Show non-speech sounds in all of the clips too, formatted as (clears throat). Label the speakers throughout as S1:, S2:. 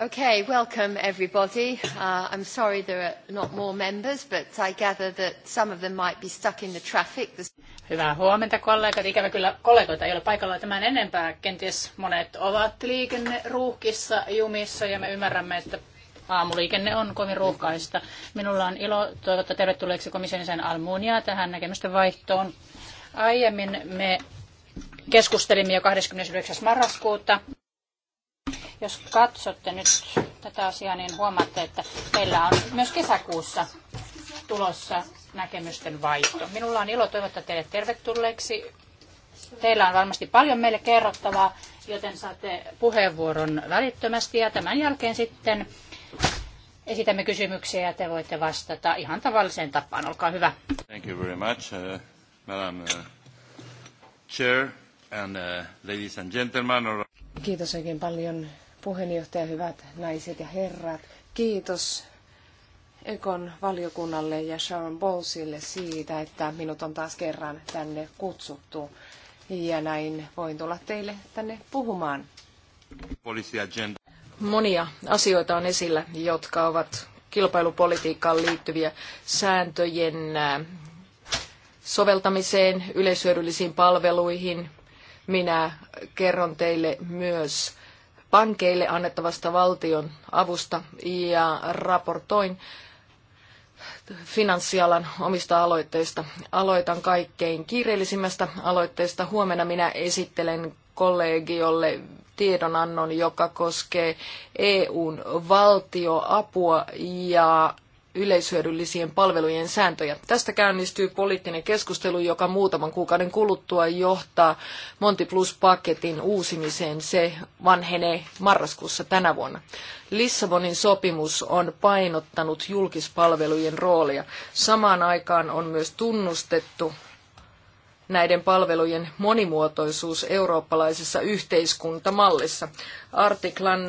S1: Okay, welcome everybody. Uh, I'm sorry there are
S2: not more members, but I gather that some of them might be stuck in the traffic.
S3: Hyvää huomenta kollegat. Ikävä kyllä kollegoita ei ole paikalla tämän enempää. Kenties monet ovat liikenneruuhkissa, jumissa ja me ymmärrämme, että aamuliikenne on kovin ruuhkaista. Minulla on ilo toivottaa tervetulleeksi komission sen Almunia tähän näkemysten vaihtoon. Aiemmin me keskustelimme jo 29. marraskuuta jos katsotte nyt tätä asiaa, niin huomaatte, että meillä on myös kesäkuussa tulossa näkemysten vaihto. Minulla on ilo toivottaa teille tervetulleeksi. Teillä on varmasti paljon meille kerrottavaa, joten saatte puheenvuoron välittömästi ja tämän jälkeen sitten esitämme kysymyksiä ja te voitte vastata ihan tavalliseen tapaan. Olkaa hyvä.
S4: Thank you very much, uh, Madam uh, Chair and uh, ladies and gentlemen. Kiitos oikein paljon
S2: puheenjohtaja, hyvät naiset ja herrat. Kiitos Ekon valiokunnalle ja Sharon Bowlesille siitä, että minut on taas kerran tänne kutsuttu. Ja näin voin tulla teille tänne puhumaan.
S1: Monia asioita on esillä, jotka ovat kilpailupolitiikkaan liittyviä sääntöjen äh, soveltamiseen, yleishyödyllisiin palveluihin. Minä kerron teille myös pankeille annettavasta valtion avusta ja raportoin finanssialan omista aloitteista. Aloitan kaikkein kiireellisimmästä aloitteesta. Huomenna minä esittelen kollegiolle tiedonannon, joka koskee EUn valtioapua ja yleishyödyllisien palvelujen sääntöjä. Tästä käynnistyy poliittinen keskustelu, joka muutaman kuukauden kuluttua johtaa Monti Plus-paketin uusimiseen. Se vanhenee marraskuussa tänä vuonna. Lissabonin sopimus on painottanut julkispalvelujen roolia. Samaan aikaan on myös tunnustettu näiden palvelujen monimuotoisuus eurooppalaisessa yhteiskuntamallissa. Artiklan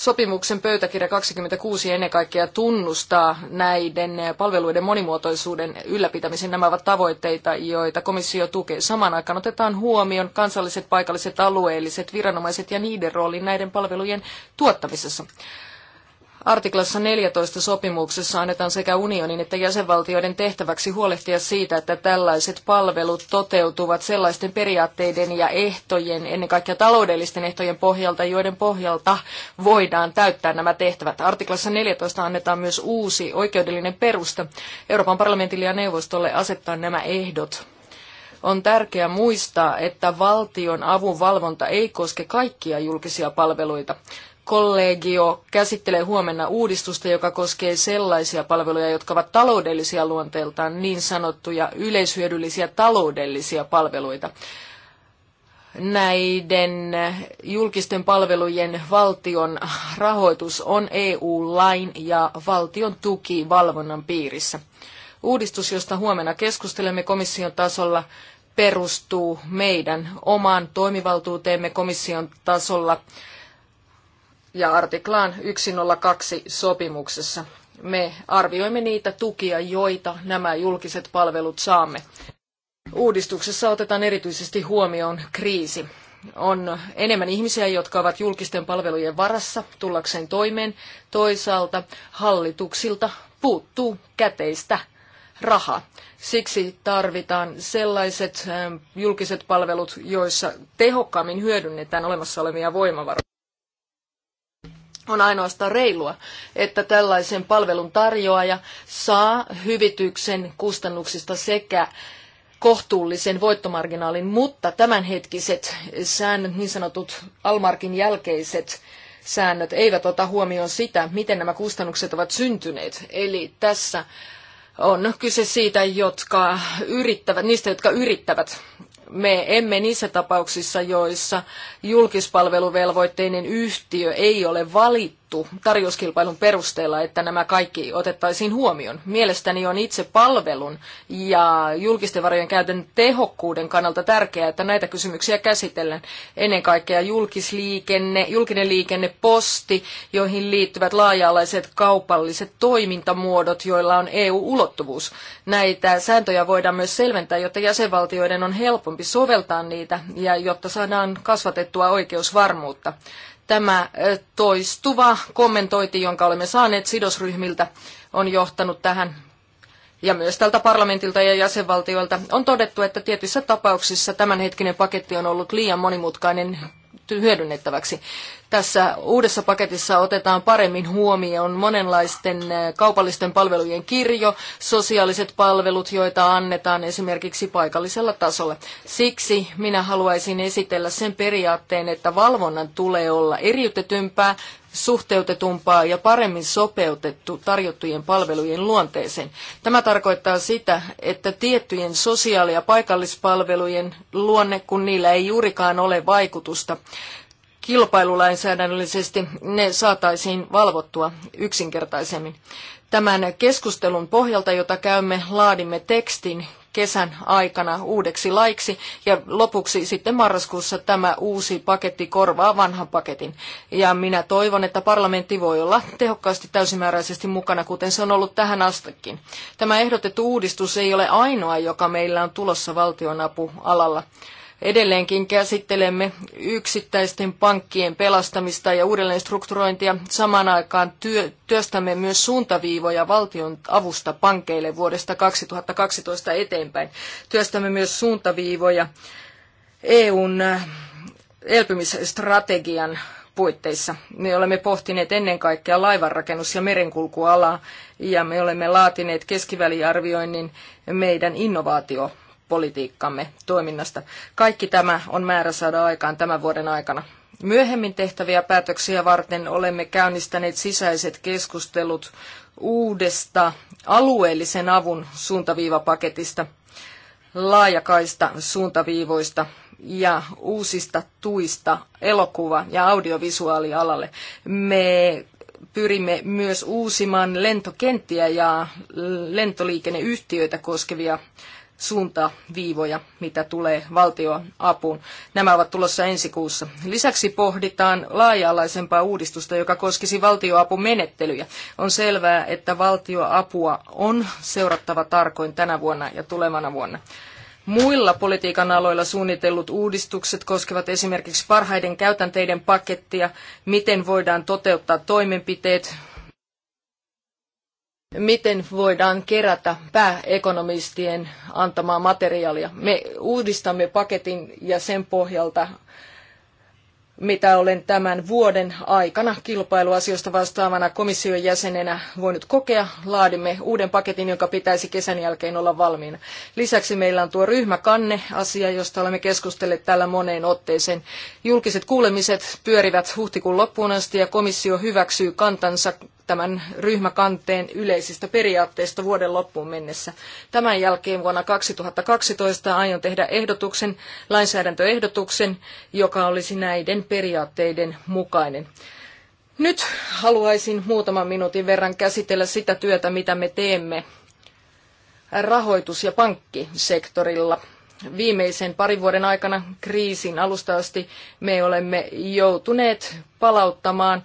S1: Sopimuksen pöytäkirja 26 ennen kaikkea tunnustaa näiden palveluiden monimuotoisuuden ylläpitämisen. Nämä ovat tavoitteita, joita komissio tukee. Samaan aikaan otetaan huomioon kansalliset, paikalliset, alueelliset viranomaiset ja niiden rooli näiden palvelujen tuottamisessa. Artiklassa 14 sopimuksessa annetaan sekä unionin että jäsenvaltioiden tehtäväksi huolehtia siitä, että tällaiset palvelut toteutuvat sellaisten periaatteiden ja ehtojen, ennen kaikkea taloudellisten ehtojen pohjalta, joiden pohjalta voidaan täyttää nämä tehtävät. Artiklassa 14 annetaan myös uusi oikeudellinen perusta Euroopan parlamentille ja neuvostolle asettaa nämä ehdot on tärkeää muistaa, että valtion avun valvonta ei koske kaikkia julkisia palveluita kollegio käsittelee huomenna uudistusta, joka koskee sellaisia palveluja, jotka ovat taloudellisia luonteeltaan niin sanottuja yleishyödyllisiä taloudellisia palveluita. Näiden julkisten palvelujen valtion rahoitus on EU-lain ja valtion tuki valvonnan piirissä. Uudistus, josta huomenna keskustelemme komission tasolla, perustuu meidän omaan toimivaltuuteemme komission tasolla ja artiklaan 102 sopimuksessa. Me arvioimme niitä tukia, joita nämä julkiset palvelut saamme. Uudistuksessa otetaan erityisesti huomioon kriisi. On enemmän ihmisiä, jotka ovat julkisten palvelujen varassa tullakseen toimeen. Toisaalta hallituksilta puuttuu käteistä raha. Siksi tarvitaan sellaiset eh, julkiset palvelut, joissa tehokkaammin hyödynnetään olemassa olevia voimavaroja. On ainoastaan reilua, että tällaisen palvelun tarjoaja saa hyvityksen kustannuksista sekä kohtuullisen voittomarginaalin, mutta tämänhetkiset säännöt, niin sanotut Almarkin jälkeiset säännöt, eivät ota huomioon sitä, miten nämä kustannukset ovat syntyneet. Eli tässä on kyse siitä, jotka yrittävät, niistä, jotka yrittävät me emme niissä tapauksissa, joissa julkispalveluvelvoitteinen yhtiö ei ole valittu, sovittu tarjouskilpailun perusteella, että nämä kaikki otettaisiin huomioon. Mielestäni on itse palvelun ja julkisten varojen käytön tehokkuuden kannalta tärkeää, että näitä kysymyksiä käsitellään. Ennen kaikkea julkisliikenne, julkinen liikenne, posti, joihin liittyvät laaja-alaiset kaupalliset toimintamuodot, joilla on EU-ulottuvuus. Näitä sääntöjä voidaan myös selventää, jotta jäsenvaltioiden on helpompi soveltaa niitä ja jotta saadaan kasvatettua oikeusvarmuutta. Tämä toistuva kommentointi, jonka olemme saaneet sidosryhmiltä, on johtanut tähän ja myös tältä parlamentilta ja jäsenvaltioilta on todettu, että tietyissä tapauksissa tämänhetkinen paketti on ollut liian monimutkainen hyödynnettäväksi. Tässä uudessa paketissa otetaan paremmin huomioon monenlaisten eh, kaupallisten palvelujen kirjo, sosiaaliset palvelut, joita annetaan esimerkiksi paikallisella tasolla. Siksi minä haluaisin esitellä sen periaatteen, että valvonnan tulee olla eriytetympää, suhteutetumpaa ja paremmin sopeutettu tarjottujen palvelujen luonteeseen. Tämä tarkoittaa sitä, että tiettyjen sosiaali- ja paikallispalvelujen luonne, kun niillä ei juurikaan ole vaikutusta kilpailulainsäädännöllisesti ne saataisiin valvottua yksinkertaisemmin. Tämän keskustelun pohjalta, jota käymme, laadimme tekstin kesän aikana uudeksi laiksi ja lopuksi sitten marraskuussa tämä uusi paketti korvaa vanhan paketin. Ja minä toivon, että parlamentti voi olla tehokkaasti täysimääräisesti mukana, kuten se on ollut tähän astakin. Tämä ehdotettu uudistus ei ole ainoa, joka meillä on tulossa valtionapualalla. alalla. Edelleenkin käsittelemme yksittäisten pankkien pelastamista ja uudelleenstrukturointia. Samaan aikaan työ, työstämme myös suuntaviivoja valtion avusta pankeille vuodesta 2012 eteenpäin. Työstämme myös suuntaviivoja EUn äh, elpymisstrategian puitteissa. Me olemme pohtineet ennen kaikkea laivanrakennus- ja merenkulkualaa ja me olemme laatineet keskiväliarvioinnin meidän innovaatio politiikkamme toiminnasta. Kaikki tämä on määrä saada aikaan tämän vuoden aikana. Myöhemmin tehtäviä päätöksiä varten olemme käynnistäneet sisäiset keskustelut uudesta alueellisen avun suuntaviivapaketista, laajakaista suuntaviivoista ja uusista tuista elokuva- ja audiovisuaalialalle. Me pyrimme myös uusimaan lentokenttiä ja lentoliikenneyhtiöitä koskevia suuntaviivoja, mitä tulee valtion apuun. Nämä ovat tulossa ensi kuussa. Lisäksi pohditaan laaja-alaisempaa uudistusta, joka koskisi valtioapumenettelyjä. On selvää, että valtioapua on seurattava tarkoin tänä vuonna ja tulevana vuonna. Muilla politiikan aloilla suunnitellut uudistukset koskevat esimerkiksi parhaiden käytänteiden pakettia, miten voidaan toteuttaa toimenpiteet, miten voidaan kerätä pääekonomistien antamaa materiaalia. Me uudistamme paketin ja sen pohjalta, mitä olen tämän vuoden aikana kilpailuasioista vastaavana komission jäsenenä voinut kokea, laadimme uuden paketin, joka pitäisi kesän jälkeen olla valmiina. Lisäksi meillä on tuo ryhmäkanne-asia, josta olemme keskustelleet täällä moneen otteeseen. Julkiset kuulemiset pyörivät huhtikuun loppuun asti ja komissio hyväksyy kantansa tämän ryhmäkanteen yleisistä periaatteista vuoden loppuun mennessä. Tämän jälkeen vuonna 2012 aion tehdä ehdotuksen, lainsäädäntöehdotuksen, joka olisi näiden periaatteiden mukainen. Nyt haluaisin muutaman minuutin verran käsitellä sitä työtä, mitä me teemme rahoitus- ja pankkisektorilla viimeisen parin vuoden aikana kriisin alusta asti me olemme joutuneet palauttamaan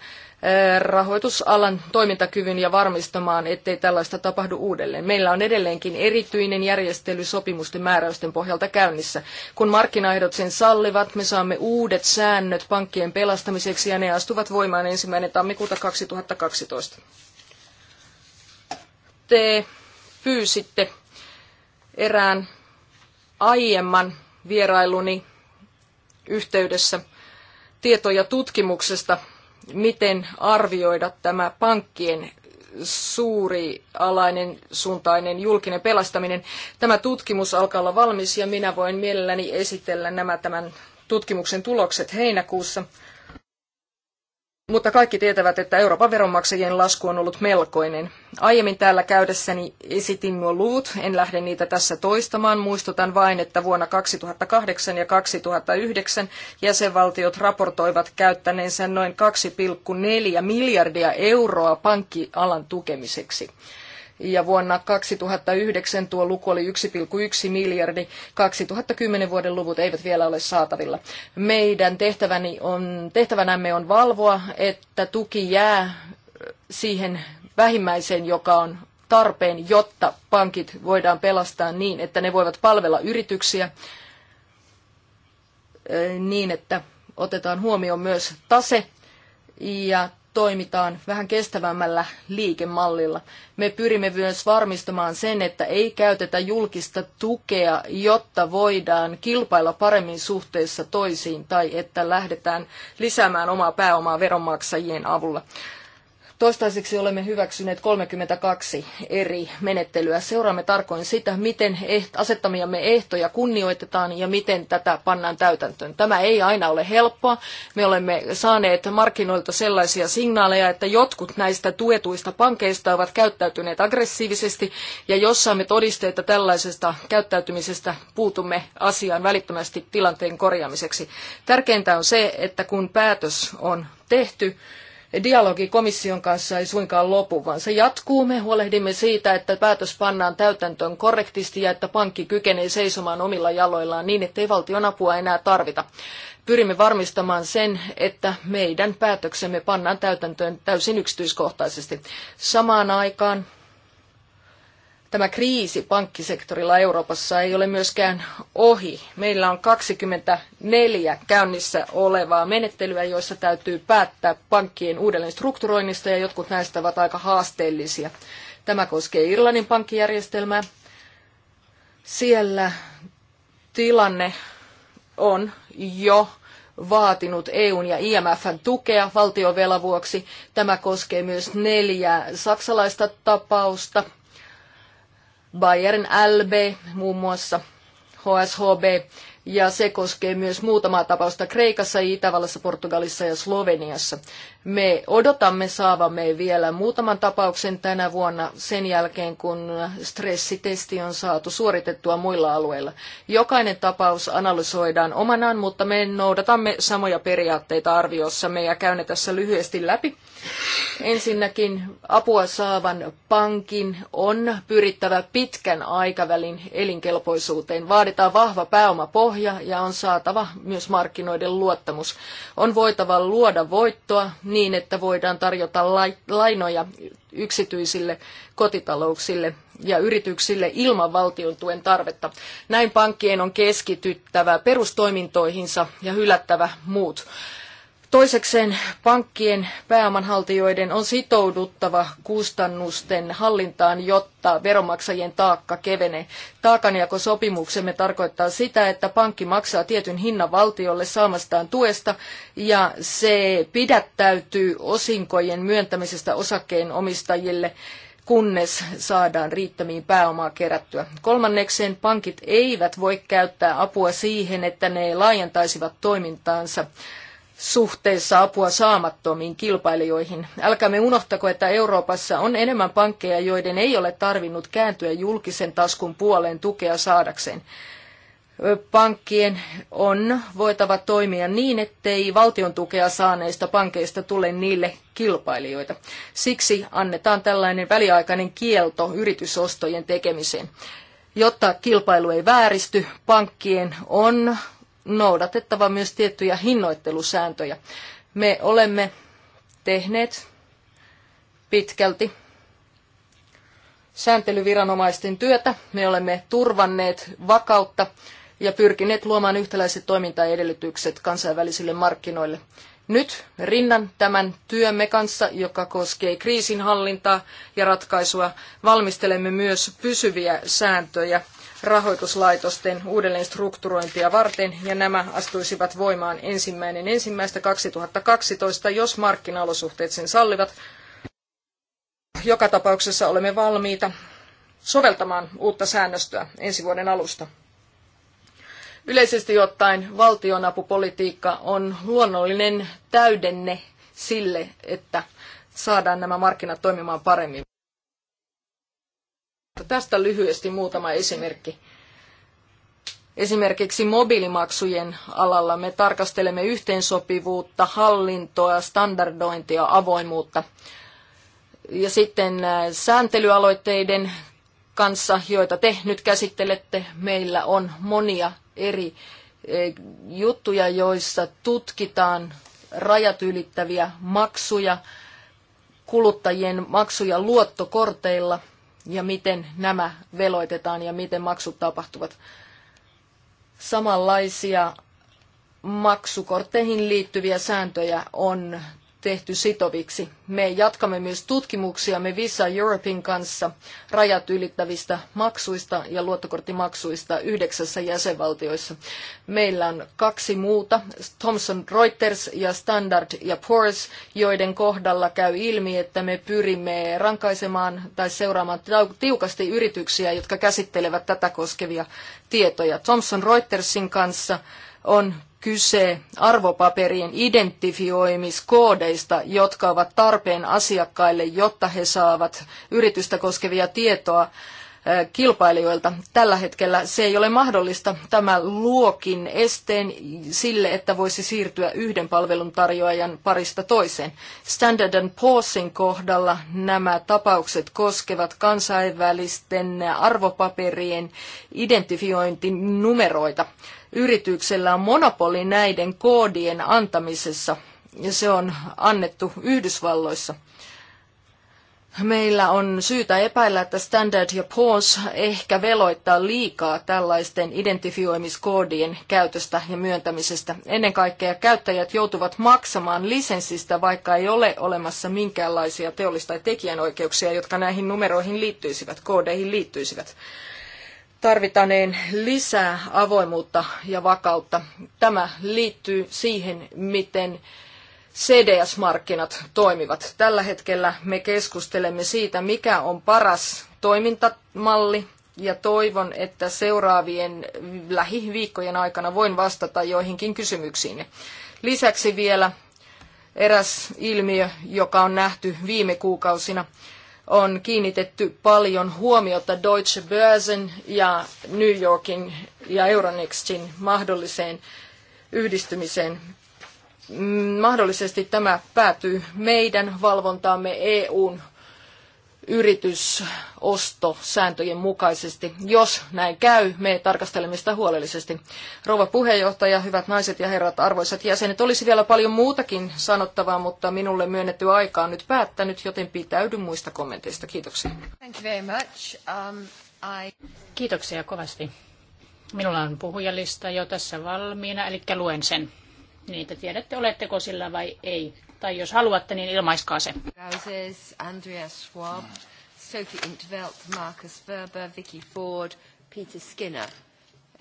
S1: rahoitusalan toimintakyvyn ja varmistamaan, ettei tällaista tapahdu uudelleen. Meillä on edelleenkin erityinen järjestely sopimusten määräysten pohjalta käynnissä. Kun markkinaehdot sen sallivat, me saamme uudet säännöt pankkien pelastamiseksi ja ne astuvat voimaan ensimmäinen tammikuuta 2012. Te pyysitte erään aiemman vierailuni yhteydessä tietoja tutkimuksesta, miten arvioida tämä pankkien suuri alainen suuntainen julkinen pelastaminen. Tämä tutkimus alkaa olla valmis ja minä voin mielelläni esitellä nämä tämän tutkimuksen tulokset heinäkuussa. Mutta kaikki tietävät, että Euroopan veronmaksajien lasku on ollut melkoinen. Aiemmin täällä käydessäni esitin nuo luvut, en lähde niitä tässä toistamaan. Muistutan vain, että vuonna 2008 ja 2009 jäsenvaltiot raportoivat käyttäneensä noin 2,4 miljardia euroa pankkialan tukemiseksi ja vuonna 2009 tuo luku oli 1,1 miljardi. 2010 vuoden luvut eivät vielä ole saatavilla. Meidän tehtäväni on, tehtävänämme on valvoa, että tuki jää siihen vähimmäiseen, joka on tarpeen, jotta pankit voidaan pelastaa niin, että ne voivat palvella yrityksiä eh, niin, että otetaan huomioon myös tase ja toimitaan vähän kestävämmällä liikemallilla. Me pyrimme myös varmistamaan sen, että ei käytetä julkista tukea, jotta voidaan kilpailla paremmin suhteessa toisiin tai että lähdetään lisäämään omaa pääomaa veronmaksajien avulla. Toistaiseksi olemme hyväksyneet 32 eri menettelyä. Seuraamme tarkoin sitä, miten eh- asettamiamme ehtoja kunnioitetaan ja miten tätä pannaan täytäntöön. Tämä ei aina ole helppoa. Me olemme saaneet markkinoilta sellaisia signaaleja, että jotkut näistä tuetuista pankeista ovat käyttäytyneet aggressiivisesti ja jos saamme todisteita tällaisesta käyttäytymisestä, puutumme asiaan välittömästi tilanteen korjaamiseksi. Tärkeintä on se, että kun päätös on tehty, dialogi komission kanssa ei suinkaan lopu, vaan se jatkuu. Me huolehdimme siitä, että päätös pannaan täytäntöön korrektisti ja että pankki kykenee seisomaan omilla jaloillaan niin, ettei valtion apua enää tarvita. Pyrimme varmistamaan sen, että meidän päätöksemme pannaan täytäntöön täysin yksityiskohtaisesti. Samaan aikaan Tämä kriisi pankkisektorilla Euroopassa ei ole myöskään ohi. Meillä on 24 käynnissä olevaa menettelyä, joissa täytyy päättää pankkien uudelleen strukturoinnista ja jotkut näistä ovat aika haasteellisia. Tämä koskee Irlannin pankkijärjestelmää. Siellä tilanne on jo vaatinut EUn ja IMFn tukea valtionvelan vuoksi. Tämä koskee myös neljää saksalaista tapausta Bayern LB muun muassa, HSHB, ja se koskee myös muutamaa tapausta Kreikassa, Itävallassa, Portugalissa ja Sloveniassa. Me odotamme saavamme vielä muutaman tapauksen tänä vuonna sen jälkeen, kun stressitesti on saatu suoritettua muilla alueilla. Jokainen tapaus analysoidaan omanaan, mutta me noudatamme samoja periaatteita arviossamme ja ne tässä lyhyesti läpi. Ensinnäkin apua saavan pankin on pyrittävä pitkän aikavälin elinkelpoisuuteen. Vaaditaan vahva pääomapohja ja on saatava myös markkinoiden luottamus. On voitava luoda voittoa niin, että voidaan tarjota lainoja yksityisille kotitalouksille ja yrityksille ilman valtion tuen tarvetta. Näin pankkien on keskityttävä perustoimintoihinsa ja hylättävä muut. Toisekseen pankkien pääomanhaltijoiden on sitouduttava kustannusten hallintaan, jotta veronmaksajien taakka kevenee. Taakanjakosopimuksemme tarkoittaa sitä, että pankki maksaa tietyn hinnan valtiolle saamastaan tuesta ja se pidättäytyy osinkojen myöntämisestä osakkeenomistajille kunnes saadaan riittämiin pääomaa kerättyä. Kolmannekseen pankit eivät voi käyttää apua siihen, että ne laajentaisivat toimintaansa suhteessa apua saamattomiin kilpailijoihin. Älkäämme unohtako, että Euroopassa on enemmän pankkeja, joiden ei ole tarvinnut kääntyä julkisen taskun puoleen tukea saadakseen. Pankkien on voitava toimia niin, ettei valtion tukea saaneista pankeista tule niille kilpailijoita. Siksi annetaan tällainen väliaikainen kielto yritysostojen tekemiseen. Jotta kilpailu ei vääristy, pankkien on noudatettava myös tiettyjä hinnoittelusääntöjä. Me olemme tehneet pitkälti sääntelyviranomaisten työtä. Me olemme turvanneet vakautta ja pyrkineet luomaan yhtäläiset toimintaedellytykset kansainvälisille markkinoille. Nyt rinnan tämän työmme kanssa, joka koskee kriisinhallintaa ja ratkaisua, valmistelemme myös pysyviä sääntöjä rahoituslaitosten uudelleenstrukturointia varten, ja nämä astuisivat voimaan ensimmäinen ensimmäistä 2012, jos markkinaolosuhteet sen sallivat. Joka tapauksessa olemme valmiita soveltamaan uutta säännöstöä ensi vuoden alusta. Yleisesti ottaen valtionapupolitiikka on luonnollinen täydenne sille, että saadaan nämä markkinat toimimaan paremmin. Tästä lyhyesti muutama esimerkki. Esimerkiksi mobiilimaksujen alalla me tarkastelemme yhteensopivuutta, hallintoa, standardointia, avoimuutta. Ja sitten sääntelyaloitteiden kanssa, joita te nyt käsittelette, meillä on monia eri juttuja, joissa tutkitaan rajat ylittäviä maksuja, kuluttajien maksuja luottokorteilla – ja miten nämä veloitetaan ja miten maksut tapahtuvat. Samanlaisia maksukortteihin liittyviä sääntöjä on tehty sitoviksi. Me jatkamme myös tutkimuksiamme Visa Europein kanssa rajat ylittävistä maksuista ja luottokorttimaksuista yhdeksässä jäsenvaltioissa. Meillä on kaksi muuta, Thomson Reuters ja Standard ja Poor's, joiden kohdalla käy ilmi, että me pyrimme rankaisemaan tai seuraamaan tiukasti yrityksiä, jotka käsittelevät tätä koskevia tietoja. Thomson Reutersin kanssa on kyse arvopaperien identifioimiskoodeista, jotka ovat tarpeen asiakkaille, jotta he saavat yritystä koskevia tietoa äh, kilpailijoilta. Tällä hetkellä se ei ole mahdollista. Tämä luokin esteen sille, että voisi siirtyä yhden palveluntarjoajan parista toiseen. Standard Poor'sin kohdalla nämä tapaukset koskevat kansainvälisten arvopaperien identifiointinumeroita yrityksellä on monopoli näiden koodien antamisessa, ja se on annettu Yhdysvalloissa. Meillä on syytä epäillä, että Standard ja Poor's ehkä veloittaa liikaa tällaisten identifioimiskoodien käytöstä ja myöntämisestä. Ennen kaikkea käyttäjät joutuvat maksamaan lisenssistä, vaikka ei ole olemassa minkäänlaisia teollista tai tekijänoikeuksia, jotka näihin numeroihin liittyisivät, koodeihin liittyisivät tarvitaneen lisää avoimuutta ja vakautta. Tämä liittyy siihen, miten CDS-markkinat toimivat. Tällä hetkellä me keskustelemme siitä, mikä on paras toimintamalli ja toivon, että seuraavien lähiviikkojen aikana voin vastata joihinkin kysymyksiin. Lisäksi vielä eräs ilmiö, joka on nähty viime kuukausina, on kiinnitetty paljon huomiota Deutsche Börsen ja New Yorkin ja Euronextin mahdolliseen yhdistymiseen. Mm, mahdollisesti tämä päätyy meidän valvontaamme EUn yritysostosääntöjen mukaisesti. Jos näin käy, me tarkastelemme sitä huolellisesti. Rouva puheenjohtaja, hyvät naiset ja herrat, arvoisat jäsenet, olisi vielä paljon muutakin sanottavaa, mutta minulle myönnetty aika on nyt päättänyt, joten pitäydyn muista kommenteista. Kiitoksia. Thank you very much. Um, I... Kiitoksia kovasti.
S3: Minulla on puhujalista jo tässä valmiina, eli luen sen. Niitä tiedätte, oletteko sillä vai ei tai jos haluatte, niin ilmaiskaa se.
S1: Gauzes, Andrea Schwab, Sophie Intveld, Marcus Verber, Vicky Ford, Peter Skinner.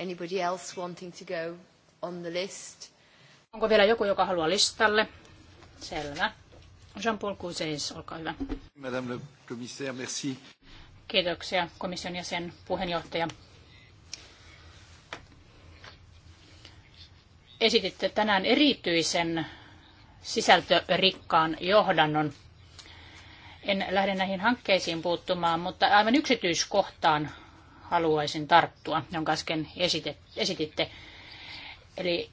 S1: Anybody else wanting to go on the list? Onko vielä joku, joka haluaa
S3: listalle? Selvä. Jean-Paul Cousins, olkaa hyvä.
S4: Madame le commissaire, merci.
S3: Kiitoksia komission jäsen puheenjohtaja. Esititte tänään erityisen sisältörikkaan johdannon. En lähde näihin hankkeisiin puuttumaan, mutta aivan yksityiskohtaan haluaisin tarttua, jonka äsken esititte. Eli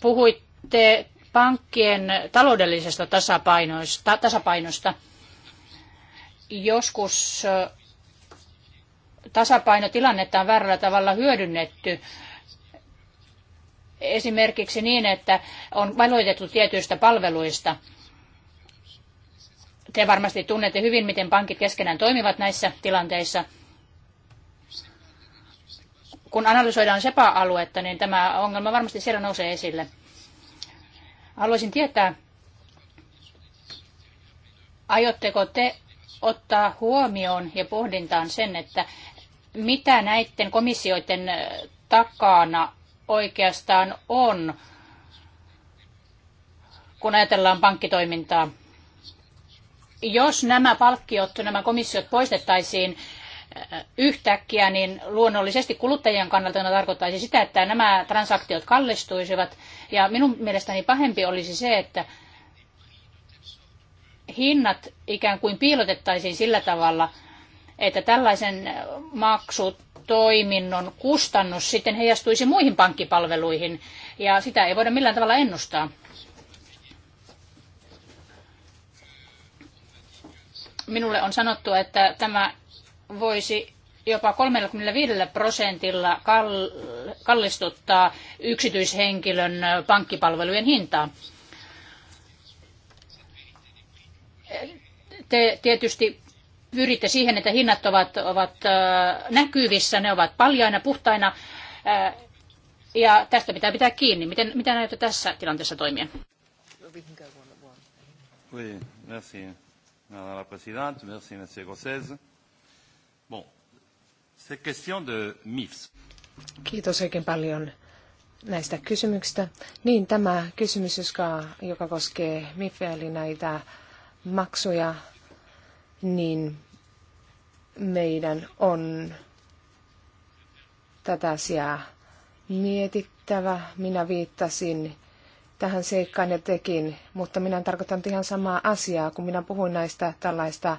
S3: puhuitte pankkien taloudellisesta tasapainosta. tasapainosta. Joskus tasapainotilannetta on väärällä tavalla hyödynnetty. Esimerkiksi niin, että on valoitettu tietyistä palveluista. Te varmasti tunnette hyvin, miten pankit keskenään toimivat näissä tilanteissa. Kun analysoidaan SEPA-aluetta, niin tämä ongelma varmasti siellä nousee esille. Haluaisin tietää, aiotteko te ottaa huomioon ja pohdintaan sen, että mitä näiden komissioiden takana oikeastaan on, kun ajatellaan pankkitoimintaa. Jos nämä palkkiot, nämä komissiot poistettaisiin yhtäkkiä, niin luonnollisesti kuluttajien kannalta tämä tarkoittaisi sitä, että nämä transaktiot kallistuisivat. Ja minun mielestäni pahempi olisi se, että hinnat ikään kuin piilotettaisiin sillä tavalla – että tällaisen maksutoiminnon kustannus sitten heijastuisi muihin pankkipalveluihin, ja sitä ei voida millään tavalla ennustaa. Minulle on sanottu, että tämä voisi jopa 35 prosentilla kallistuttaa yksityishenkilön pankkipalvelujen hintaa. Te tietysti pyritte siihen, että hinnat ovat, ovat näkyvissä, ne ovat paljaina, puhtaina, ja tästä pitää pitää kiinni. Miten, mitä näytä tässä tilanteessa
S4: toimia? Oui, merci, madame la présidente, merci, monsieur Gossez. Bon, c'est question de MIFS.
S2: Kiitos oikein paljon näistä kysymyksistä. Niin, tämä kysymys, joka, joka koskee MIFIä, eli näitä maksuja, niin meidän on tätä asiaa mietittävä. Minä viittasin tähän seikkaan ja tekin, mutta minä en tarkoittanut ihan samaa asiaa, kun minä puhuin näistä tällaista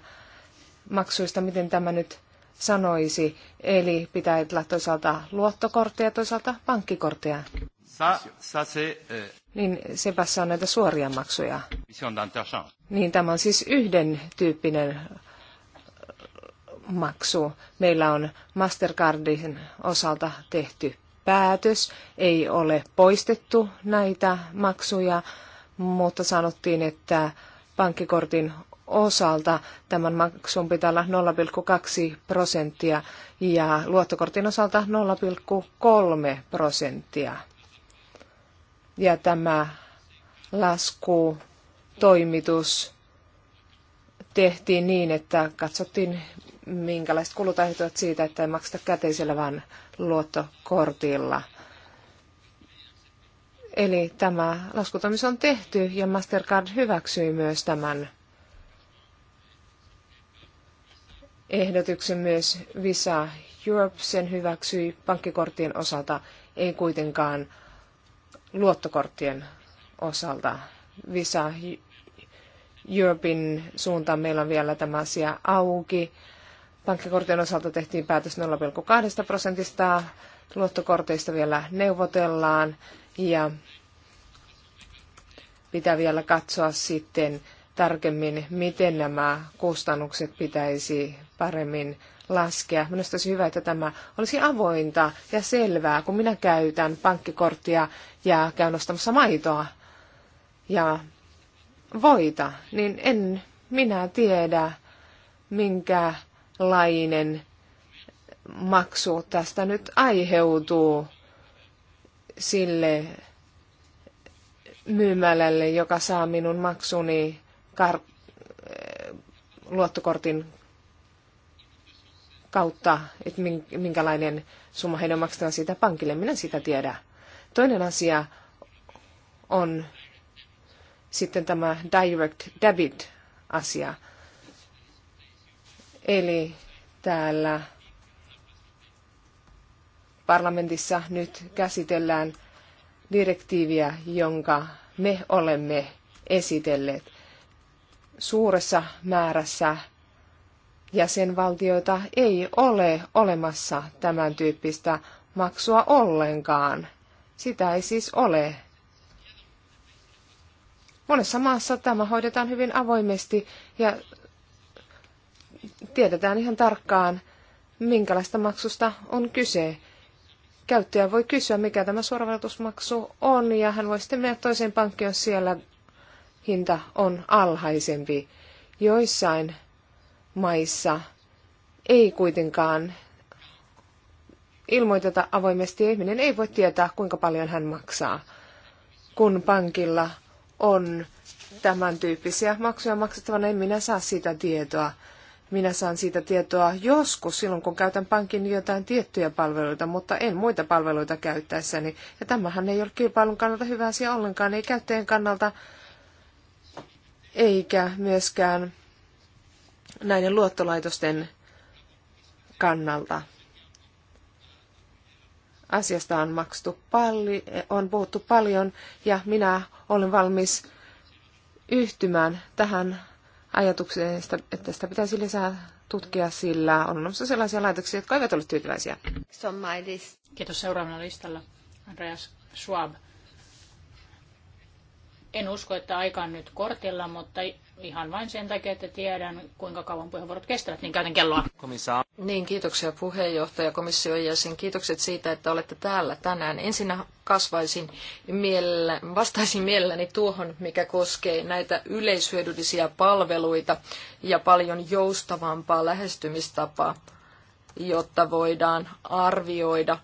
S2: maksuista, miten tämä nyt sanoisi. Eli pitää olla toisaalta luottokortteja, toisaalta pankkikortteja.
S4: Sa, sa se, eh.
S2: Niin sepässä on näitä suoria maksuja. Niin tämä on siis yhden tyyppinen maksu. Meillä on Mastercardin osalta tehty päätös, ei ole poistettu näitä maksuja, mutta sanottiin, että pankkikortin osalta tämän maksun pitää olla 0,2 prosenttia ja luottokortin osalta 0,3 prosenttia. Ja tämä lasku, toimitus tehtiin niin, että katsottiin minkälaiset kulut aiheutuvat siitä, että ei makseta käteisellä, vaan luottokortilla. Eli tämä laskutamis on tehty ja Mastercard hyväksyi myös tämän ehdotuksen myös Visa Europe sen hyväksyi pankkikorttien osalta, ei kuitenkaan luottokorttien osalta. Visa Europein suuntaan meillä on vielä tämä asia auki. Pankkikortin osalta tehtiin päätös 0,2 prosentista, luottokorteista vielä neuvotellaan ja pitää vielä katsoa sitten tarkemmin, miten nämä kustannukset pitäisi paremmin laskea. Minusta olisi hyvä, että tämä olisi avointa ja selvää, kun minä käytän pankkikorttia ja käyn ostamassa maitoa ja voita, niin en minä tiedä, minkä lainen maksu tästä nyt aiheutuu sille myymälälle, joka saa minun maksuni kar- eh, luottokortin kautta, että minkälainen summa heidän maksetaan siitä pankille. Minä sitä tiedä. Toinen asia on sitten tämä direct debit asia. Eli täällä parlamentissa nyt käsitellään direktiiviä, jonka me olemme esitelleet. Suuressa määrässä jäsenvaltioita ei ole olemassa tämän tyyppistä maksua ollenkaan. Sitä ei siis ole. Monessa maassa tämä hoidetaan hyvin avoimesti ja tiedetään ihan tarkkaan, minkälaista maksusta on kyse. Käyttäjä voi kysyä, mikä tämä suoravaltuusmaksu on, ja hän voi sitten mennä toiseen pankkiin, jos siellä hinta on alhaisempi. Joissain maissa ei kuitenkaan ilmoiteta avoimesti, ihminen ei voi tietää, kuinka paljon hän maksaa, kun pankilla on tämän tyyppisiä maksuja maksettavana, en minä saa sitä tietoa minä saan siitä tietoa joskus silloin, kun käytän pankin jotain tiettyjä palveluita, mutta en muita palveluita käyttäessäni. Ja tämähän ei ole kilpailun kannalta hyvä asia ollenkaan, ei käyttäjän kannalta, eikä myöskään näiden luottolaitosten kannalta. Asiasta on, maksettu palli, on puhuttu paljon ja minä olen valmis yhtymään tähän ajatukseen, että sitä pitäisi lisää tutkia, sillä on olemassa sellaisia laitoksia, jotka eivät ole tyytyväisiä.
S3: Kiitos seuraavana listalla, Andreas Schwab. En usko, että aika on nyt kortilla, mutta ihan vain sen takia, että tiedän, kuinka
S1: kauan puheenvuorot kestävät, niin käytän kelloa. Komissaa. Niin, kiitoksia puheenjohtaja komission jäsen. Kiitokset siitä, että olette täällä tänään. Ensin kasvaisin mielellä, vastaisin mielelläni tuohon, mikä koskee näitä yleishyödyllisiä palveluita ja paljon joustavampaa lähestymistapaa, jotta voidaan arvioida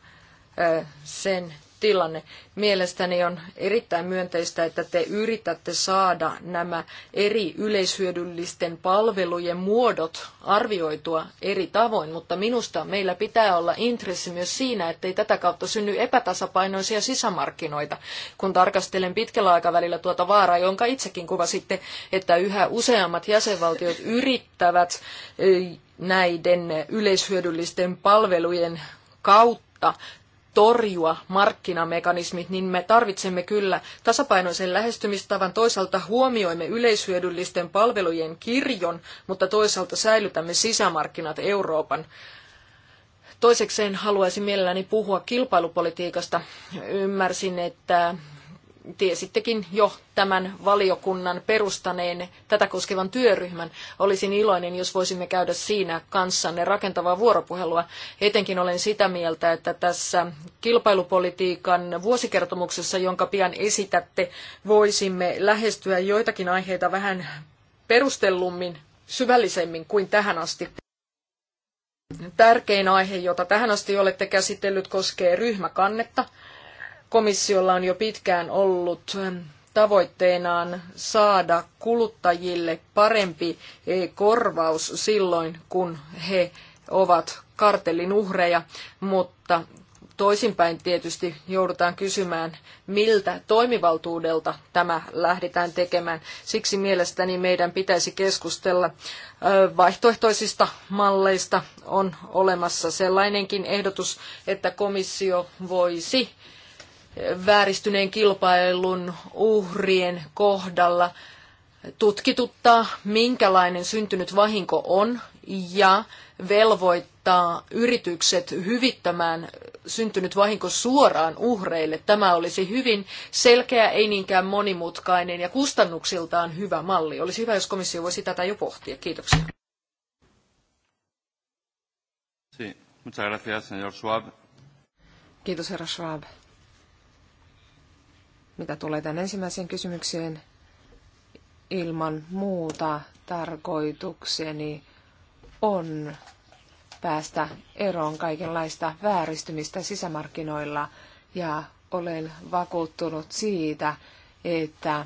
S1: sen tilanne. Mielestäni on erittäin myönteistä, että te yritätte saada nämä eri yleishyödyllisten palvelujen muodot arvioitua eri tavoin, mutta minusta meillä pitää olla intressi myös siinä, ettei tätä kautta synny epätasapainoisia sisämarkkinoita. Kun tarkastelen pitkällä aikavälillä tuota vaaraa, jonka itsekin kuvasitte, että yhä useammat jäsenvaltiot yrittävät eh, näiden yleishyödyllisten palvelujen kautta kautta torjua markkinamekanismit, niin me tarvitsemme kyllä tasapainoisen lähestymistavan. Toisaalta huomioimme yleishyödyllisten palvelujen kirjon, mutta toisaalta säilytämme sisämarkkinat Euroopan Toisekseen haluaisin mielelläni puhua kilpailupolitiikasta. Ymmärsin, että tiesittekin jo tämän valiokunnan perustaneen tätä koskevan työryhmän. Olisin iloinen, jos voisimme käydä siinä kanssanne rakentavaa vuoropuhelua. Etenkin olen sitä mieltä, että tässä kilpailupolitiikan vuosikertomuksessa, jonka pian esitätte, voisimme lähestyä joitakin aiheita vähän perustellummin, syvällisemmin kuin tähän asti. Tärkein aihe, jota tähän asti olette käsitellyt, koskee ryhmäkannetta – Komissiolla on jo pitkään ollut tavoitteenaan saada kuluttajille parempi e, korvaus silloin, kun he ovat kartellin uhreja, mutta toisinpäin tietysti joudutaan kysymään, miltä toimivaltuudelta tämä lähdetään tekemään. Siksi mielestäni meidän pitäisi keskustella vaihtoehtoisista malleista. On olemassa sellainenkin ehdotus, että komissio voisi vääristyneen kilpailun uhrien kohdalla tutkituttaa, minkälainen syntynyt vahinko on ja velvoittaa yritykset hyvittämään syntynyt vahinko suoraan uhreille. Tämä olisi hyvin selkeä, ei niinkään monimutkainen ja kustannuksiltaan hyvä malli. Olisi hyvä, jos komissio voisi tätä jo pohtia. Kiitoksia.
S2: Kiitos, herra Schwab. Mitä tulee tämän ensimmäiseen kysymykseen, ilman muuta tarkoitukseni on päästä eroon kaikenlaista vääristymistä sisämarkkinoilla ja olen vakuuttunut siitä, että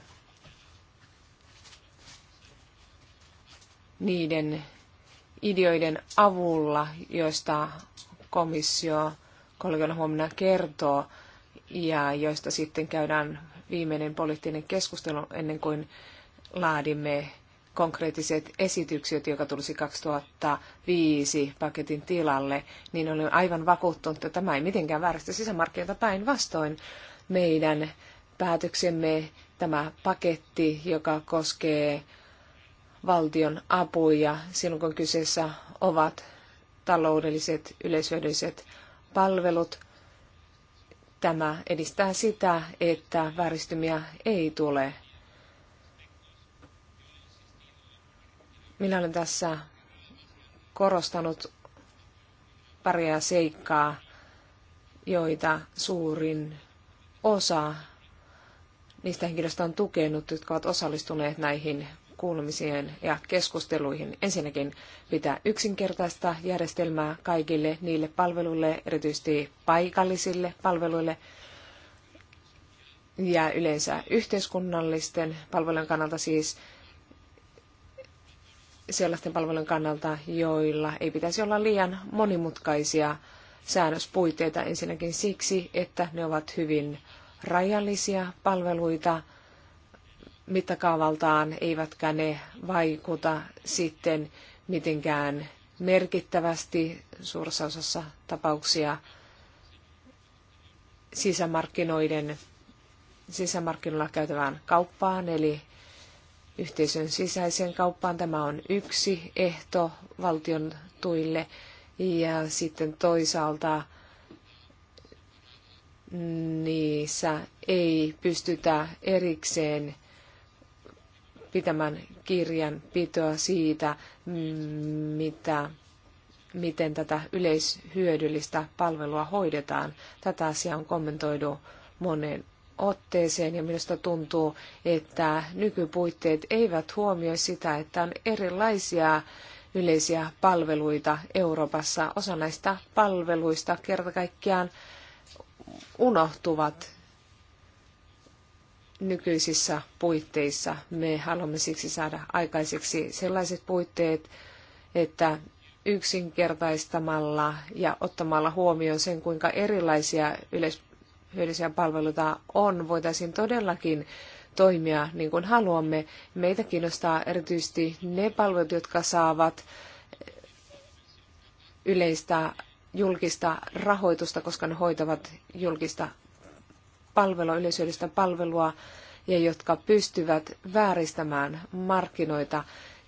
S2: niiden ideoiden avulla, joista komissio kollegana huomenna kertoo, ja joista sitten käydään viimeinen poliittinen keskustelu ennen kuin laadimme konkreettiset esitykset, joka tulisi 2005 paketin tilalle, niin olen aivan vakuuttunut, että tämä ei mitenkään vääristä sisämarkkinoita päinvastoin. Meidän päätöksemme tämä paketti, joka koskee valtion apuja silloin, kun kyseessä ovat taloudelliset yleishyödylliset palvelut, Tämä edistää sitä, että vääristymiä ei tule. Minä olen tässä korostanut paria seikkaa, joita suurin osa niistä henkilöistä on tukenut, jotka ovat osallistuneet näihin kuulumisiin ja keskusteluihin. Ensinnäkin pitää yksinkertaista järjestelmää kaikille niille palveluille, erityisesti paikallisille palveluille ja yleensä yhteiskunnallisten palvelujen kannalta siis sellaisten palvelujen kannalta, joilla ei pitäisi olla liian monimutkaisia säännöspuitteita ensinnäkin siksi, että ne ovat hyvin rajallisia palveluita – mittakaavaltaan, eivätkä ne vaikuta sitten mitenkään merkittävästi suuressa osassa tapauksia sisämarkkinoiden, sisämarkkinoilla käytävään kauppaan, eli yhteisön sisäiseen kauppaan. Tämä on yksi ehto valtion tuille. Ja sitten toisaalta niissä ei pystytä erikseen pitämään kirjanpitoa siitä, mm, mitä, miten tätä yleishyödyllistä palvelua hoidetaan. Tätä asiaa on kommentoidu monen otteeseen ja minusta tuntuu, että nykypuitteet eivät huomioi sitä, että on erilaisia yleisiä palveluita Euroopassa. Osa näistä palveluista kerta kaikkiaan unohtuvat nykyisissä puitteissa. Me haluamme siksi saada aikaiseksi sellaiset puitteet, että yksinkertaistamalla ja ottamalla huomioon sen, kuinka erilaisia yleishyödyllisiä palveluita on, voitaisiin todellakin toimia niin kuin haluamme. Meitä kiinnostaa erityisesti ne palvelut, jotka saavat yleistä julkista rahoitusta, koska ne hoitavat julkista palvelua, yleisöllistä palvelua ja jotka pystyvät vääristämään markkinoita.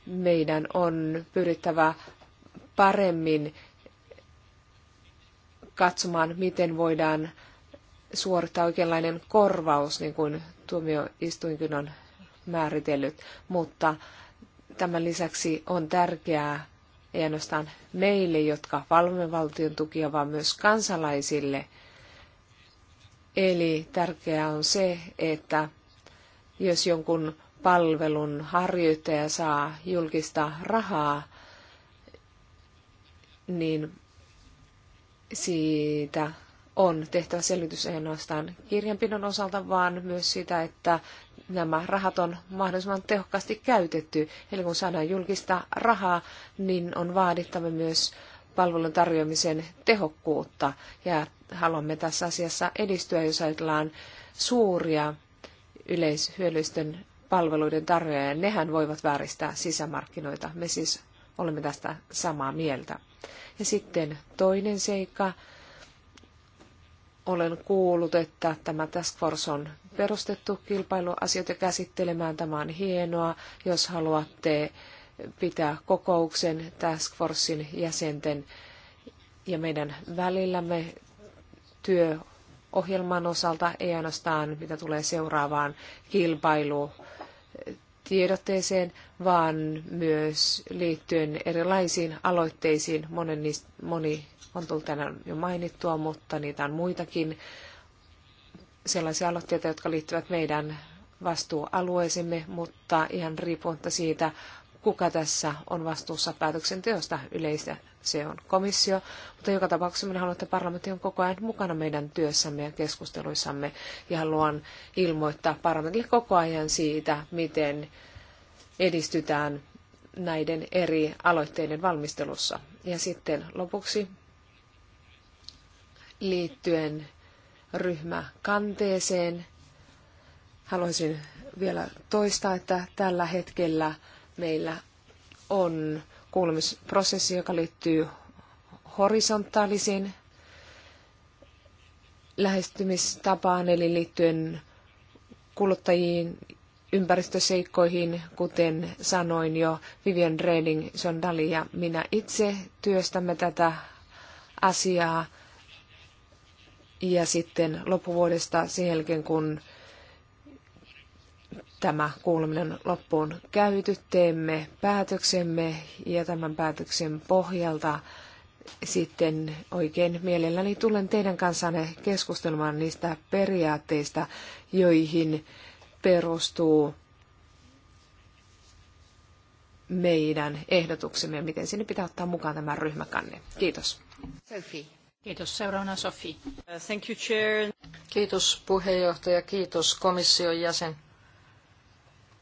S2: Meidän on pyrittävä paremmin katsomaan, miten voidaan suorittaa oikeanlainen korvaus, niin kuin tuomioistuinkin on määritellyt, mutta tämän lisäksi on tärkeää ei ainoastaan meille, jotka valvomme valtion tukia, vaan myös kansalaisille – Eli tärkeää on se, että jos jonkun palvelun harjoittaja saa julkista rahaa, niin siitä on tehtävä selvitys ei ainoastaan kirjanpidon osalta, vaan myös sitä, että nämä rahat on mahdollisimman tehokkaasti käytetty. Eli kun saadaan julkista rahaa, niin on vaadittava myös palvelun tarjoamisen tehokkuutta. Ja haluamme tässä asiassa edistyä, jos ajatellaan suuria yleishyödyllisten palveluiden tarjoajia. Nehän voivat vääristää sisämarkkinoita. Me siis olemme tästä samaa mieltä. Ja sitten toinen seikka. Olen kuullut, että tämä Task Force on perustettu kilpailuasioita käsittelemään. Tämä on hienoa, jos haluatte pitää kokouksen Task Forcein jäsenten ja meidän välillämme työohjelman osalta, ei ainoastaan mitä tulee seuraavaan kilpailutiedotteeseen, tiedotteeseen, vaan myös liittyen erilaisiin aloitteisiin. Monen niistä, moni on tullut tänään jo mainittua, mutta niitä on muitakin sellaisia aloitteita, jotka liittyvät meidän vastuualueisemme, mutta ihan riippumatta siitä, kuka tässä on vastuussa päätöksenteosta yleistä se on komissio, mutta joka tapauksessa minä haluan, että parlamentti on koko ajan mukana meidän työssämme ja keskusteluissamme ja haluan ilmoittaa parlamentille koko ajan siitä, miten edistytään näiden eri aloitteiden valmistelussa. Ja sitten lopuksi liittyen ryhmäkanteeseen haluaisin vielä toistaa, että tällä hetkellä meillä on kuulemisprosessi, joka liittyy horisontaalisiin lähestymistapaan, eli liittyen kuluttajiin, ympäristöseikkoihin, kuten sanoin jo Vivian Reding, John Dali ja minä itse työstämme tätä asiaa. Ja sitten loppuvuodesta sen jälkeen, kun tämä kuuleminen loppuun käyty. Teemme päätöksemme ja tämän päätöksen pohjalta sitten oikein mielelläni tulen teidän kanssanne keskustelemaan niistä periaatteista, joihin perustuu meidän ehdotuksemme ja miten
S1: sinne pitää ottaa mukaan tämä ryhmäkanne. Kiitos.
S3: Sophie. Kiitos. Seuraavana Sofi. Uh,
S1: thank you, Chair. Kiitos puheenjohtaja, kiitos komission jäsen.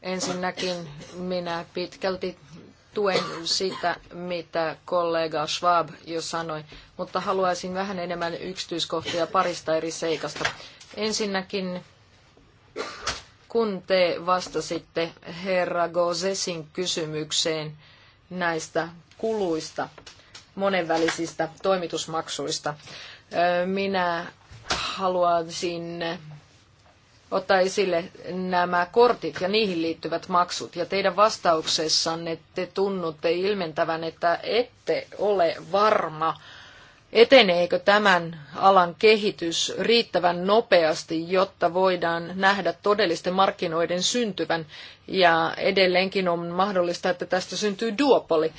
S1: Ensinnäkin minä pitkälti tuen sitä, mitä kollega Schwab jo sanoi, mutta haluaisin vähän enemmän yksityiskohtia parista eri seikasta. Ensinnäkin, kun te vastasitte herra Gozesin kysymykseen näistä kuluista, monenvälisistä toimitusmaksuista, minä haluaisin ottaa esille nämä kortit ja niihin liittyvät maksut. Ja teidän vastauksessanne te tunnutte ilmentävän, että ette ole varma, eteneekö tämän alan kehitys riittävän nopeasti, jotta voidaan nähdä todellisten markkinoiden syntyvän. Ja edelleenkin on mahdollista, että tästä syntyy duopoli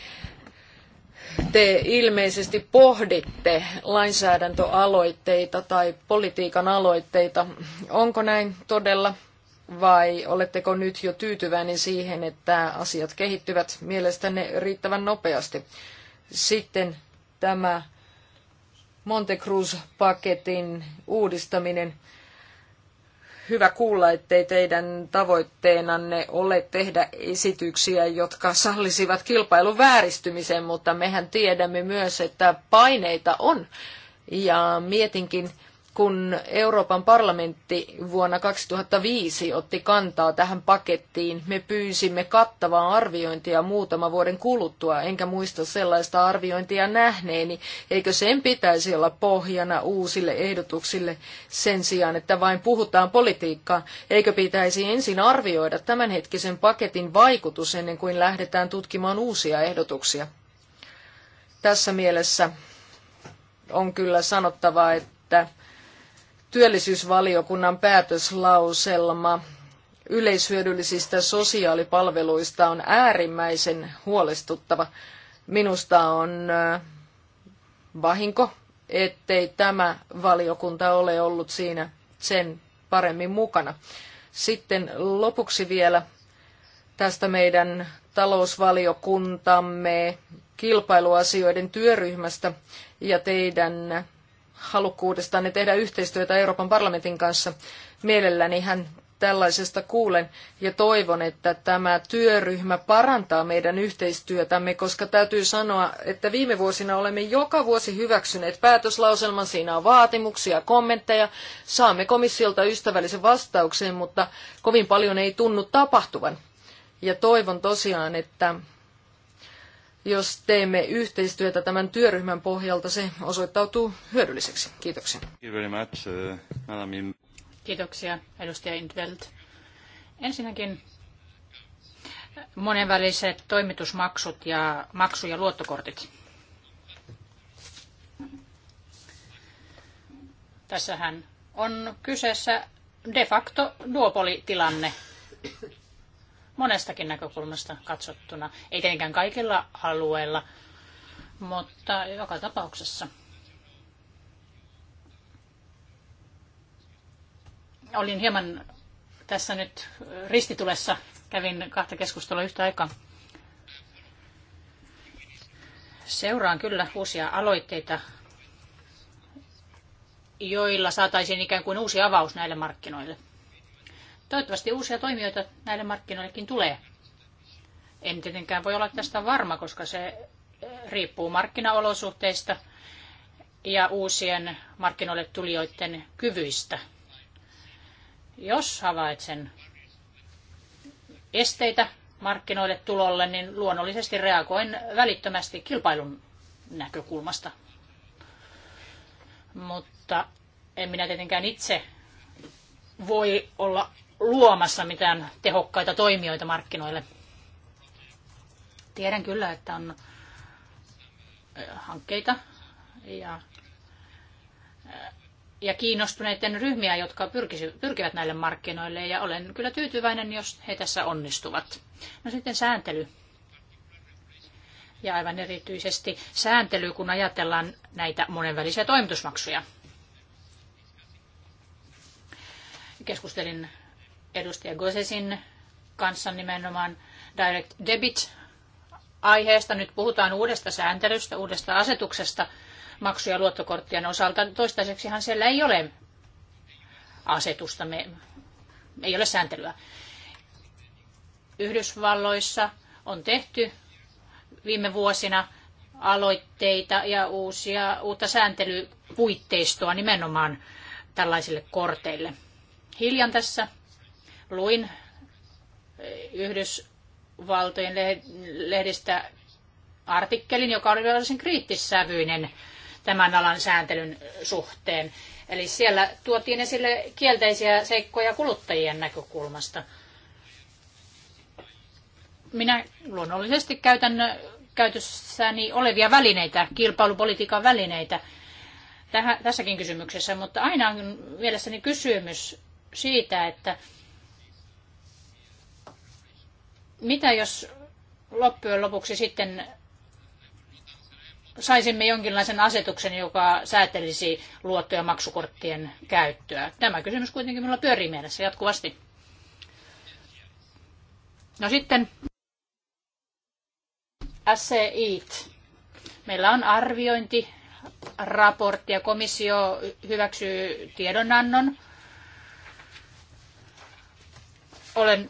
S1: te ilmeisesti pohditte lainsäädäntöaloitteita tai politiikan aloitteita. Onko näin todella vai oletteko nyt jo tyytyväinen siihen, että asiat kehittyvät mielestänne riittävän nopeasti? Sitten tämä Montecruz-paketin uudistaminen hyvä kuulla, ettei teidän tavoitteenanne ole tehdä esityksiä, jotka sallisivat kilpailun vääristymisen, mutta mehän tiedämme myös, että paineita on. Ja mietinkin, kun Euroopan parlamentti vuonna 2005 otti kantaa tähän pakettiin, me pyysimme kattavaa arviointia muutama vuoden kuluttua, enkä muista sellaista arviointia nähneeni, eikö sen pitäisi olla pohjana uusille ehdotuksille sen sijaan, että vain puhutaan politiikkaa, eikö pitäisi ensin arvioida tämänhetkisen paketin vaikutus ennen kuin lähdetään tutkimaan uusia ehdotuksia. Tässä mielessä on kyllä sanottava, että työllisyysvaliokunnan päätöslauselma yleishyödyllisistä sosiaalipalveluista on äärimmäisen huolestuttava. Minusta on vahinko, ettei tämä valiokunta ole ollut siinä sen paremmin mukana. Sitten lopuksi vielä tästä meidän talousvaliokuntamme kilpailuasioiden työryhmästä ja teidän halukkuudestanne tehdä yhteistyötä Euroopan parlamentin kanssa. Mielelläni hän tällaisesta kuulen ja toivon, että tämä työryhmä parantaa meidän yhteistyötämme, koska täytyy sanoa, että viime vuosina olemme joka vuosi hyväksyneet päätöslauselman, siinä on vaatimuksia, kommentteja, saamme komissiolta ystävällisen vastauksen, mutta kovin paljon ei tunnu tapahtuvan. Ja toivon tosiaan, että jos teemme yhteistyötä tämän työryhmän pohjalta, se osoittautuu hyödylliseksi. Kiitoksia.
S4: Uh,
S3: Kiitoksia, edustaja Intveld. Ensinnäkin monenväliset toimitusmaksut ja maksu- ja luottokortit. Tässähän on kyseessä de facto duopolitilanne monestakin näkökulmasta katsottuna. Ei tietenkään kaikilla alueilla, mutta joka tapauksessa. Olin hieman tässä nyt ristitulessa, kävin kahta keskustelua yhtä aikaa. Seuraan kyllä uusia aloitteita, joilla saataisiin ikään kuin uusi avaus näille markkinoille. Toivottavasti uusia toimijoita näille markkinoillekin tulee. En tietenkään voi olla tästä varma, koska se eh, riippuu markkinaolosuhteista ja uusien markkinoille tulijoiden kyvyistä. Jos havaitsen esteitä markkinoille tulolle, niin luonnollisesti reagoin välittömästi kilpailun näkökulmasta. Mutta en minä tietenkään itse voi olla luomassa mitään tehokkaita toimijoita markkinoille. Tiedän kyllä, että on äh, hankkeita ja, äh, ja kiinnostuneiden ryhmiä, jotka pyrkisi, pyrkivät näille markkinoille, ja olen kyllä tyytyväinen, jos he tässä onnistuvat. No sitten sääntely. Ja aivan erityisesti sääntely, kun ajatellaan näitä monenvälisiä toimitusmaksuja. Keskustelin edustaja Gosesin kanssa nimenomaan Direct Debit aiheesta. Nyt puhutaan uudesta sääntelystä, uudesta asetuksesta maksuja luottokorttien osalta. Toistaiseksihan siellä ei ole asetusta, me, ei ole sääntelyä. Yhdysvalloissa on tehty viime vuosina aloitteita ja uusia, uutta sääntelypuitteistoa nimenomaan tällaisille korteille. Hiljan tässä Luin Yhdysvaltojen lehdistä artikkelin, joka oli varsin kriittissävyinen tämän alan sääntelyn suhteen. Eli siellä tuotiin esille kielteisiä seikkoja kuluttajien näkökulmasta. Minä luonnollisesti käytän käytössäni olevia välineitä, kilpailupolitiikan välineitä tähän, tässäkin kysymyksessä, mutta aina on mielessäni kysymys siitä, että mitä jos loppujen lopuksi sitten saisimme jonkinlaisen asetuksen, joka säätelisi luotto- ja maksukorttien käyttöä? Tämä kysymys kuitenkin minulla pyörii mielessä jatkuvasti. No sitten SCIt. E Meillä on arviointi, raportti ja komissio hyväksyy tiedonannon. Olen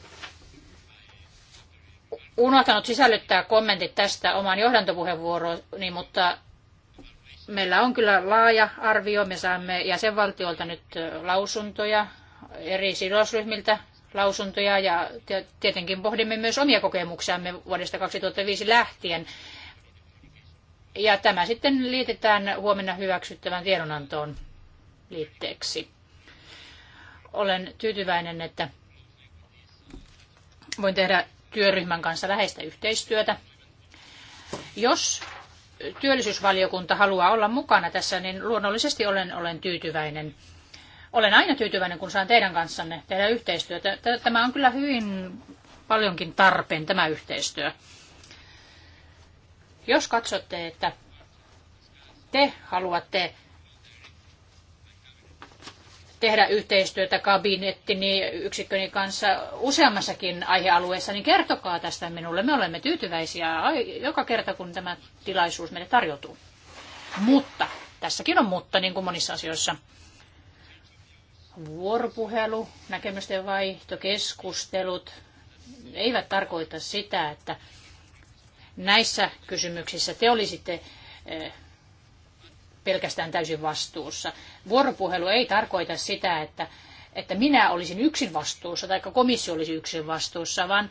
S3: unohtanut sisällyttää kommentit tästä omaan johdantopuheenvuorooni, mutta meillä on kyllä laaja arvio. Me saamme jäsenvaltiolta nyt lausuntoja, eri sidosryhmiltä lausuntoja ja tietenkin pohdimme myös omia kokemuksiamme vuodesta 2005 lähtien. Ja tämä sitten liitetään huomenna hyväksyttävän tiedonantoon liitteeksi. Olen tyytyväinen, että voin tehdä työryhmän kanssa läheistä yhteistyötä. Jos työllisyysvaliokunta haluaa olla mukana tässä, niin luonnollisesti olen, olen tyytyväinen. Olen aina tyytyväinen, kun saan teidän kanssanne tehdä yhteistyötä. Tämä on kyllä hyvin paljonkin tarpeen, tämä yhteistyö. Jos katsotte, että te haluatte tehdä yhteistyötä kabinettini yksikköni kanssa useammassakin aihealueessa, niin kertokaa tästä minulle. Me olemme tyytyväisiä joka kerta, kun tämä tilaisuus meille tarjoutuu. Mutta, tässäkin on mutta, niin kuin monissa asioissa, vuoropuhelu, näkemysten vaihto, keskustelut eivät tarkoita sitä, että näissä kysymyksissä te olisitte eh, pelkästään täysin vastuussa vuoropuhelu ei tarkoita sitä, että, että minä olisin yksin vastuussa tai komissio olisi yksin vastuussa, vaan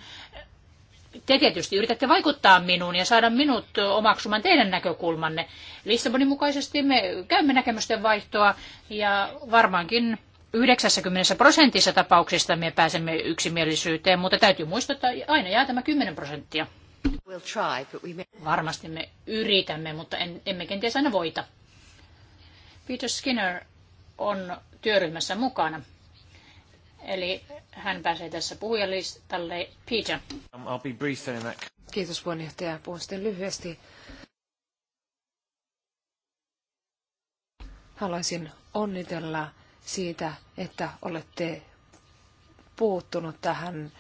S3: te tietysti yritätte vaikuttaa minuun ja saada minut omaksumaan teidän näkökulmanne. Lissabonin mukaisesti me käymme näkemysten vaihtoa ja varmaankin 90 prosentissa tapauksista me pääsemme yksimielisyyteen, mutta täytyy muistuttaa, että aina jää tämä 10 prosenttia. We'll try, we... Varmasti me yritämme, mutta en, emme kenties aina voita. Peter Skinner on työryhmässä mukana. Eli hän pääsee tässä puhujalistalle. Peter.
S4: I'll be brief then in that.
S2: Kiitos puheenjohtaja. Puhun sitten lyhyesti. Haluaisin onnitella siitä, että olette puuttunut tähän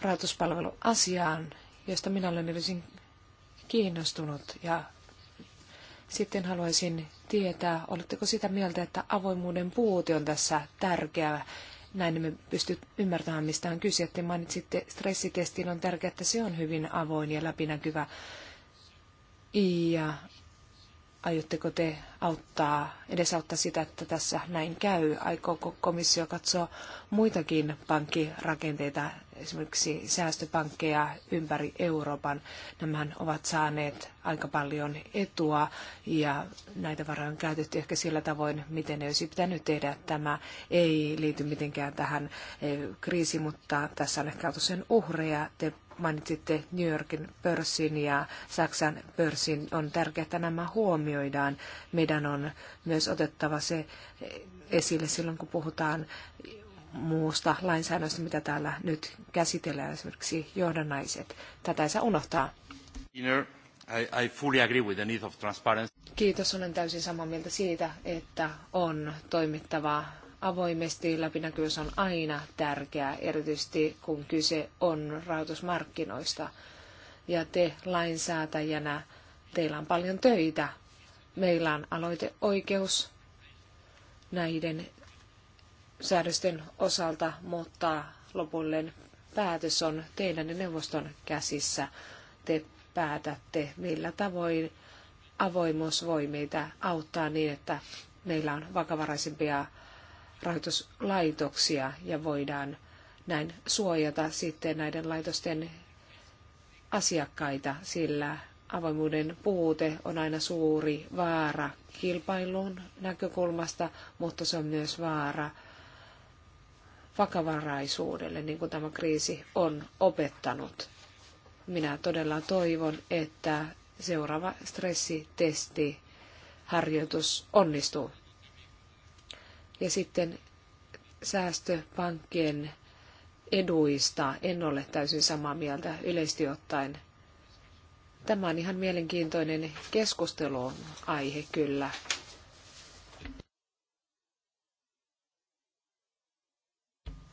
S2: rahoituspalveluasiaan, josta minä olen erityisen kiinnostunut ja sitten haluaisin tietää, oletteko sitä mieltä, että avoimuuden puute on tässä tärkeää, Näin me pysty ymmärtämään, mistä on kyse. Te mainitsitte stressitestin, on tärkeää, että se on hyvin avoin ja läpinäkyvä. Ja aiotteko te auttaa, edesauttaa sitä, että tässä näin käy? Aikooko komissio katsoa muitakin pankkirakenteita esimerkiksi säästöpankkeja ympäri Euroopan. Nämähän ovat saaneet aika paljon etua ja näitä varoja on käytetty ehkä sillä tavoin, miten ne olisi pitänyt tehdä. Tämä ei liity mitenkään tähän eh, kriisiin, mutta tässä on ehkä oltu sen uhreja. Te mainitsitte New Yorkin pörssin ja Saksan pörssin. On tärkeää, että nämä huomioidaan. Meidän on myös otettava se eh, esille silloin, kun puhutaan muusta lainsäädännöstä, mitä täällä nyt käsitellään, esimerkiksi johdannaiset. Tätä ei saa unohtaa. Kiitos, olen täysin samaa mieltä siitä, että on toimittava avoimesti. Läpinäkyvyys on aina tärkeää, erityisesti kun kyse on rahoitusmarkkinoista. Ja te lainsäätäjänä, teillä on paljon töitä. Meillä on aloiteoikeus näiden säädösten osalta, mutta lopullinen päätös on teidän ja neuvoston käsissä. Te päätätte, millä tavoin avoimuus voi meitä auttaa niin, että meillä on vakavaraisempia rahoituslaitoksia ja voidaan näin suojata sitten näiden laitosten asiakkaita, sillä avoimuuden puute on aina suuri vaara kilpailun näkökulmasta, mutta se on myös vaara vakavaraisuudelle, niin kuin tämä kriisi on opettanut. Minä todella toivon, että seuraava stressitesti harjoitus onnistuu. Ja sitten säästöpankkien eduista en ole täysin samaa mieltä yleisesti ottaen. Tämä on ihan mielenkiintoinen keskustelun aihe kyllä.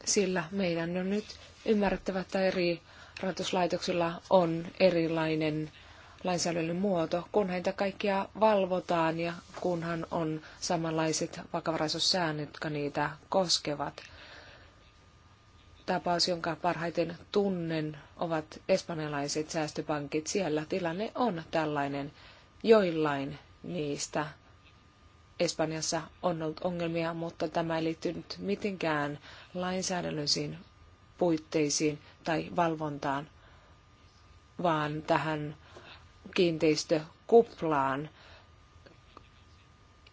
S2: sillä meidän on nyt ymmärrettävä, että eri rahoituslaitoksilla on erilainen lainsäädännön muoto, kun heitä kaikkia valvotaan ja kunhan on samanlaiset vakavaraisuussäännöt, jotka niitä koskevat. Tapaus, jonka parhaiten tunnen, ovat espanjalaiset säästöpankit. Siellä tilanne on tällainen. Joillain niistä Espanjassa on ollut ongelmia, mutta tämä ei liittynyt mitenkään lainsäädännöllisiin puitteisiin tai valvontaan, vaan tähän kiinteistökuplaan.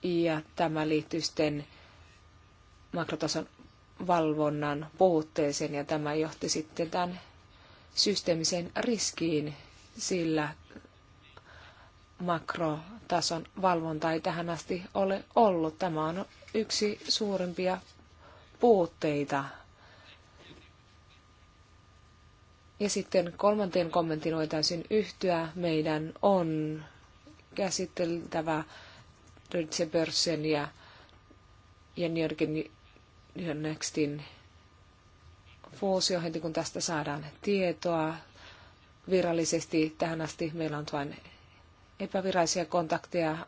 S2: Ja tämä liittyy sitten makrotason valvonnan puutteeseen ja tämä johti sitten tämän systeemisen riskiin, sillä makrotason valvonta ei tähän asti ole ollut. Tämä on yksi suurimpia puutteita. Ja sitten kolmanteen kommentin voitaisiin yhtyä. Meidän on käsiteltävä Deutsche Börsen ja, Jörgen Nextin fuusio heti, kun tästä saadaan tietoa. Virallisesti tähän asti meillä on vain epävirallisia kontakteja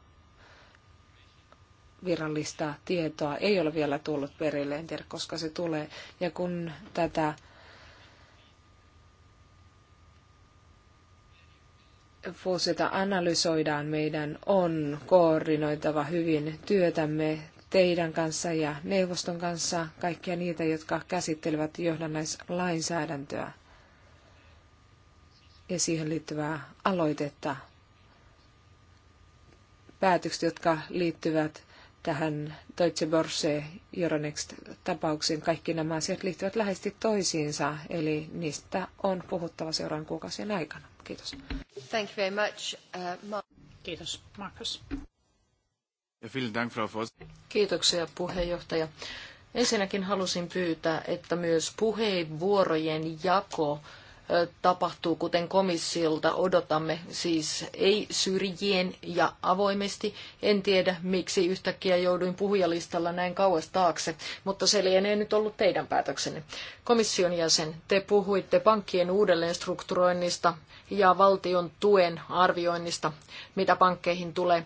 S2: virallista tietoa ei ole vielä tullut perille, en tiedä koska se tulee. Ja kun tätä fuusiota analysoidaan, meidän on koordinoitava hyvin työtämme teidän kanssa ja neuvoston kanssa kaikkia niitä, jotka käsittelevät johdannaislainsäädäntöä ja siihen liittyvää aloitetta. Päätökset, jotka liittyvät tähän Deutsche Börse euronext tapaukseen Kaikki nämä asiat liittyvät läheisesti toisiinsa, eli niistä on puhuttava seuraavan kuukausien aikana. Kiitos.
S1: Thank you very much. Uh, Ma- Kiitos, Markus. Kiitoksia, puheenjohtaja. Ensinnäkin halusin pyytää, että myös puheenvuorojen jako tapahtuu, kuten komissiolta odotamme, siis ei syrjien ja avoimesti. En tiedä, miksi yhtäkkiä jouduin puhujalistalla näin kauas taakse, mutta se lienee nyt ollut teidän päätöksenne. Komission jäsen, te puhuitte pankkien uudelleenstrukturoinnista ja valtion tuen arvioinnista, mitä pankkeihin tulee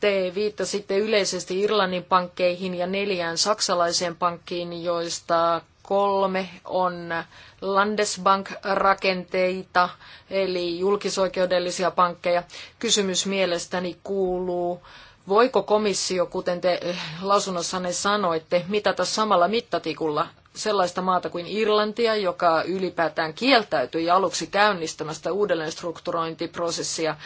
S1: te viittasitte yleisesti Irlannin pankkeihin ja neljään saksalaiseen pankkiin, joista kolme on Landesbank-rakenteita, eli julkisoikeudellisia pankkeja. Kysymys mielestäni kuuluu, voiko komissio, kuten te eh, lausunnossanne sanoitte, mitata samalla mittatikulla sellaista maata kuin Irlantia, joka ylipäätään kieltäytyi aluksi käynnistämästä uudelleenstrukturointiprosessia.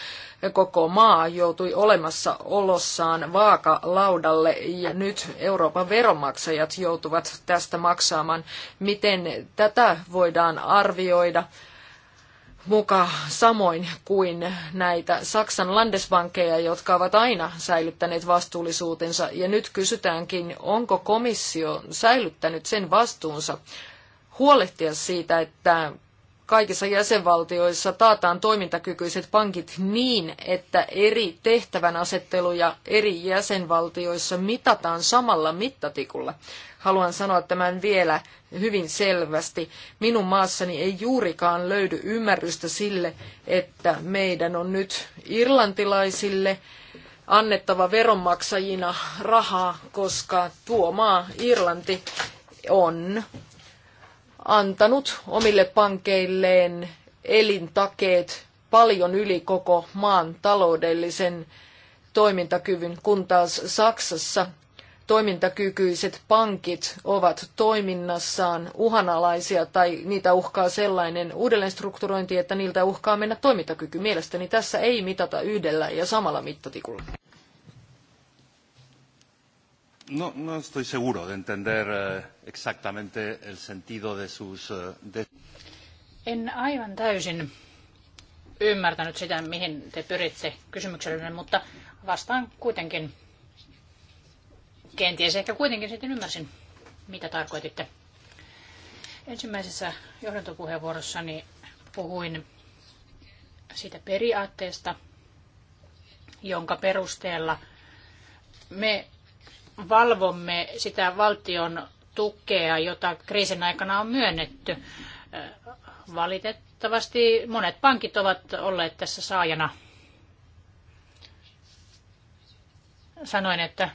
S1: Koko maa joutui olemassa olossaan vaakalaudalle ja nyt Euroopan veronmaksajat joutuvat tästä maksaamaan. Miten tätä voidaan arvioida? muka samoin kuin näitä Saksan landesbankeja, jotka ovat aina säilyttäneet vastuullisuutensa. Ja nyt kysytäänkin, onko komissio säilyttänyt sen vastuunsa huolehtia siitä, että kaikissa jäsenvaltioissa taataan toimintakykyiset pankit niin, että eri tehtävänasetteluja eri jäsenvaltioissa mitataan samalla mittatikulla. Haluan sanoa tämän vielä hyvin selvästi. Minun maassani ei juurikaan löydy ymmärrystä sille, että meidän on nyt irlantilaisille annettava veronmaksajina rahaa, koska tuo maa, Irlanti, on antanut omille pankeilleen elintakeet paljon yli koko maan taloudellisen toimintakyvyn, kun taas Saksassa toimintakykyiset pankit ovat toiminnassaan uhanalaisia tai niitä uhkaa sellainen uudelleenstrukturointi, että niiltä uhkaa mennä toimintakyky. Mielestäni tässä ei mitata yhdellä ja samalla mittatikulla.
S4: No, no estoy seguro de entender eh, exactamente el sentido de sus... Eh, de...
S3: En aivan täysin ymmärtänyt sitä, mihin te pyritte kysymyksellenne, mutta vastaan kuitenkin. Kenties ehkä kuitenkin sitten ymmärsin, mitä tarkoititte. Ensimmäisessä johdantopuheenvuorossani puhuin siitä periaatteesta, jonka perusteella me valvomme sitä valtion tukea, jota kriisin aikana on myönnetty. Valitettavasti monet pankit ovat olleet tässä saajana. Sanoin, että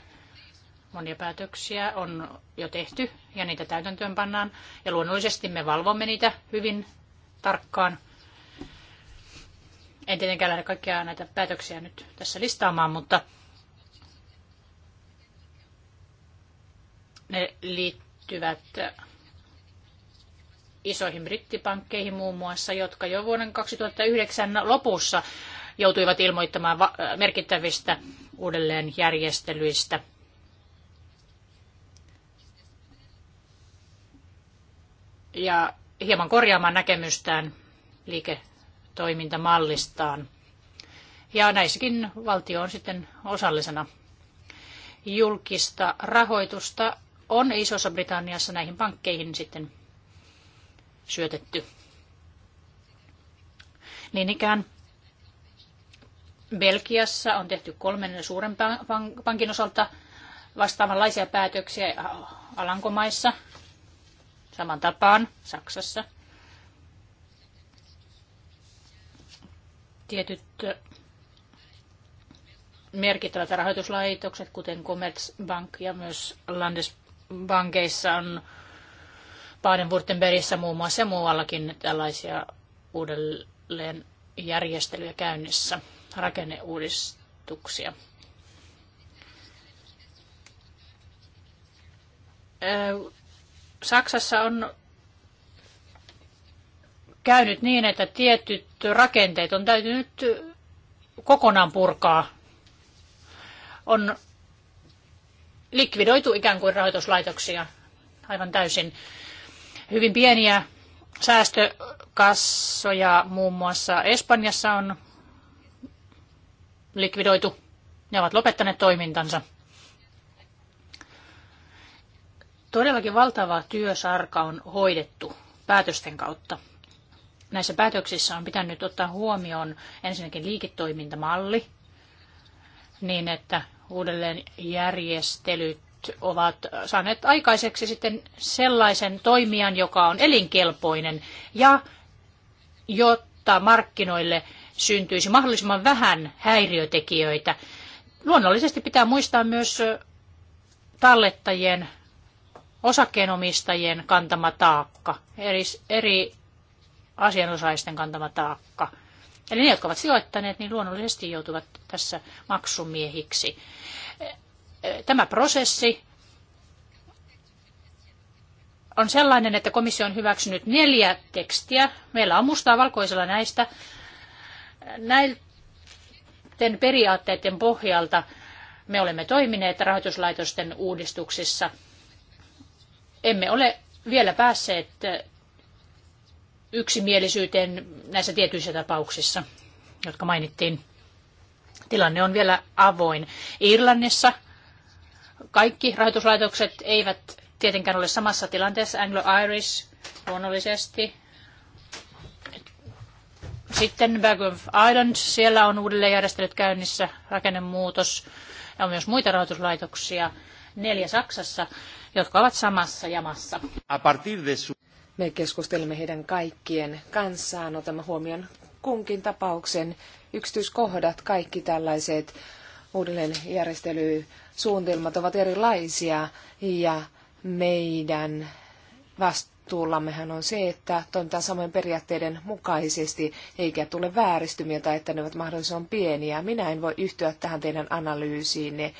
S3: monia päätöksiä on jo tehty ja niitä täytäntöön pannaan. Ja luonnollisesti me valvomme niitä hyvin tarkkaan. En tietenkään lähde kaikkia näitä päätöksiä nyt tässä listaamaan, mutta Ne liittyvät isoihin brittipankkeihin muun muassa, jotka jo vuoden 2009 lopussa joutuivat ilmoittamaan merkittävistä uudelleenjärjestelyistä. Ja hieman korjaamaan näkemystään liiketoimintamallistaan. Ja näissäkin valtio on sitten osallisena. Julkista rahoitusta on Isossa Britanniassa näihin pankkeihin sitten syötetty. Niin ikään Belgiassa on tehty kolmen suuren pankin osalta vastaavanlaisia päätöksiä Alankomaissa, saman tapaan Saksassa. Tietyt merkittävät rahoituslaitokset, kuten Commerzbank ja myös Landes, vankeissa on Baden-Württembergissä muun muassa ja muuallakin tällaisia uudelleen järjestelyjä käynnissä, rakenneuudistuksia. Saksassa on käynyt niin, että tietyt rakenteet on täytynyt kokonaan purkaa. On likvidoitu ikään kuin rahoituslaitoksia aivan täysin. Hyvin pieniä säästökassoja muun muassa Espanjassa on likvidoitu. Ne ovat lopettaneet toimintansa. Todellakin valtava työsarka on hoidettu päätösten kautta. Näissä päätöksissä on pitänyt ottaa huomioon ensinnäkin liiketoimintamalli, niin että uudelleenjärjestelyt ovat saaneet aikaiseksi sitten sellaisen toimijan, joka on elinkelpoinen ja jotta markkinoille syntyisi mahdollisimman vähän häiriötekijöitä. Luonnollisesti pitää muistaa myös tallettajien, osakkeenomistajien kantama taakka, eri, eri asianosaisten kantama taakka. Eli ne, jotka ovat sijoittaneet, niin luonnollisesti joutuvat tässä maksumiehiksi. Tämä prosessi on sellainen, että komissio on hyväksynyt neljä tekstiä. Meillä on mustaa valkoisella näistä. Näiden periaatteiden pohjalta me olemme toimineet rahoituslaitosten uudistuksissa. Emme ole vielä päässeet yksimielisyyteen näissä tietyissä tapauksissa, jotka mainittiin. Tilanne on vielä avoin. Irlannissa kaikki rahoituslaitokset eivät tietenkään ole samassa tilanteessa. Anglo-Irish luonnollisesti. Sitten Back of Ireland, siellä on uudelleenjärjestelyt käynnissä, rakennemuutos ja on myös muita rahoituslaitoksia, neljä Saksassa, jotka ovat samassa jamassa.
S4: A partir de su...
S2: Me keskustelemme heidän kaikkien kanssaan, otamme huomioon kunkin tapauksen yksityiskohdat, kaikki tällaiset uudelleenjärjestelysuunnitelmat ovat erilaisia ja meidän vastuullammehan on se, että toimitaan samojen periaatteiden mukaisesti eikä tule vääristymiä tai että ne ovat mahdollisimman pieniä. Minä en voi yhtyä tähän teidän analyysiinne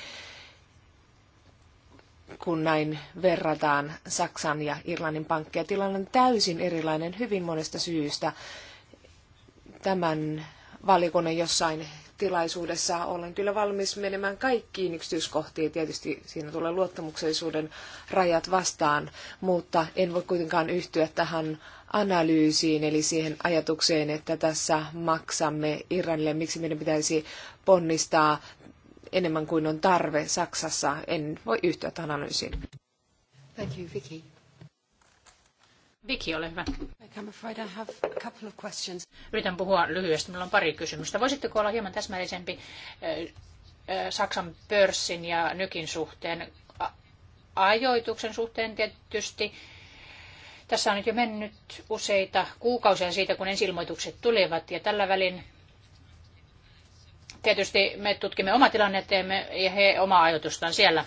S2: kun näin verrataan Saksan ja Irlannin pankkeja. Tilanne on täysin erilainen hyvin monesta syystä. Tämän valikonen jossain tilaisuudessa olen kyllä valmis menemään kaikkiin yksityiskohtiin. Tietysti siinä tulee luottamuksellisuuden rajat vastaan, mutta en voi kuitenkaan yhtyä tähän analyysiin, eli siihen ajatukseen, että tässä maksamme Irlannille, miksi meidän pitäisi ponnistaa enemmän kuin on tarve Saksassa. En voi yhtyä tähän analyysiin.
S1: Thank you,
S3: Vicky. Viki, ole hyvä. I'm afraid I have a couple of questions. Yritän puhua lyhyesti. Minulla on pari kysymystä. Voisitteko olla hieman täsmällisempi Saksan pörssin ja nykin suhteen? Ajoituksen suhteen tietysti. Tässä on nyt jo mennyt useita kuukausia siitä, kun ensilmoitukset tulivat, ja tällä välin Tietysti me tutkimme oma tilannetteemme ja he omaa ajoitustaan siellä.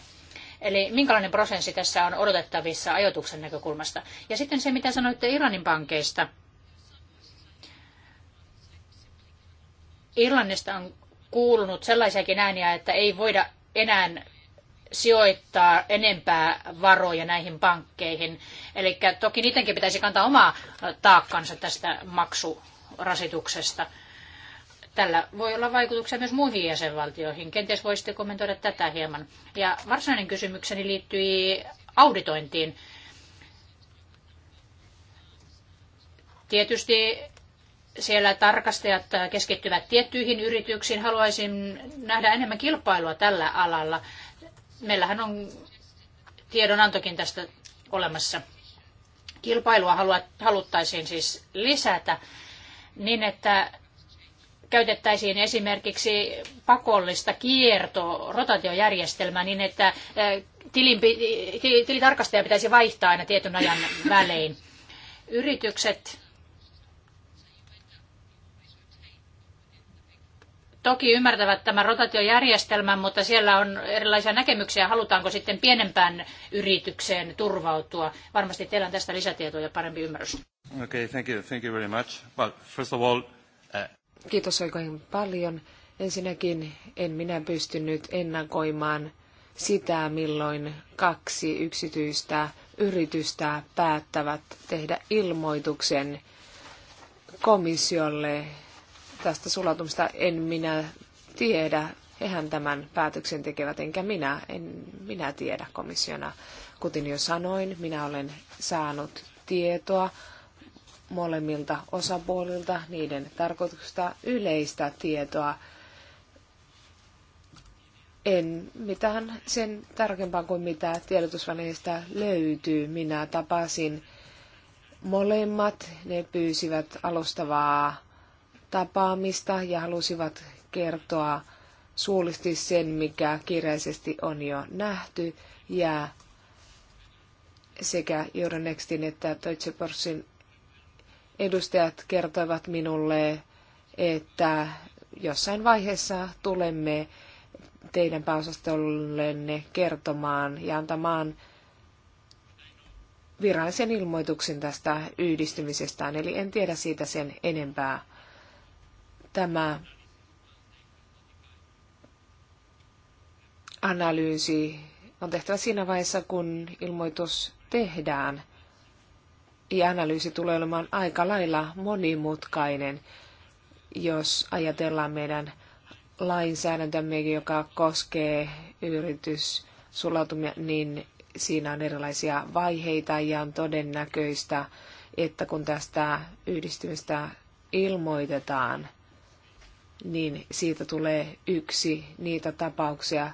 S3: Eli minkälainen prosessi tässä on odotettavissa ajoituksen näkökulmasta? Ja sitten se, mitä sanoitte Iranin pankeista. Irlannista on kuulunut sellaisiakin ääniä, että ei voida enää sijoittaa enempää varoja näihin pankkeihin. Eli toki niidenkin pitäisi kantaa oma taakkansa tästä maksurasituksesta. Tällä voi olla vaikutuksia myös muihin jäsenvaltioihin. Kenties voisitte kommentoida tätä hieman. Ja varsinainen kysymykseni liittyi auditointiin. Tietysti siellä tarkastajat keskittyvät tiettyihin yrityksiin. Haluaisin nähdä enemmän kilpailua tällä alalla. Meillähän on tiedonantokin tästä olemassa. Kilpailua haluttaisiin siis lisätä niin, että käytettäisiin esimerkiksi pakollista kierto rotaatiojärjestelmää niin, että eh, tilitarkastaja pitäisi vaihtaa aina tietyn ajan välein. Yritykset toki ymmärtävät tämän rotaatiojärjestelmän, mutta siellä on erilaisia näkemyksiä, halutaanko sitten pienempään yritykseen turvautua. Varmasti teillä on tästä lisätietoa ja parempi ymmärrys.
S4: Okay, thank you, thank you very much. Well, first of all,
S3: Kiitos oikein paljon. Ensinnäkin
S2: en minä pystynyt ennakoimaan sitä, milloin kaksi yksityistä yritystä päättävät tehdä ilmoituksen komissiolle tästä sulatumista. En minä tiedä. Hehän tämän päätöksen tekevät, enkä minä. En minä tiedä komissiona. Kuten jo sanoin, minä olen saanut tietoa molemmilta osapuolilta niiden tarkoituksesta yleistä tietoa. En mitään sen tarkempaa kuin mitä tiedotusvälineistä löytyy. Minä tapasin molemmat, ne pyysivät alustavaa tapaamista ja halusivat kertoa suullisesti sen, mikä kirjaisesti on jo nähty. Ja sekä Euronextin että Deutsche Börsin edustajat kertoivat minulle, että jossain vaiheessa tulemme teidän pääosastollenne kertomaan ja antamaan virallisen ilmoituksen tästä yhdistymisestään, eli en tiedä siitä sen enempää. Tämä analyysi on tehtävä siinä vaiheessa, kun ilmoitus tehdään – ja analyysi tulee olemaan aika lailla monimutkainen, jos ajatellaan meidän lainsäädäntömme, joka koskee yrityssulautumia, niin siinä on erilaisia vaiheita ja on todennäköistä, että kun tästä yhdistymistä ilmoitetaan, niin siitä tulee yksi niitä tapauksia,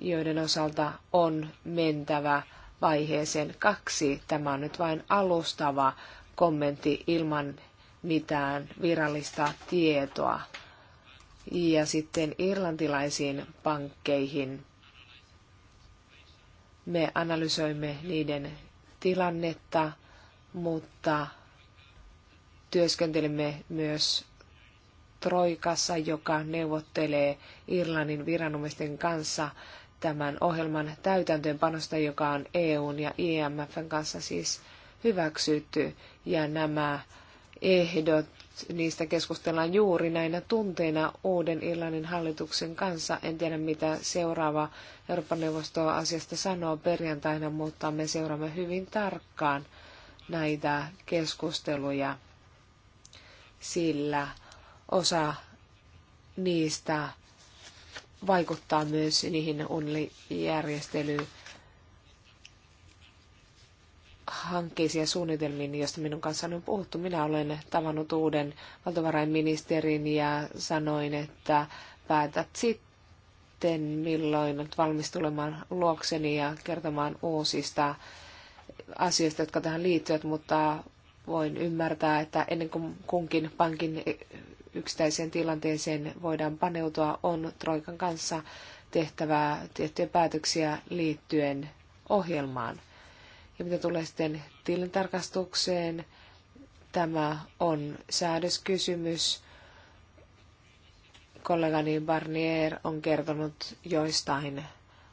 S2: joiden osalta on mentävä vaiheeseen kaksi. Tämä on nyt vain alustava kommentti ilman mitään virallista tietoa. Ja sitten irlantilaisiin pankkeihin. Me analysoimme niiden tilannetta, mutta työskentelimme myös Troikassa, joka neuvottelee Irlannin viranomaisten kanssa tämän ohjelman täytäntöönpanosta, joka on EUn ja IMFn kanssa siis hyväksytty. Ja nämä ehdot, niistä keskustellaan juuri näinä tunteina uuden Irlannin hallituksen kanssa. En tiedä, mitä seuraava Euroopan neuvosto asiasta sanoo perjantaina, mutta me seuraamme hyvin tarkkaan näitä keskusteluja, sillä osa niistä vaikuttaa myös niihin onlijärjestelyyn hankkeisiin ja suunnitelmiin, joista minun kanssani on puhuttu. Minä olen tavannut uuden valtavarainministerin ja sanoin, että päätät sitten, milloin olet valmis tulemaan luokseni ja kertomaan uusista asioista, jotka tähän liittyvät, mutta voin ymmärtää, että ennen kuin kunkin pankin yksittäiseen tilanteeseen voidaan paneutua, on Troikan kanssa tehtävää tiettyjä päätöksiä liittyen ohjelmaan. Ja mitä tulee sitten tilintarkastukseen, tämä on säädöskysymys. Kollegani Barnier on kertonut joistain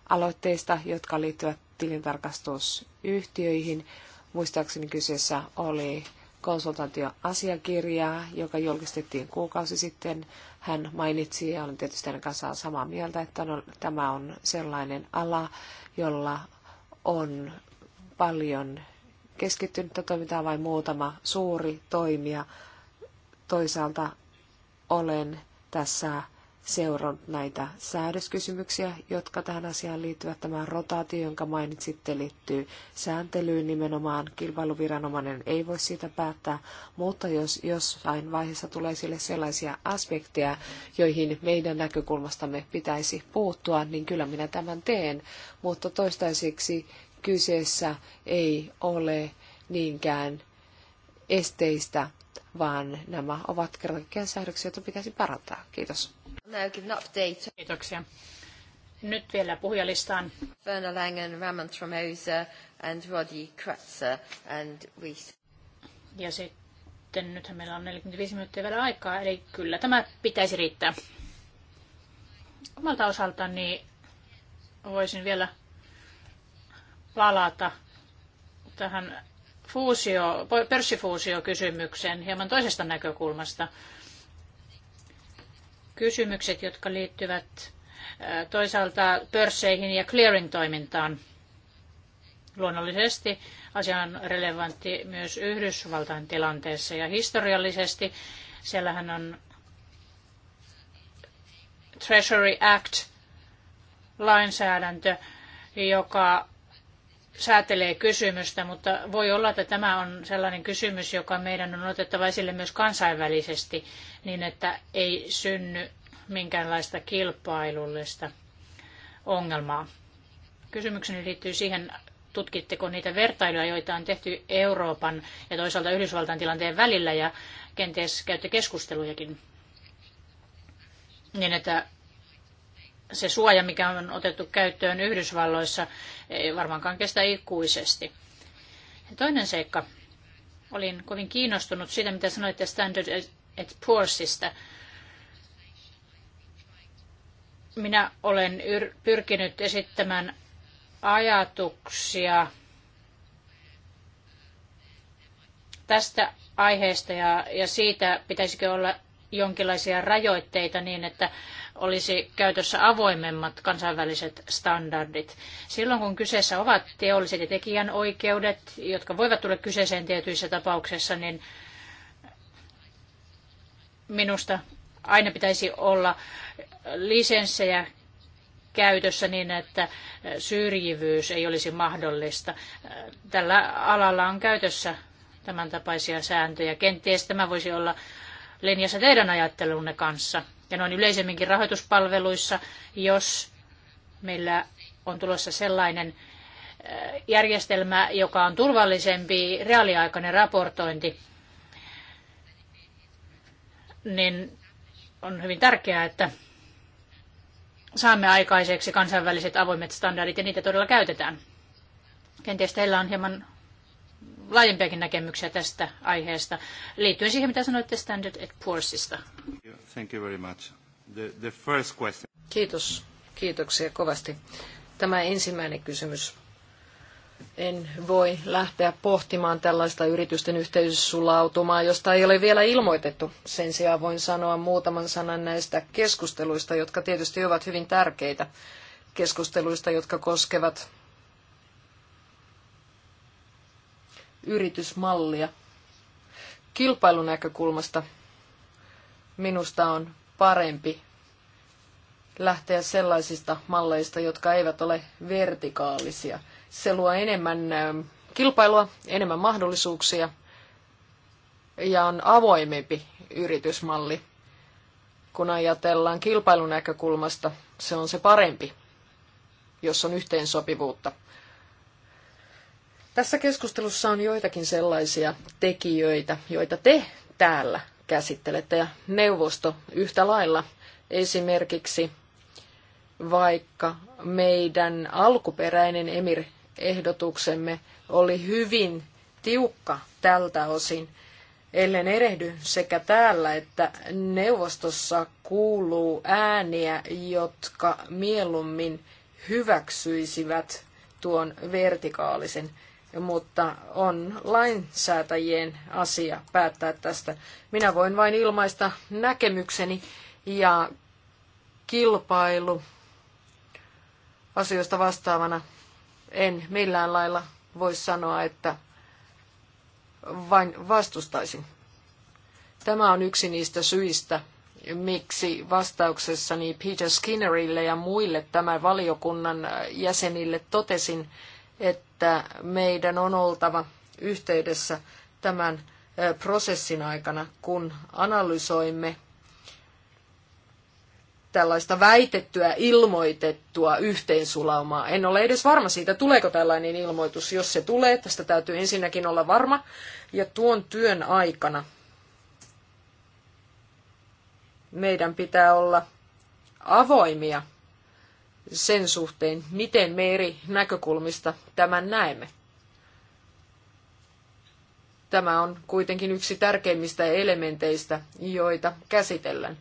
S2: aloitteista, jotka liittyvät tilintarkastusyhtiöihin. Muistaakseni kyseessä oli konsultaatioasiakirjaa, joka julkistettiin kuukausi sitten. Hän mainitsi, ja olen tietysti hänen kanssaan samaa mieltä, että no, tämä on sellainen ala, jolla on paljon keskittynyttä toimintaa vain muutama suuri toimija. Toisaalta olen tässä seuron näitä säädöskysymyksiä, jotka tähän asiaan liittyvät. Tämä rotaatio, jonka mainitsitte, liittyy sääntelyyn nimenomaan. Kilpailuviranomainen ei voi siitä päättää, mutta jos jossain vaiheessa tulee sille sellaisia aspekteja, joihin meidän näkökulmastamme pitäisi puuttua, niin kyllä minä tämän teen. Mutta toistaiseksi kyseessä ei ole niinkään esteistä, vaan nämä ovat kerrankin säädöksiä, joita pitäisi parantaa. Kiitos.
S3: No, Kiitoksia. Nyt vielä puhujalistaan. Werner Langen, Ramon Tremosa and Roddy Kratzer and Reese. Ja sitten nythän meillä on 45 minuuttia vielä aikaa, eli kyllä tämä pitäisi riittää. Omalta osaltani voisin vielä palata tähän fuusio, pörssifuusiokysymykseen hieman toisesta näkökulmasta kysymykset, jotka liittyvät toisaalta pörsseihin ja clearing-toimintaan. Luonnollisesti asia on relevantti myös Yhdysvaltain tilanteessa ja historiallisesti siellähän on Treasury Act lainsäädäntö, joka säätelee kysymystä, mutta voi olla, että tämä on sellainen kysymys, joka meidän on otettava esille myös kansainvälisesti, niin että ei synny minkäänlaista kilpailullista ongelmaa. Kysymykseni liittyy siihen, tutkitteko niitä vertailuja, joita on tehty Euroopan ja toisaalta Yhdysvaltain tilanteen välillä ja kenties käytte keskustelujakin niin, että se suoja, mikä on otettu käyttöön Yhdysvalloissa, ei varmaankaan kestä ikuisesti. Ja toinen seikka. Olin kovin kiinnostunut siitä, mitä sanoitte Standard et Poor'sista. Minä olen pyrkinyt esittämään ajatuksia tästä aiheesta ja, ja siitä, pitäisikö olla jonkinlaisia rajoitteita niin, että olisi käytössä avoimemmat kansainväliset standardit. Silloin kun kyseessä ovat teolliset ja tekijänoikeudet, jotka voivat tulla kyseeseen tietyissä tapauksissa, niin minusta aina pitäisi olla lisenssejä käytössä niin, että syrjivyys ei olisi mahdollista. Tällä alalla on käytössä tämän tapaisia sääntöjä. Kenties tämä voisi olla linjassa teidän ajattelunne kanssa ja noin yleisemminkin rahoituspalveluissa, jos meillä on tulossa sellainen äh, järjestelmä, joka on turvallisempi reaaliaikainen raportointi, niin on hyvin tärkeää, että saamme aikaiseksi kansainväliset avoimet standardit ja niitä todella käytetään. Kenties teillä on hieman laajempiakin näkemyksiä tästä aiheesta liittyen siihen, mitä sanoitte Standard Poor'sista.
S4: Thank you very much. The, the first question.
S3: Kiitos.
S1: Kiitoksia kovasti. Tämä ensimmäinen kysymys. En voi lähteä pohtimaan tällaista yritysten yhteissulautumaa, josta ei ole vielä ilmoitettu. Sen sijaan voin sanoa muutaman sanan näistä keskusteluista, jotka tietysti ovat hyvin tärkeitä keskusteluista, jotka koskevat yritysmallia. Kilpailunäkökulmasta minusta on parempi lähteä sellaisista malleista, jotka eivät ole vertikaalisia. Se luo enemmän ähm, kilpailua, enemmän mahdollisuuksia ja on avoimempi yritysmalli. Kun ajatellaan kilpailunäkökulmasta, se on se parempi, jos on yhteensopivuutta. Tässä keskustelussa on joitakin sellaisia tekijöitä, joita te täällä käsittelette ja neuvosto yhtä lailla. Esimerkiksi vaikka meidän alkuperäinen Emir-ehdotuksemme oli hyvin tiukka tältä osin, ellen erehdy sekä täällä että neuvostossa kuuluu ääniä, jotka mieluummin hyväksyisivät tuon vertikaalisen mutta on lainsäätäjien asia päättää tästä. Minä voin vain ilmaista näkemykseni ja kilpailu asioista vastaavana en millään lailla voi sanoa, että vain vastustaisin. Tämä on yksi niistä syistä, miksi vastauksessani Peter Skinnerille ja muille tämän valiokunnan jäsenille totesin, että meidän on oltava yhteydessä tämän prosessin aikana, kun analysoimme tällaista väitettyä, ilmoitettua yhteensulaumaa. En ole edes varma siitä, tuleeko tällainen ilmoitus. Jos se tulee, tästä täytyy ensinnäkin olla varma. Ja tuon työn aikana meidän pitää olla avoimia sen suhteen, miten me eri näkökulmista tämän näemme. Tämä on kuitenkin yksi tärkeimmistä elementeistä, joita käsitellään.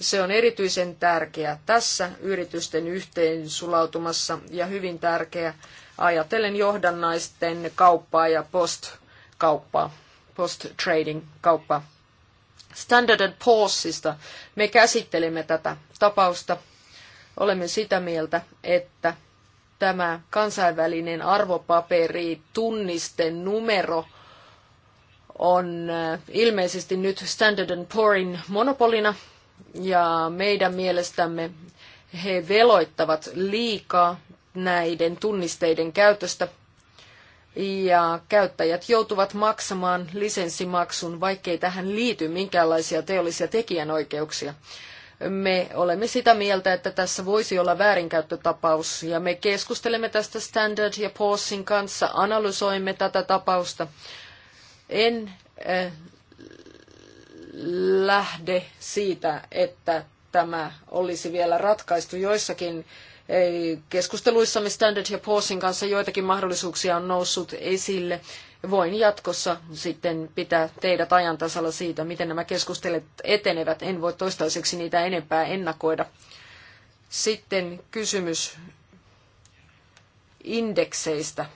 S1: Se on erityisen tärkeä tässä yritysten yhteen sulautumassa ja hyvin tärkeä ajatellen johdannaisten kauppaa ja post-kauppaa, post-trading-kauppaa. Standard Poorsista me käsittelemme tätä tapausta Olemme sitä mieltä, että tämä kansainvälinen arvopaperi tunniste numero on äh, ilmeisesti nyt Standard Poorin monopolina ja meidän mielestämme he veloittavat liikaa näiden tunnisteiden käytöstä ja käyttäjät joutuvat maksamaan lisenssimaksun, vaikkei tähän liity minkäänlaisia teollisia tekijänoikeuksia. Me olemme sitä mieltä, että tässä voisi olla väärinkäyttötapaus ja me keskustelemme tästä Standard ja Poorsin kanssa, analysoimme tätä tapausta. En äh, lähde siitä, että tämä olisi vielä ratkaistu joissakin eh, keskusteluissamme Standard ja Poorsin kanssa joitakin mahdollisuuksia on noussut esille voin jatkossa sitten pitää teidät ajan tasalla siitä, miten nämä keskustelut etenevät. En voi toistaiseksi niitä enempää ennakoida. Sitten kysymys indekseistä.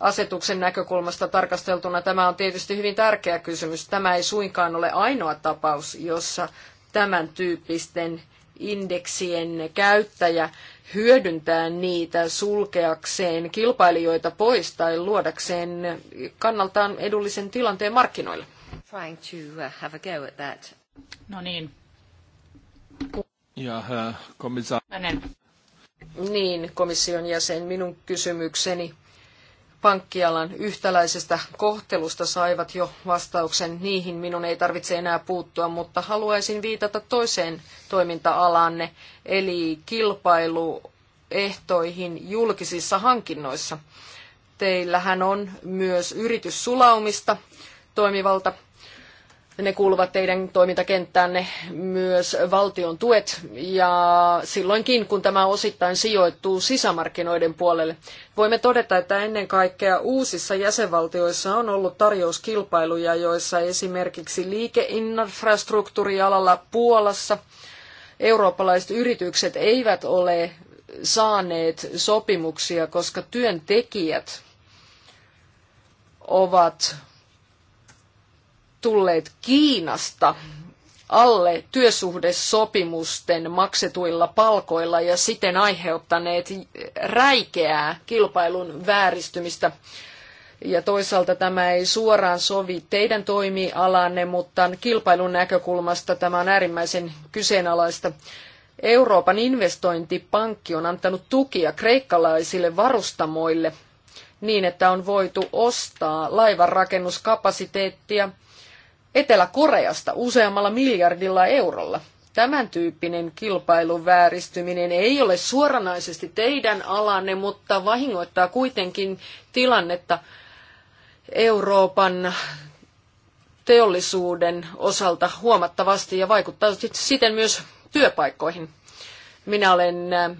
S1: Asetuksen näkökulmasta tarkasteltuna tämä on tietysti hyvin tärkeä kysymys. Tämä ei suinkaan ole ainoa tapaus, jossa tämän tyyppisten indeksien käyttäjä hyödyntää niitä sulkeakseen kilpailijoita pois tai luodakseen kannaltaan edullisen tilanteen markkinoille. Uh, no niin. Ja äh, komissaari. Niin, komission jäsen, minun kysymykseni pankkialan yhtäläisestä kohtelusta saivat jo vastauksen. Niihin minun ei tarvitse enää puuttua, mutta haluaisin viitata toiseen toiminta-alanne, eli kilpailuehtoihin julkisissa hankinnoissa. Teillähän on myös yrityssulaumista toimivalta ne kuuluvat teidän toimintakenttäänne myös valtion tuet ja silloinkin, kun tämä osittain sijoittuu sisämarkkinoiden puolelle. Voimme todeta, että ennen kaikkea uusissa jäsenvaltioissa on ollut tarjouskilpailuja, joissa esimerkiksi liikeinfrastruktuurialalla Puolassa eurooppalaiset yritykset eivät ole saaneet sopimuksia, koska työntekijät ovat tulleet Kiinasta alle työsuhdesopimusten maksetuilla palkoilla ja siten aiheuttaneet räikeää kilpailun vääristymistä. Ja toisaalta tämä ei suoraan sovi teidän toimialanne, mutta kilpailun näkökulmasta tämä on äärimmäisen kyseenalaista. Euroopan investointipankki on antanut tukia kreikkalaisille varustamoille niin, että on voitu ostaa laivanrakennuskapasiteettia – Etelä-Koreasta useammalla miljardilla eurolla. Tämän tyyppinen kilpailun vääristyminen ei ole suoranaisesti teidän alanne, mutta vahingoittaa kuitenkin tilannetta Euroopan teollisuuden osalta huomattavasti ja vaikuttaa siten myös työpaikkoihin. Minä olen äh,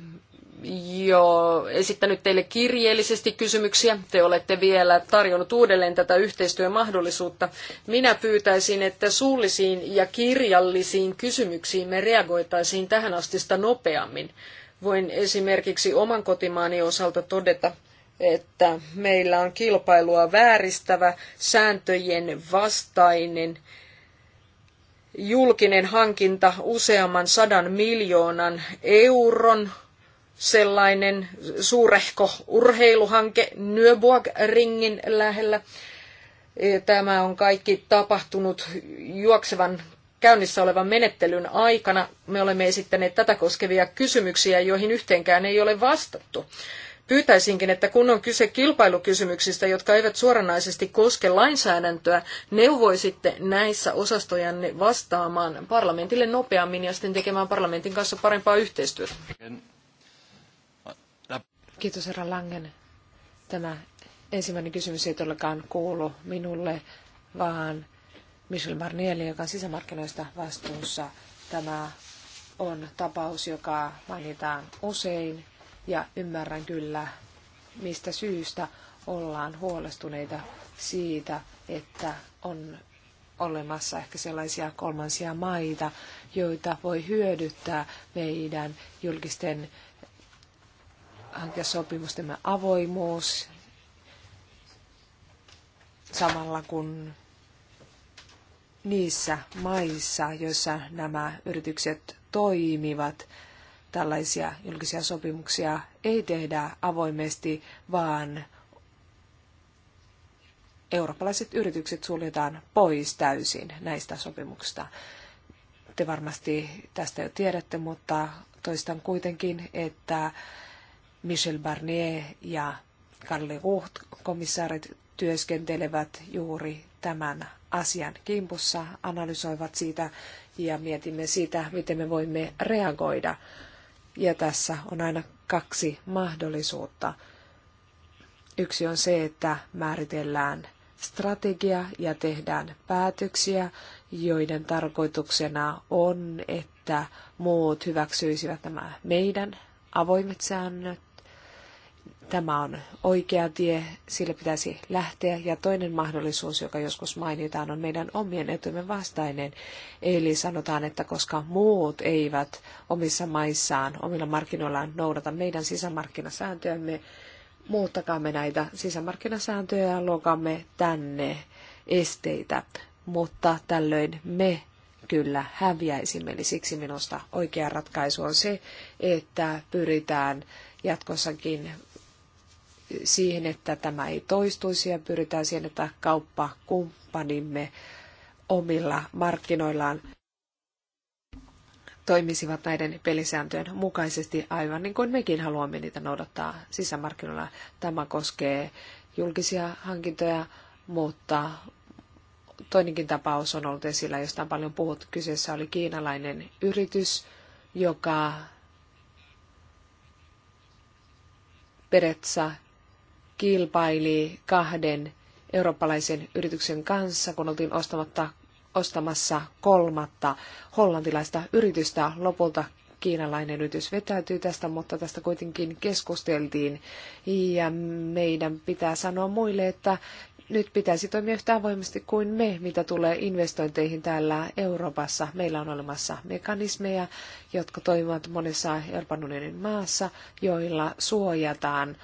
S1: jo esittänyt teille kirjeellisesti kysymyksiä. Te olette vielä tarjonnut uudelleen tätä yhteistyömahdollisuutta. Minä pyytäisin, että suullisiin ja kirjallisiin kysymyksiin me reagoitaisiin tähän astista nopeammin. Voin esimerkiksi oman kotimaani osalta todeta, että meillä on kilpailua vääristävä, sääntöjen vastainen julkinen hankinta useamman sadan miljoonan euron sellainen suurehko urheiluhanke Nyöbuag-ringin lähellä. E, tämä on kaikki tapahtunut juoksevan käynnissä olevan menettelyn aikana. Me olemme esittäneet tätä koskevia kysymyksiä, joihin yhteenkään ei ole vastattu. Pyytäisinkin, että kun on kyse kilpailukysymyksistä, jotka eivät suoranaisesti koske lainsäädäntöä, neuvoisitte näissä osastojanne vastaamaan parlamentille nopeammin ja sitten tekemään parlamentin kanssa parempaa yhteistyötä.
S2: Kiitos herra Langen. Tämä ensimmäinen kysymys ei todellakaan kuulu minulle, vaan Michel Barnieli, joka on sisämarkkinoista vastuussa. Tämä on tapaus, joka mainitaan usein ja ymmärrän kyllä, mistä syystä ollaan huolestuneita siitä, että on olemassa ehkä sellaisia kolmansia maita, joita voi hyödyttää meidän julkisten hankesopimus, tämä avoimuus, samalla kun niissä maissa, joissa nämä yritykset toimivat, tällaisia julkisia sopimuksia ei tehdä avoimesti, vaan eurooppalaiset yritykset suljetaan pois täysin näistä sopimuksista. Te varmasti tästä jo tiedätte, mutta toistan kuitenkin, että Michel Barnier ja Karli Ruht, komissaarit, työskentelevät juuri tämän asian kimpussa, analysoivat siitä ja mietimme sitä, miten me voimme reagoida. Ja tässä on aina kaksi mahdollisuutta. Yksi on se, että määritellään strategia ja tehdään päätöksiä, joiden tarkoituksena on, että muut hyväksyisivät nämä meidän avoimet säännöt Tämä on oikea tie, sille pitäisi lähteä. Ja toinen mahdollisuus, joka joskus mainitaan, on meidän omien etujemme vastainen. Eli sanotaan, että koska muut eivät omissa maissaan, omilla markkinoillaan noudata meidän sisämarkkinasääntöjämme, muuttakaamme näitä sisämarkkinasääntöjä ja luokamme tänne esteitä. Mutta tällöin me kyllä häviäisimme. Eli siksi minusta oikea ratkaisu on se, että pyritään jatkossakin siihen, että tämä ei toistuisi ja pyritään siihen, että kauppakumppanimme omilla markkinoillaan toimisivat näiden pelisääntöjen mukaisesti aivan niin kuin mekin haluamme niitä noudattaa sisämarkkinoilla. Tämä koskee julkisia hankintoja, mutta toinenkin tapaus on ollut esillä, josta on paljon puhuttu. Kyseessä oli kiinalainen yritys, joka Peretsa kilpaili kahden eurooppalaisen yrityksen kanssa, kun oltiin ostamatta, ostamassa kolmatta hollantilaista yritystä. Lopulta kiinalainen yritys vetäytyy tästä, mutta tästä kuitenkin keskusteltiin. Ja meidän pitää sanoa muille, että nyt pitäisi toimia yhtä avoimesti kuin me, mitä tulee investointeihin täällä Euroopassa. Meillä on olemassa mekanismeja, jotka toimivat monessa Euroopan unionin maassa, joilla suojataan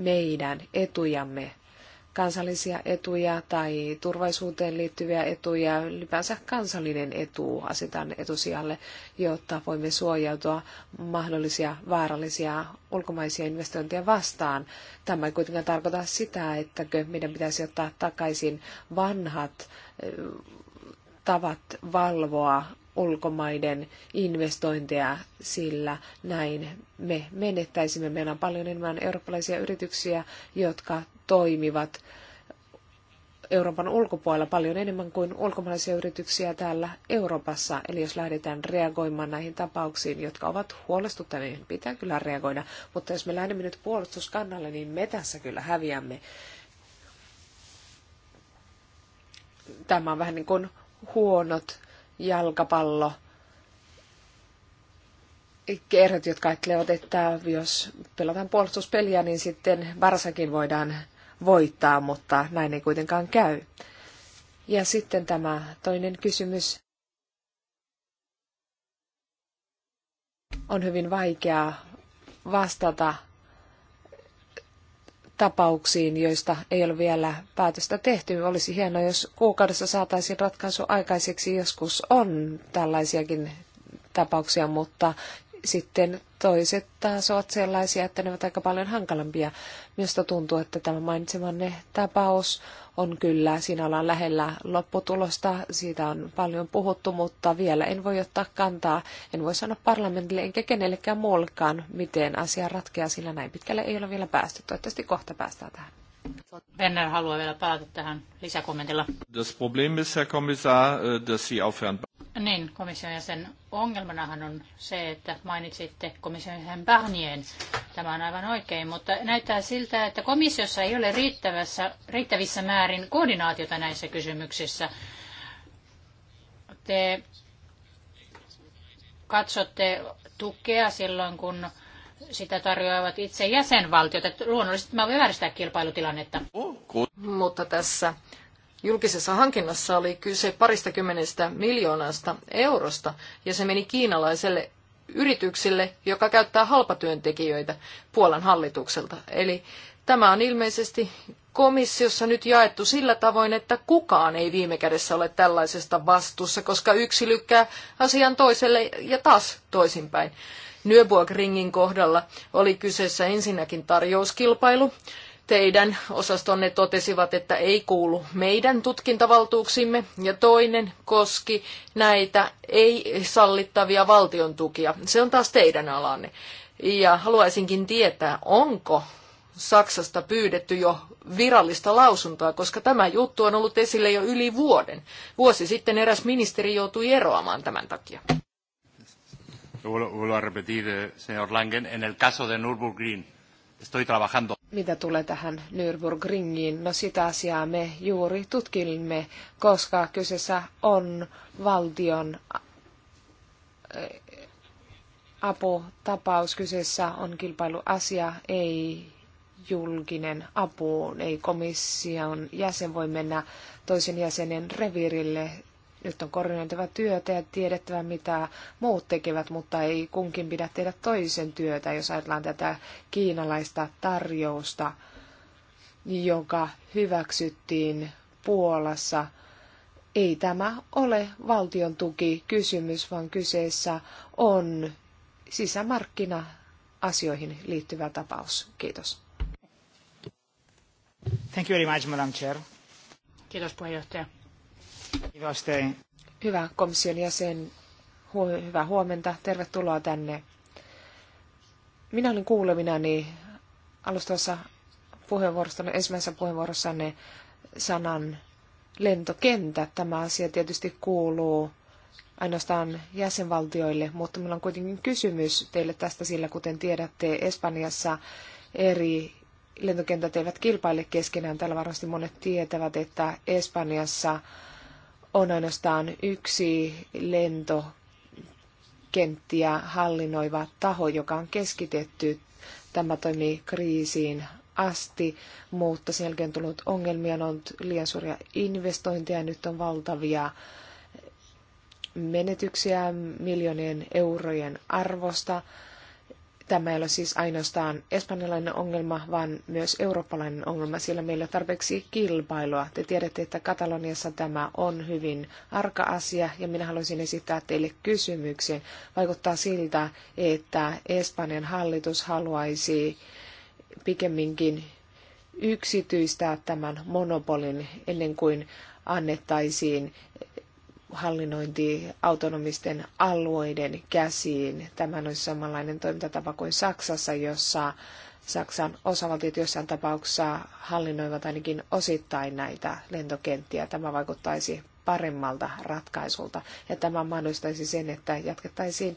S2: meidän etujamme, kansallisia etuja tai turvallisuuteen liittyviä etuja, ylipäänsä kansallinen etu asetan etusijalle, jotta voimme suojautua mahdollisia vaarallisia ulkomaisia investointeja vastaan. Tämä ei kuitenkaan tarkoita sitä, että meidän pitäisi ottaa takaisin vanhat tavat valvoa ulkomaiden investointeja, sillä näin me menettäisimme. Meillä on paljon enemmän eurooppalaisia yrityksiä, jotka toimivat Euroopan ulkopuolella paljon enemmän kuin ulkomaalaisia yrityksiä täällä Euroopassa. Eli jos lähdetään reagoimaan näihin tapauksiin, jotka ovat huolestuttavia, niin pitää kyllä reagoida. Mutta jos me lähdemme nyt puolustuskannalle, niin me tässä kyllä häviämme. Tämä on vähän niin kuin huonot jalkapallo, Kerrot, jotka ajattelevat, että jos pelataan puolustuspeliä, niin sitten varsakin voidaan voittaa, mutta näin ei kuitenkaan käy. Ja sitten tämä toinen kysymys. On hyvin vaikeaa vastata tapauksiin, joista ei ole vielä päätöstä tehty. Olisi hienoa, jos kuukaudessa saataisiin ratkaisu aikaiseksi. Joskus on tällaisiakin tapauksia, mutta sitten toiset taas ovat sellaisia, että ne ovat aika paljon hankalampia. Minusta tuntuu, että tämä mainitsemanne tapaus on kyllä, siinä ollaan lähellä lopputulosta, siitä on paljon puhuttu, mutta vielä en voi ottaa kantaa, en voi sanoa parlamentille enkä kenellekään muullekaan, miten asia ratkeaa, sillä näin pitkälle ei ole vielä
S3: päästy. Toivottavasti kohta päästään tähän. Werner haluaa vielä palata tähän lisäkommentilla.
S4: Das Problem ist, Herr Kommissar, äh, dass Sie aufhören.
S3: Niin, komission jäsen ongelmanahan on se, että mainitsitte komission jäsen Barnien. Tämä on aivan oikein, mutta näyttää siltä, että komissiossa ei ole riittävässä, riittävissä määrin koordinaatiota näissä kysymyksissä. Te katsotte tukea silloin, kun sitä tarjoavat itse jäsenvaltiot. Että
S1: luonnollisesti mä voin vääristää kilpailutilannetta. Mutta tässä julkisessa hankinnassa oli kyse kymmenestä miljoonasta eurosta, ja se meni kiinalaiselle yrityksille, joka käyttää halpatyöntekijöitä Puolan hallitukselta. Eli tämä on ilmeisesti komissiossa nyt jaettu sillä tavoin, että kukaan ei viime kädessä ole tällaisesta vastuussa, koska yksi lykkää asian toiselle ja taas toisinpäin ringin kohdalla oli kyseessä ensinnäkin tarjouskilpailu. Teidän osastonne totesivat, että ei kuulu meidän tutkintavaltuuksimme, ja toinen koski näitä ei-sallittavia valtion tukia. Se on taas teidän alanne. Ja haluaisinkin tietää, onko Saksasta pyydetty jo virallista lausuntoa, koska tämä juttu on ollut esille jo yli vuoden. Vuosi sitten eräs ministeri joutui eroamaan tämän takia.
S4: Vuelvo, a repetir, eh, señor Langen, en el caso de Nürburgring, estoy trabajando.
S2: Mitä tulee tähän Nürburgringiin? No sitä asiaa me juuri tutkimme, koska kyseessä on valtion eh, aputapaus. Kyseessä on kilpailuasia, ei julkinen apu, ei komission jäsen voi mennä toisen jäsenen reviirille nyt on koordinoitava työtä ja tiedettävä, mitä muut tekevät, mutta ei kunkin pidä tehdä toisen työtä, jos ajatellaan tätä kiinalaista tarjousta, joka hyväksyttiin Puolassa. Ei tämä ole valtion tuki kysymys, vaan kyseessä on sisämarkkina-asioihin liittyvä tapaus. Kiitos.
S3: Thank you very much, Madam Chair. Kiitos puheenjohtaja.
S2: Hyvä komission jäsen, hyvää huomenta. Tervetuloa tänne. Minä olin kuulevinani alustavassa puheenvuorossanne, ensimmäisessä puheenvuorossanne sanan lentokenttä Tämä asia tietysti kuuluu ainoastaan jäsenvaltioille, mutta minulla on kuitenkin kysymys teille tästä, sillä kuten tiedätte, Espanjassa eri lentokentät eivät kilpaile keskenään. Täällä varmasti monet tietävät, että Espanjassa on ainoastaan yksi lentokenttiä hallinnoiva taho, joka on keskitetty. Tämä toimii kriisiin asti, mutta sen jälkeen on tullut ongelmia, on ollut liian suuria investointeja, nyt on valtavia menetyksiä miljoonien eurojen arvosta. Tämä ei ole siis ainoastaan espanjalainen ongelma, vaan myös eurooppalainen ongelma, sillä meillä on tarpeeksi kilpailua. Te tiedätte, että Kataloniassa tämä on hyvin arka asia, ja minä haluaisin esittää teille kysymyksen. Vaikuttaa siltä, että Espanjan hallitus haluaisi pikemminkin yksityistää tämän monopolin ennen kuin annettaisiin hallinnointi autonomisten alueiden käsiin. Tämä olisi samanlainen toimintatapa kuin Saksassa, jossa Saksan osavaltiot jossain tapauksessa hallinnoivat ainakin osittain näitä lentokenttiä. Tämä vaikuttaisi paremmalta ratkaisulta ja tämä mahdollistaisi sen, että jatkettaisiin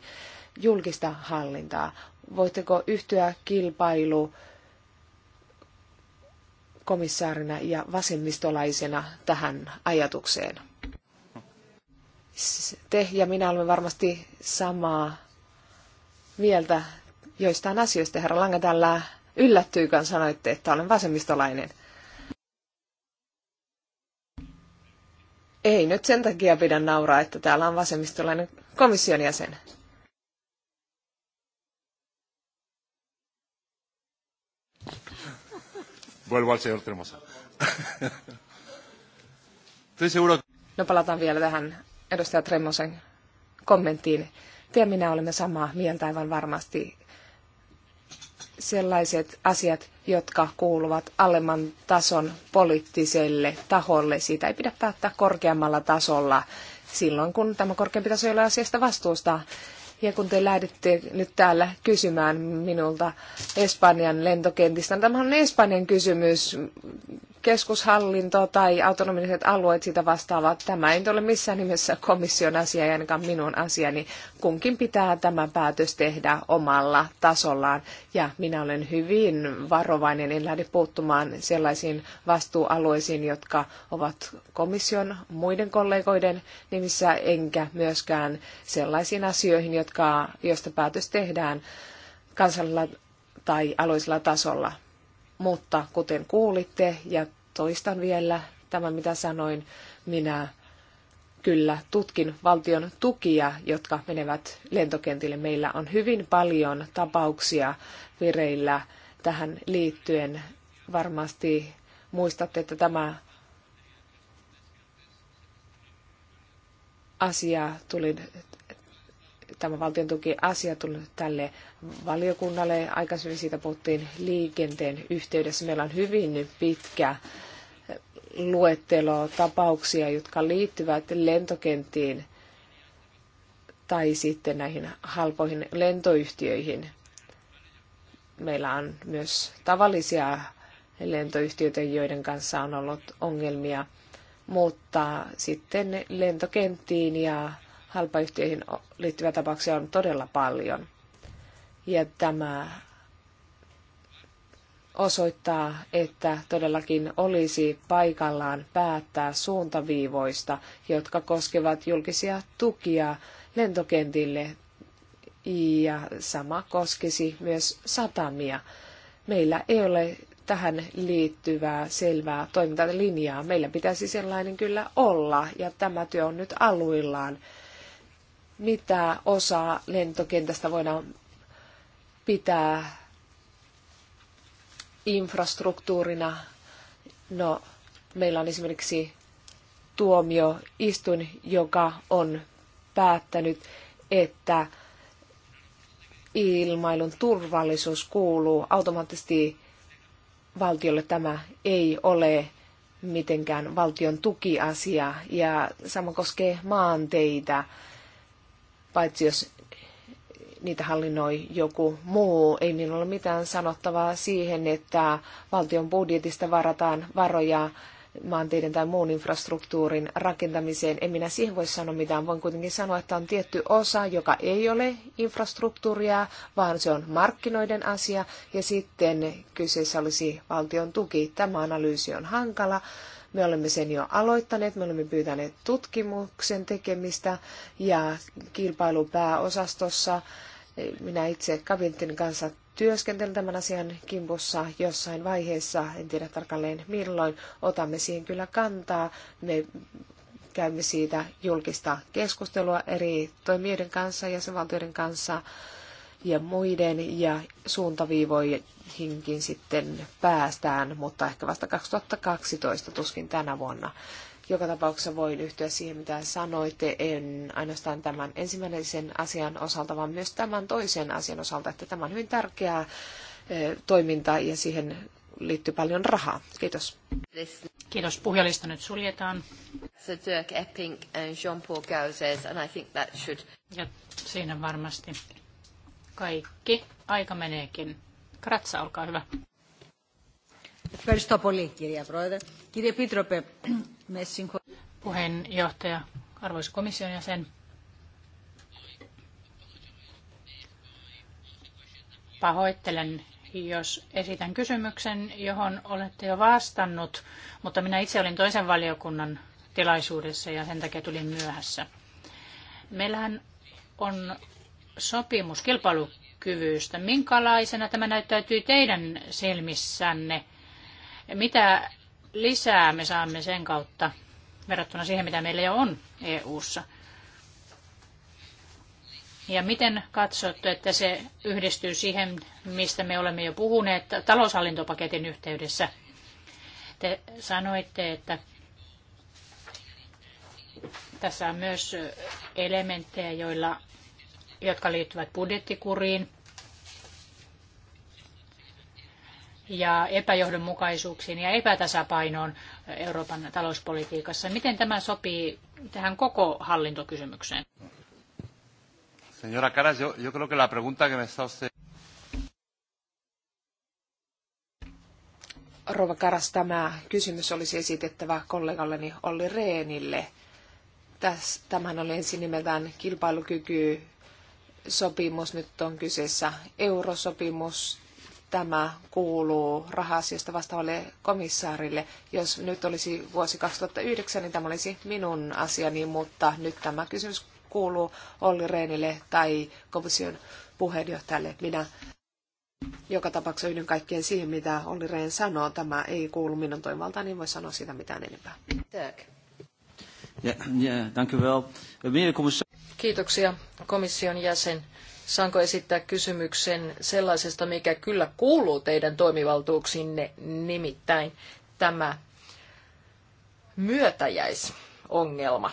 S2: julkista hallintaa. Voitteko yhtyä kilpailu komissaarina ja vasemmistolaisena tähän ajatukseen? te ja minä olemme varmasti samaa mieltä joistain asioista. Herra Lange tällä yllättyi, kun sanoitte, että olen vasemmistolainen. Ei nyt sen takia pidä nauraa, että täällä on vasemmistolainen komission jäsen. No palataan vielä tähän edustaja Tremosen kommenttiin. Te ja minä olemme samaa mieltä aivan varmasti sellaiset asiat, jotka kuuluvat alemman tason poliittiselle taholle. Siitä ei pidä päättää korkeammalla tasolla silloin, kun tämä korkeampi taso ei ole asiasta vastuusta. Ja kun te lähdette nyt täällä kysymään minulta Espanjan lentokentistä, niin tämä on Espanjan kysymys keskushallinto tai autonomiset alueet sitä vastaavat. Tämä ei ole missään nimessä komission asia ja ainakaan minun asiani. Kunkin pitää tämä päätös tehdä omalla tasollaan. Ja minä olen hyvin varovainen, en lähde puuttumaan sellaisiin vastuualueisiin, jotka ovat komission muiden kollegoiden nimissä, enkä myöskään sellaisiin asioihin, jotka, joista päätös tehdään kansallisella tai alueellisella tasolla mutta kuten kuulitte ja toistan vielä tämän, mitä sanoin, minä kyllä tutkin valtion tukia, jotka menevät lentokentille. Meillä on hyvin paljon tapauksia vireillä tähän liittyen. Varmasti muistatte, että tämä asia tuli tämä valtion tukiasia tullut tälle valiokunnalle. Aikaisemmin siitä puhuttiin liikenteen yhteydessä. Meillä on hyvin pitkä luettelo tapauksia, jotka liittyvät lentokenttiin tai sitten näihin halpoihin lentoyhtiöihin. Meillä on myös tavallisia lentoyhtiöitä, joiden kanssa on ollut ongelmia, mutta sitten lentokenttiin ja halpayhtiöihin liittyviä tapauksia on todella paljon. Ja tämä osoittaa, että todellakin olisi paikallaan päättää suuntaviivoista, jotka koskevat julkisia tukia lentokentille ja sama koskisi myös satamia. Meillä ei ole tähän liittyvää selvää toimintalinjaa. Meillä pitäisi sellainen kyllä olla ja tämä työ on nyt aluillaan mitä osaa lentokentästä voidaan pitää infrastruktuurina. No, meillä on esimerkiksi tuomioistuin, joka on päättänyt, että ilmailun turvallisuus kuuluu automaattisesti valtiolle. Tämä ei ole mitenkään valtion tukiasia ja sama koskee maanteitä paitsi jos niitä hallinnoi joku muu. Ei minulla ole mitään sanottavaa siihen, että valtion budjetista varataan varoja maanteiden tai muun infrastruktuurin rakentamiseen. En minä siihen voi sanoa mitään. Voin kuitenkin sanoa, että on tietty osa, joka ei ole infrastruktuuria, vaan se on markkinoiden asia. Ja sitten kyseessä olisi valtion tuki. Tämä analyysi on hankala, me olemme sen jo aloittaneet, me olemme pyytäneet tutkimuksen tekemistä ja kilpailupääosastossa minä itse kavintin kanssa työskentelen tämän asian kimpussa jossain vaiheessa, en tiedä tarkalleen milloin, otamme siihen kyllä kantaa. Me käymme siitä julkista keskustelua eri toimijoiden kanssa, jäsenvaltioiden kanssa ja muiden ja suuntaviivoja hinkin sitten päästään, mutta ehkä vasta 2012, tuskin tänä vuonna. Joka tapauksessa voin yhtyä siihen, mitä sanoitte, en ainoastaan tämän ensimmäisen asian osalta, vaan myös tämän toisen asian osalta, että tämä on hyvin tärkeää toimintaa ja siihen liittyy paljon rahaa. Kiitos.
S3: Kiitos. Puhujalista nyt suljetaan.
S1: Dirk Epping Jean-Paul I think that should...
S3: Ja siinä varmasti kaikki. Aika meneekin. Kratsa, olkaa hyvä. Ευχαριστώ πολύ, κυρία Πρόεδρε. Κύριε Επίτροπε, με συγχωρείτε. Puheenjohtaja, arvoisa komission jäsen. Pahoittelen, jos esitän kysymyksen, johon olette jo vastannut, mutta minä itse olin toisen valiokunnan tilaisuudessa ja sen takia tulin myöhässä. Meillähän on sopimus kilpailu kyvystä. Minkälaisena tämä näyttäytyy teidän silmissänne? Mitä lisää me saamme sen kautta verrattuna siihen, mitä meillä jo on EU:ssa? Ja miten katsotte, että se yhdistyy siihen, mistä me olemme jo puhuneet taloushallintopaketin yhteydessä? Te sanoitte, että tässä on myös elementtejä, joilla jotka liittyvät budjettikuriin ja epäjohdonmukaisuuksiin ja epätasapainoon Euroopan talouspolitiikassa. Miten tämä sopii tähän koko hallintokysymykseen?
S4: Señora Caras, yo, yo creo que la pregunta que me está usted...
S2: Rova Karas, tämä kysymys olisi esitettävä kollegalleni Olli Reenille. Tämähän oli ensin nimeltään kilpailukyky sopimus, nyt on kyseessä eurosopimus, tämä kuuluu raha-asioista vastaavalle komissaarille. Jos nyt olisi vuosi 2009, niin tämä olisi minun asiani, mutta nyt tämä kysymys kuuluu Olli Reenille tai komission puheenjohtajalle. Minä joka tapauksessa yhdyn kaikkeen siihen, mitä Olli Rehn sanoo. Tämä ei kuulu minun toimivaltaan, niin voi sanoa siitä mitään enempää.
S3: Ja, ja, dank u wel.
S1: Kiitoksia komission jäsen. Saanko esittää kysymyksen sellaisesta, mikä kyllä kuuluu teidän toimivaltuuksinne, nimittäin tämä myötäjäisongelma.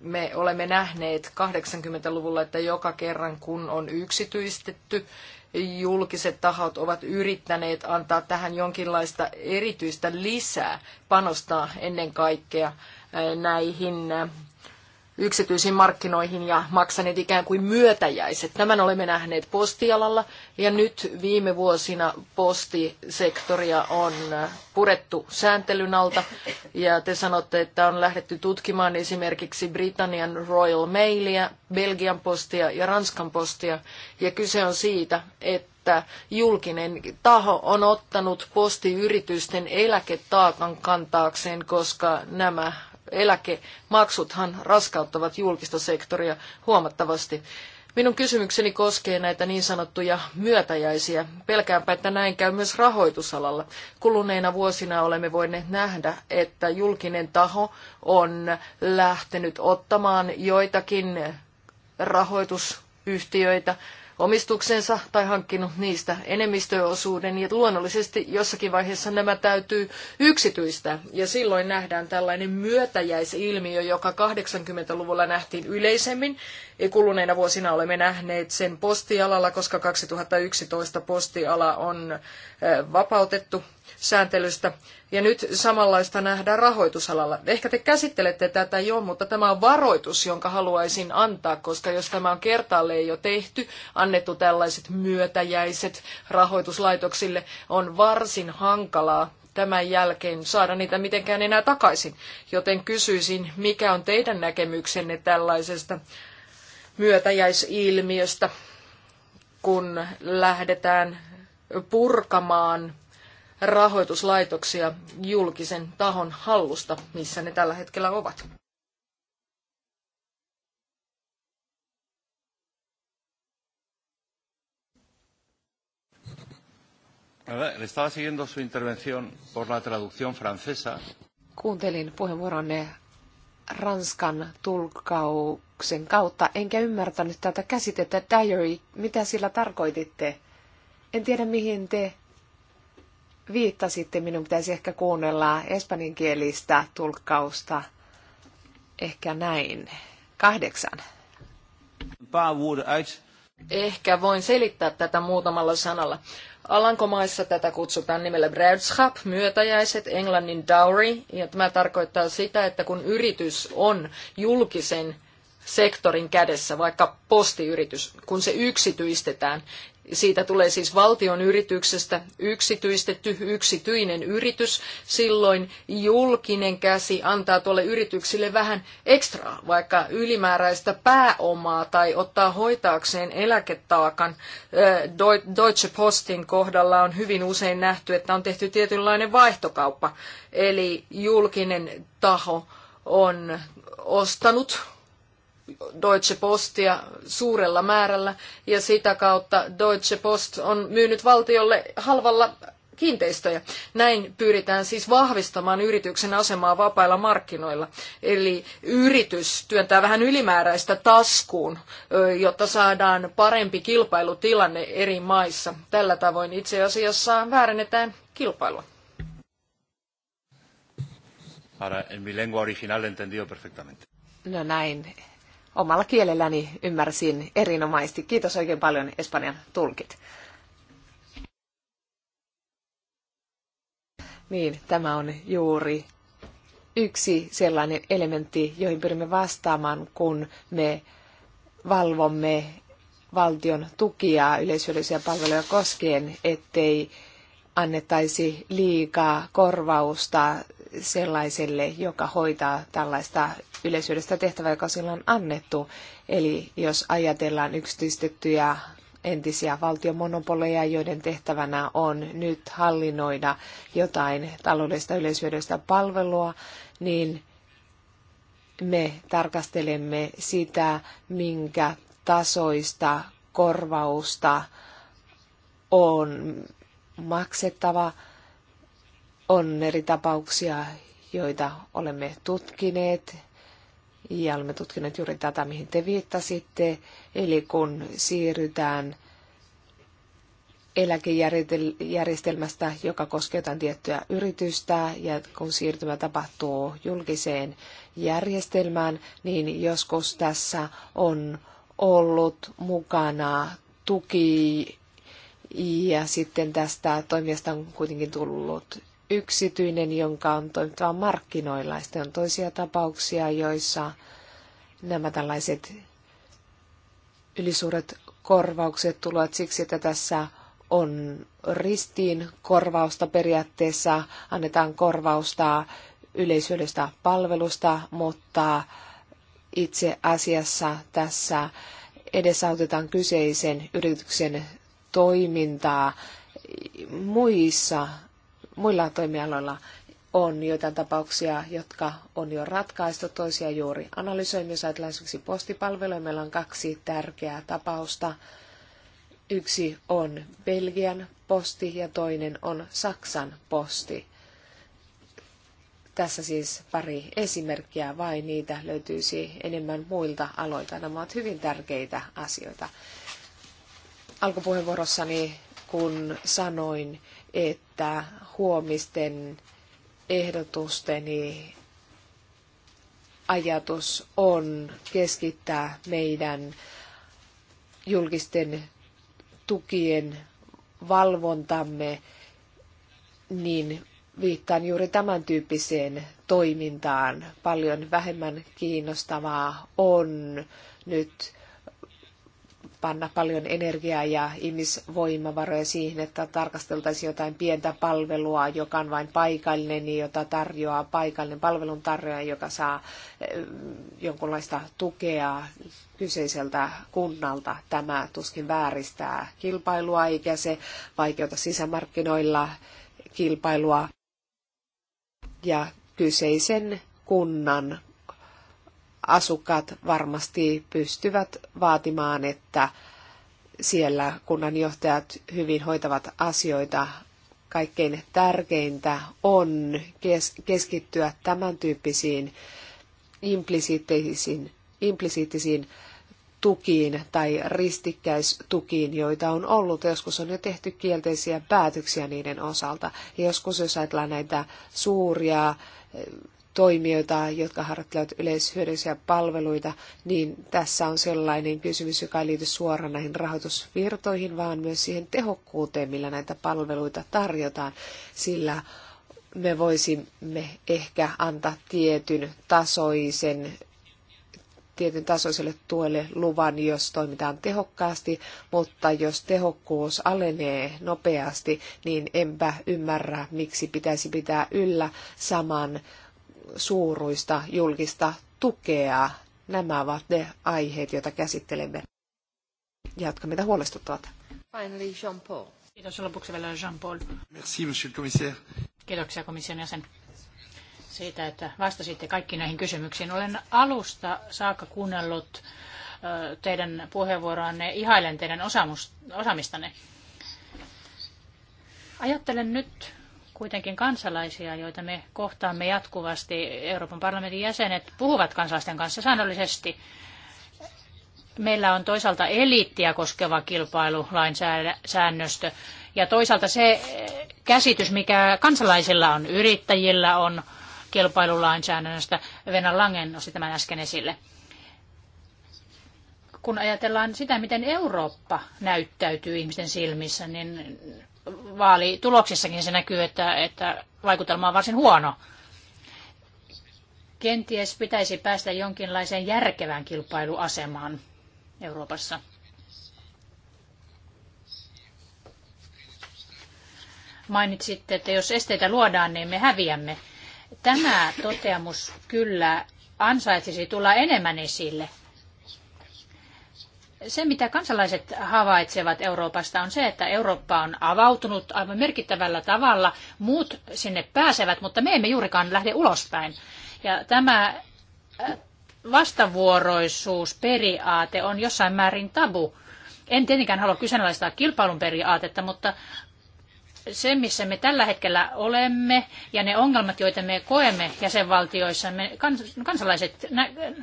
S1: Me olemme nähneet 80-luvulla, että joka kerran kun on yksityistetty, julkiset tahot ovat yrittäneet antaa tähän jonkinlaista erityistä lisää, panostaa ennen kaikkea näihin yksityisiin markkinoihin ja maksaneet ikään kuin myötäjäiset. Tämän olemme nähneet postialalla ja nyt viime vuosina postisektoria on purettu sääntelyn alta ja te sanotte, että on lähdetty tutkimaan esimerkiksi Britannian Royal Mailia, Belgian postia ja Ranskan postia ja kyse on siitä, että että julkinen taho on ottanut postiyritysten eläketaakan kantaakseen, koska nämä eläkemaksuthan raskauttavat julkista sektoria huomattavasti. Minun kysymykseni koskee näitä niin sanottuja myötäjäisiä. Pelkäänpä, että näin käy myös rahoitusalalla. Kuluneina vuosina olemme voineet nähdä, että julkinen taho on lähtenyt ottamaan joitakin rahoitusyhtiöitä omistuksensa tai hankkinut niistä enemmistöosuuden. Ja luonnollisesti jossakin vaiheessa nämä täytyy yksityistä. Ja silloin nähdään tällainen myötäjäisilmiö, joka 80-luvulla nähtiin yleisemmin. Ja kuluneina vuosina olemme nähneet sen postialalla, koska 2011 postiala on eh, vapautettu sääntelystä. Ja nyt samanlaista nähdään rahoitusalalla. Ehkä te käsittelette tätä jo, mutta tämä on varoitus, jonka haluaisin antaa, koska jos tämä on kertaalleen jo tehty, annettu tällaiset myötäjäiset rahoituslaitoksille, on varsin hankalaa tämän jälkeen saada niitä mitenkään enää takaisin. Joten kysyisin, mikä on teidän näkemyksenne tällaisesta myötäjäisilmiöstä, kun lähdetään purkamaan rahoituslaitoksia julkisen tahon hallusta, missä ne tällä hetkellä ovat.
S4: Le estaba siguiendo su intervención por la traducción francesa.
S2: Kuuntelin puheenvuoronne ranskan tulkauksen kautta, enkä ymmärtänyt tätä käsitettä diary. Mitä sillä tarkoititte? En tiedä, mihin te viittasitte, minun pitäisi ehkä kuunnella espanjankielistä tulkkausta.
S1: Ehkä näin. Kahdeksan. Ehkä voin selittää tätä muutamalla sanalla. Alankomaissa tätä kutsutaan nimellä Bradscap, myötäjäiset, englannin dowry, ja tämä tarkoittaa sitä, että kun yritys on julkisen sektorin kädessä, vaikka postiyritys, kun se yksityistetään, siitä tulee siis valtion yrityksestä yksityistetty yksityinen yritys. Silloin julkinen käsi antaa tuolle yrityksille vähän ekstraa, vaikka ylimääräistä pääomaa tai ottaa hoitaakseen eläketaakan. Deutsche Postin kohdalla on hyvin usein nähty, että on tehty tietynlainen vaihtokauppa. Eli julkinen taho on ostanut Deutsche Postia suurella määrällä ja sitä kautta Deutsche Post on myynyt valtiolle halvalla kiinteistöjä. Näin pyritään siis vahvistamaan yrityksen asemaa vapailla markkinoilla. Eli yritys työntää vähän ylimääräistä taskuun, jotta saadaan parempi kilpailutilanne eri maissa. Tällä tavoin itse asiassa väärennetään kilpailua.
S4: Ahora, en mi lengua original entendido perfectamente.
S2: No näin omalla kielelläni ymmärsin erinomaisesti. Kiitos oikein paljon Espanjan tulkit. Niin, tämä on juuri yksi sellainen elementti, joihin pyrimme vastaamaan, kun me valvomme valtion tukia yleishyödyllisiä palveluja koskien, ettei annettaisi liikaa korvausta sellaiselle, joka hoitaa tällaista yleisyydestä tehtävä, joka sillä on annettu. Eli jos ajatellaan yksityistettyjä entisiä valtiomonopoleja, joiden tehtävänä on nyt hallinnoida jotain taloudellista yleishyödyllistä palvelua, niin me tarkastelemme sitä, minkä tasoista korvausta on maksettava. On eri tapauksia, joita olemme tutkineet ja olemme tutkineet juuri tätä, mihin te viittasitte. Eli kun siirrytään eläkejärjestelmästä, joka koskee jotain tiettyä yritystä, ja kun siirtymä tapahtuu julkiseen järjestelmään, niin joskus tässä on ollut mukana tuki, ja sitten tästä toimijasta on kuitenkin tullut yksityinen, jonka on toimittava markkinoilla. Sitten on toisia tapauksia, joissa nämä tällaiset ylisuuret korvaukset tulevat siksi, että tässä on ristiin korvausta periaatteessa, annetaan korvausta yleisölistä palvelusta, mutta itse asiassa tässä edesautetaan kyseisen yrityksen toimintaa muissa muilla toimialoilla on joitain tapauksia, jotka on jo ratkaistu, toisia juuri analysoimme. Jos ajatellaan esimerkiksi postipalveluja, meillä on kaksi tärkeää tapausta. Yksi on Belgian posti ja toinen on Saksan posti. Tässä siis pari esimerkkiä, vai niitä löytyisi enemmän muilta aloilta. Nämä ovat hyvin tärkeitä asioita. Alkupuheenvuorossani, kun sanoin, että huomisten ehdotusteni ajatus on keskittää meidän julkisten tukien valvontamme, niin viittaan juuri tämän tyyppiseen toimintaan. Paljon vähemmän kiinnostavaa on nyt panna paljon energiaa ja ihmisvoimavaroja siihen, että tarkasteltaisiin jotain pientä palvelua, joka on vain paikallinen, jota tarjoaa paikallinen palveluntarjoaja, joka saa eh, jonkunlaista tukea kyseiseltä kunnalta. Tämä tuskin vääristää kilpailua eikä se vaikeuta sisämarkkinoilla kilpailua ja kyseisen kunnan asukkaat varmasti pystyvät vaatimaan, että siellä kunnanjohtajat hyvin hoitavat asioita. Kaikkein tärkeintä on kes- keskittyä tämän tyyppisiin implisiittisiin, implisiittisiin tukiin tai ristikkäistukiin, joita on ollut. Joskus on jo tehty kielteisiä päätöksiä niiden osalta. joskus jos ajatellaan näitä suuria toimijoita, jotka harjoittelevat yleishyödyllisiä palveluita, niin tässä on sellainen kysymys, joka ei liity suoraan näihin rahoitusvirtoihin, vaan myös siihen tehokkuuteen, millä näitä palveluita tarjotaan, sillä me voisimme ehkä antaa tietyn tasoisen tietyn tasoiselle tuelle luvan, jos toimitaan tehokkaasti, mutta jos tehokkuus alenee nopeasti, niin enpä ymmärrä, miksi pitäisi pitää yllä saman suuruista julkista tukea. Nämä ovat ne aiheet, joita käsittelemme Jatka, mitä huolestuttavat.
S3: Finally, Jean-Paul. Kiitos lopuksi vielä Jean-Paul.
S4: Merci, monsieur le commissaire.
S3: Kiitoksia komission jäsen siitä, että vastasitte kaikki näihin kysymyksiin. Olen alusta saakka kuunnellut teidän puheenvuoroanne, ihailen teidän osaamistanne. Ajattelen nyt kuitenkin kansalaisia, joita me kohtaamme jatkuvasti. Euroopan parlamentin jäsenet puhuvat kansalaisten kanssa säännöllisesti. Meillä on toisaalta eliittiä koskeva kilpailulainsäännöstö ja toisaalta se käsitys, mikä kansalaisilla on, yrittäjillä on kilpailulainsäädännöstä. Venä Langen nosti tämän äsken esille. Kun ajatellaan sitä, miten Eurooppa näyttäytyy ihmisten silmissä, niin vaalituloksissakin se näkyy, että, että vaikutelma on varsin huono. Kenties pitäisi päästä jonkinlaiseen järkevään kilpailuasemaan Euroopassa. Mainitsitte, että jos esteitä luodaan, niin me häviämme. Tämä toteamus kyllä ansaitsisi tulla enemmän esille se, mitä kansalaiset havaitsevat Euroopasta, on se, että Eurooppa on avautunut aivan merkittävällä tavalla. Muut sinne pääsevät, mutta me emme juurikaan lähde ulospäin. Ja tämä äh, vastavuoroisuusperiaate on jossain määrin tabu. En tietenkään halua kyseenalaistaa kilpailun periaatetta, mutta se, missä me tällä hetkellä olemme ja ne ongelmat, joita me koemme jäsenvaltioissa, me kansalaiset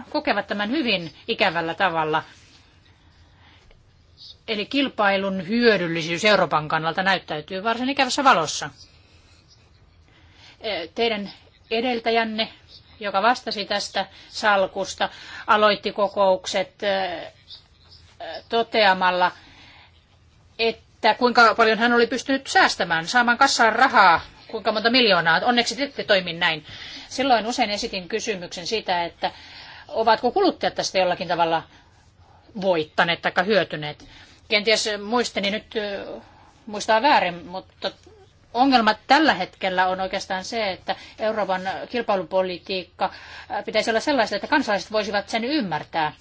S3: kokevat tämän hyvin ikävällä tavalla. Eli kilpailun hyödyllisyys Euroopan kannalta näyttäytyy varsin ikävässä valossa. Eh, teidän edeltäjänne, joka vastasi tästä salkusta, aloitti kokoukset eh, toteamalla, että kuinka paljon hän oli pystynyt säästämään, saamaan kassaan rahaa, kuinka monta miljoonaa. Onneksi te ette toimi näin. Silloin usein esitin kysymyksen siitä, että ovatko kuluttajat tästä jollakin tavalla voittaneet tai hyötyneet. Kenties muisteni nyt muistaa väärin, mutta ongelma tällä hetkellä on oikeastaan se, että Euroopan kilpailupolitiikka pitäisi olla sellaista, että kansalaiset voisivat sen ymmärtää.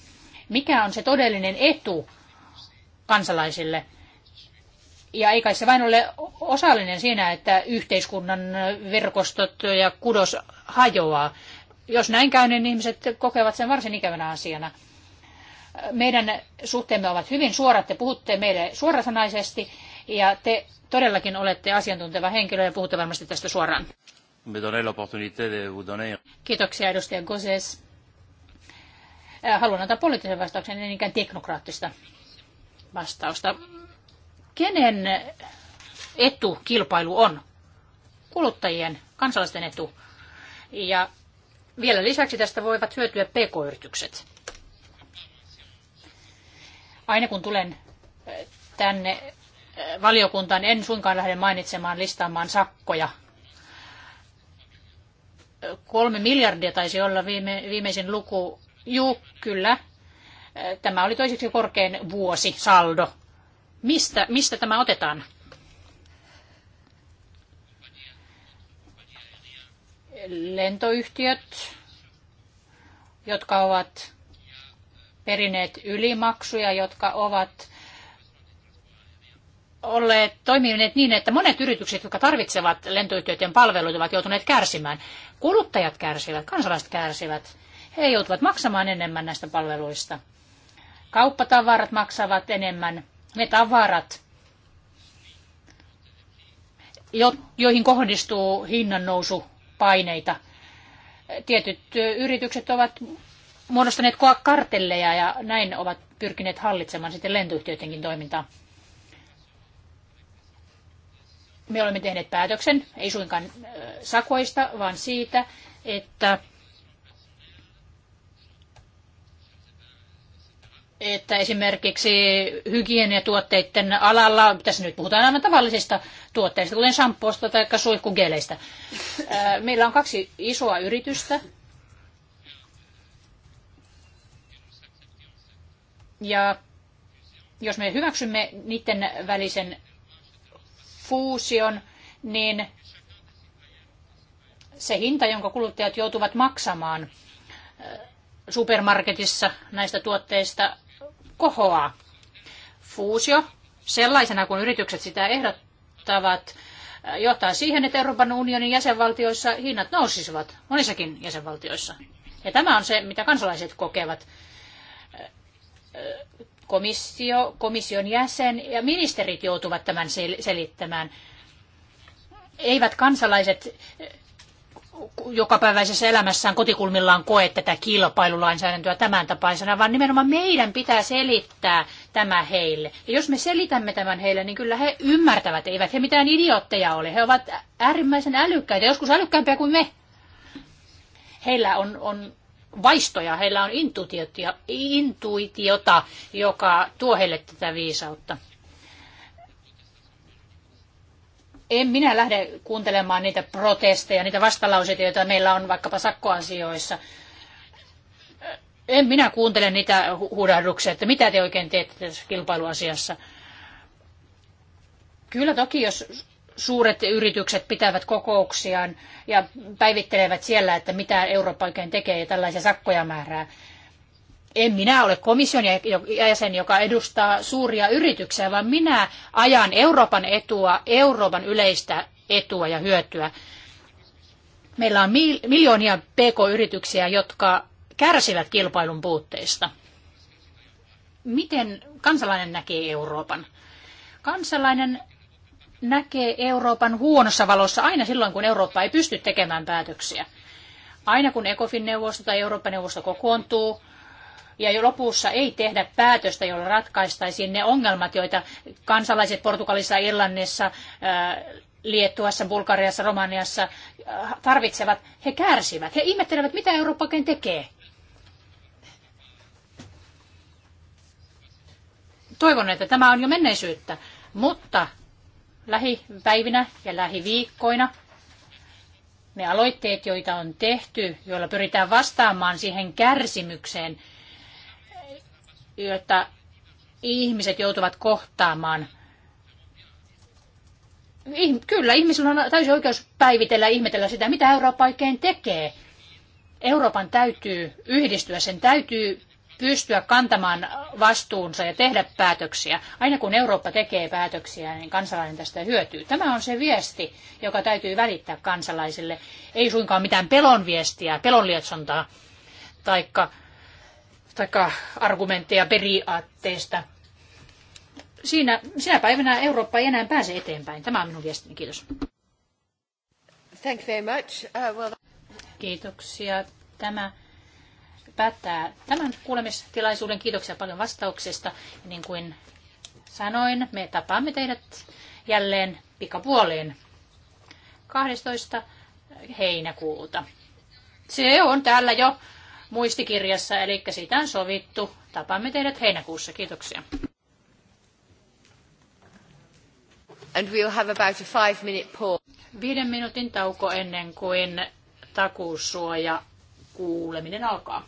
S3: Mikä on se todellinen etu kansalaisille? Ja ei kai se vain ole osallinen siinä, että yhteiskunnan verkostot ja kudos hajoaa. Jos näin käy, niin ihmiset kokevat sen varsin ikävänä asiana meidän suhteemme ovat hyvin suorat, te puhutte meille suorasanaisesti ja te todellakin olette asiantunteva henkilö ja puhutte varmasti tästä suoraan. Kiitoksia edustaja Goses. Äh, haluan antaa poliittisen vastauksen, en niinkään teknokraattista vastausta. Kenen etu kilpailu on? Kuluttajien, kansalaisten etu. Ja vielä lisäksi tästä voivat hyötyä pk-yritykset Aina kun tulen eh, tänne eh, valiokuntaan, en suinkaan lähde mainitsemaan listaamaan sakkoja. Kolme miljardia taisi olla viime, viimeisin luku. Juu, kyllä. Eh, tämä oli toiseksi korkein vuosi saldo. Mistä, mistä tämä otetaan? lentoyhtiöt, jotka ovat perineet ylimaksuja, jotka ovat olleet toimineet niin, että monet yritykset, jotka tarvitsevat lentoyhtiöiden palveluita, ovat joutuneet kärsimään. Kuluttajat kärsivät, kansalaiset kärsivät. He joutuvat maksamaan enemmän näistä palveluista. Kauppatavarat maksavat enemmän. Ne tavarat, jo, joihin kohdistuu hinnannousupaineita. paineita. Tietyt yritykset ovat muodostaneet kartelleja ja näin ovat pyrkineet hallitsemaan sitten lentoyhtiöidenkin toimintaa. Me olemme tehneet päätöksen, ei suinkaan sakoista, vaan siitä, että että esimerkiksi hygieniatuotteiden alalla, tässä nyt puhutaan aivan tavallisista tuotteista, kuten shampoosta tai suihkugeleistä. Meillä on kaksi isoa yritystä, Ja jos me hyväksymme niiden välisen fuusion, niin se hinta, jonka kuluttajat joutuvat maksamaan äh, supermarketissa näistä tuotteista, kohoaa. Fuusio, sellaisena kuin yritykset sitä ehdottavat, äh, johtaa siihen, että Euroopan unionin jäsenvaltioissa hinnat nousisivat, monissakin jäsenvaltioissa. Ja tämä on se, mitä kansalaiset kokevat komissio, komission jäsen ja ministerit joutuvat tämän selittämään. Eivät kansalaiset eh, jokapäiväisessä elämässään kotikulmillaan koe tätä kilpailulainsäädäntöä tämän tapaisena, vaan nimenomaan meidän pitää selittää tämä heille. Ja jos me selitämme tämän heille, niin kyllä he ymmärtävät, eivät he mitään idiotteja ole. He ovat äärimmäisen älykkäitä, joskus älykkäämpiä kuin me. Heillä on, on vaistoja, heillä on intuitiota, intuitiota joka tuo heille tätä viisautta. En minä lähde kuuntelemaan niitä protesteja, niitä vastalauseita, joita meillä on vaikkapa sakkoasioissa. En minä kuuntele niitä huudahduksia, että mitä te oikein teette tässä kilpailuasiassa. Kyllä toki, jos suuret yritykset pitävät kokouksiaan ja päivittelevät siellä, että mitä Eurooppa oikein tekee ja tällaisia sakkoja määrää. En minä ole komission jäsen, joka edustaa suuria yrityksiä, vaan minä ajan Euroopan etua, Euroopan yleistä etua ja hyötyä. Meillä on miljoonia pk-yrityksiä, jotka kärsivät kilpailun puutteista. Miten kansalainen näkee Euroopan? Kansalainen näkee Euroopan huonossa valossa aina silloin, kun Eurooppa ei pysty tekemään päätöksiä. Aina kun ECOFIN-neuvosto tai Eurooppa-neuvosto kokoontuu, ja jo lopussa ei tehdä päätöstä, jolla ratkaistaisiin ne ongelmat, joita kansalaiset Portugalissa, Irlannissa, äh, Liettuassa, Bulgariassa, Romaniassa äh, tarvitsevat, he kärsivät. He ihmettelevät, mitä Eurooppa oikein tekee. Toivon, että tämä on jo menneisyyttä, mutta lähipäivinä ja lähiviikkoina ne aloitteet, joita on tehty, joilla pyritään vastaamaan siihen kärsimykseen, jotta ihmiset joutuvat kohtaamaan. Kyllä, ihmisillä on täysin oikeus päivitellä ja ihmetellä sitä, mitä Eurooppa oikein tekee. Euroopan täytyy yhdistyä, sen täytyy pystyä kantamaan vastuunsa ja tehdä päätöksiä. Aina kun Eurooppa tekee päätöksiä, niin kansalainen tästä hyötyy. Tämä on se viesti, joka täytyy välittää kansalaisille. Ei suinkaan mitään pelon viestiä, pelon lietsontaa, taikka, taikka argumentteja periaatteista. Siinä, sinä päivänä Eurooppa ei enää pääse eteenpäin. Tämä on minun viestini. Kiitos. Thank you very much. Uh, well... Kiitoksia. Tämä päättää tämän kuulemistilaisuuden. Kiitoksia paljon Ja Niin kuin sanoin, me tapaamme teidät jälleen pikapuoleen 12. heinäkuuta. Se on täällä jo muistikirjassa, eli siitä on sovittu. Tapaamme teidät heinäkuussa. Kiitoksia. And we'll have about a five minute pause. Viiden minuutin tauko ennen kuin takuussuoja Kuuleminen alkaa.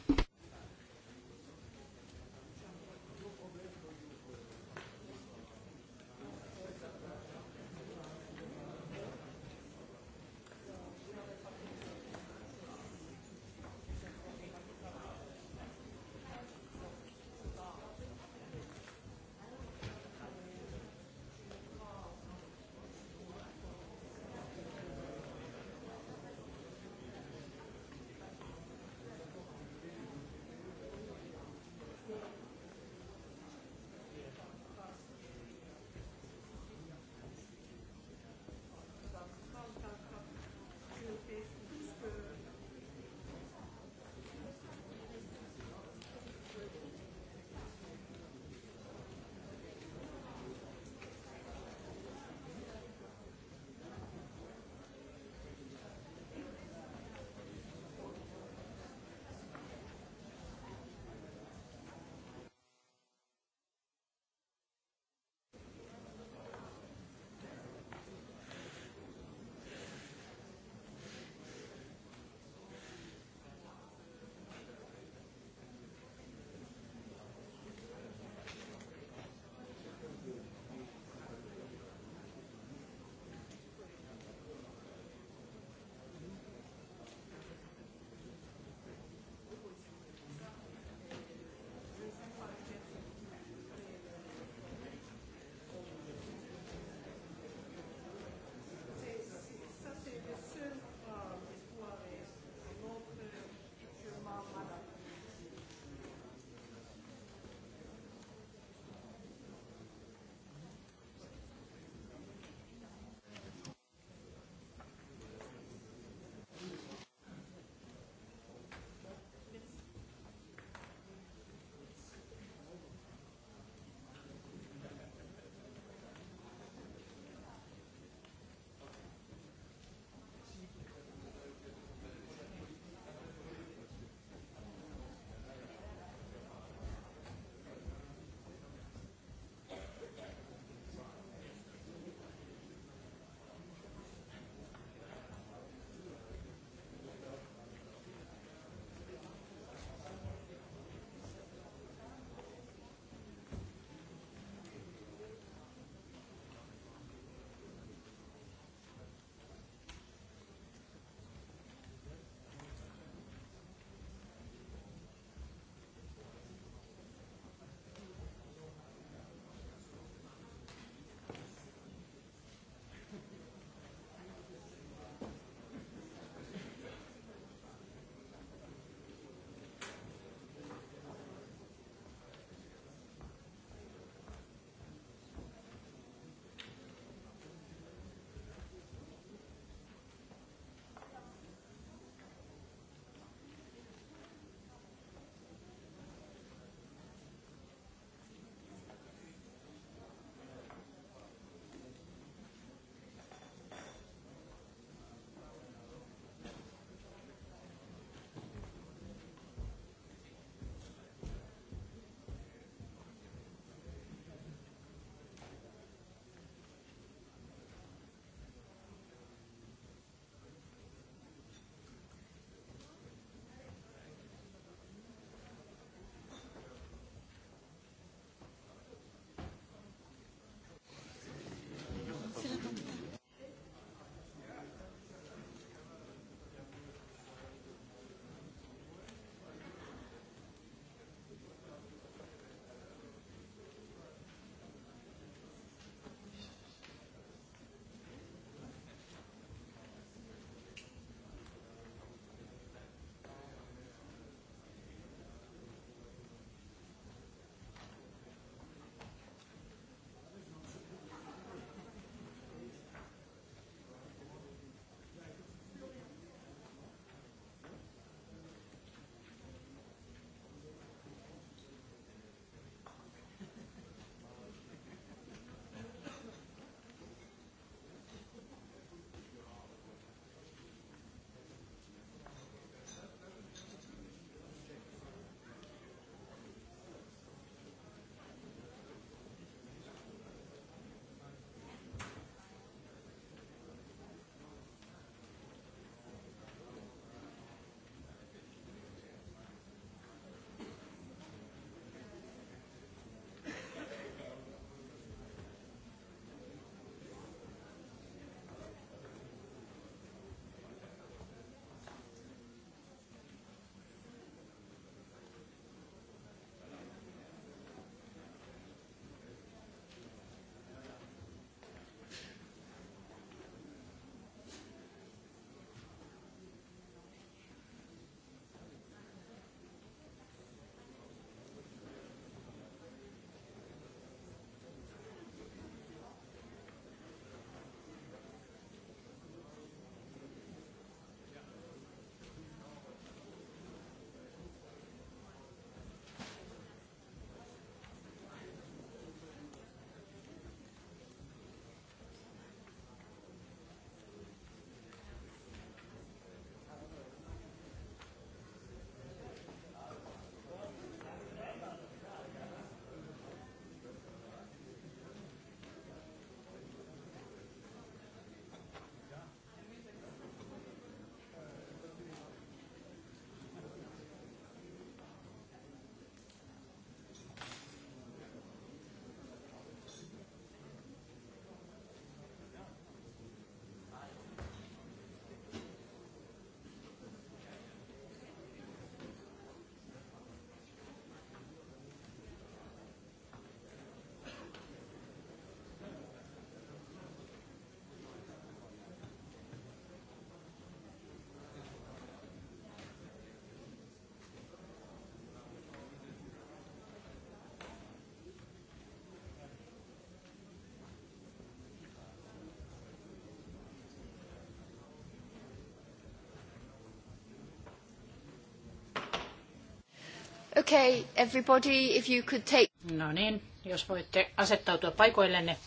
S3: Okay, everybody, if you could take... No niin, jos voitte asettautua paikoillenne.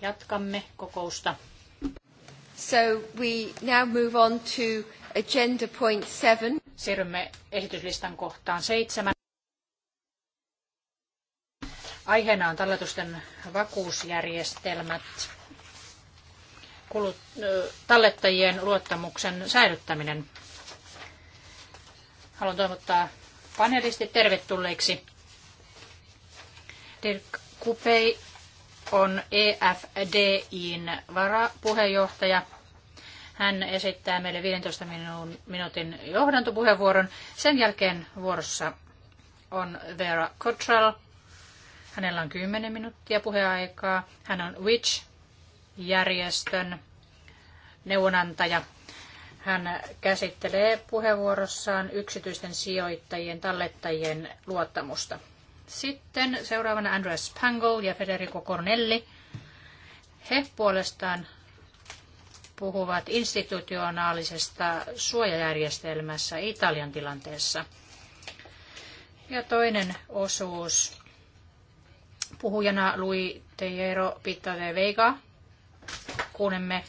S3: Jatkamme kokousta. So we now move on to agenda point seven. Siirrymme esityslistan kohtaan seitsemän. Aiheena on talletusten vakuusjärjestelmät, kulut, tallettajien luottamuksen säilyttäminen. Haluan toivottaa panelistit tervetulleiksi. Dirk Kupei on EFDIn varapuheenjohtaja. Hän esittää meille 15 minuutin johdantopuheenvuoron. Sen jälkeen vuorossa on Vera Cottrell. Hänellä on 10 minuuttia puheaikaa. Hän on WITCH-järjestön neuvonantaja hän käsittelee puheenvuorossaan yksityisten sijoittajien, tallettajien luottamusta. Sitten seuraavana Andreas Pangle ja Federico Cornelli. He puolestaan puhuvat institutionaalisesta suojajärjestelmässä Italian tilanteessa. Ja toinen osuus. Puhujana Lui Tejero Pitta de Vega. Kuulemme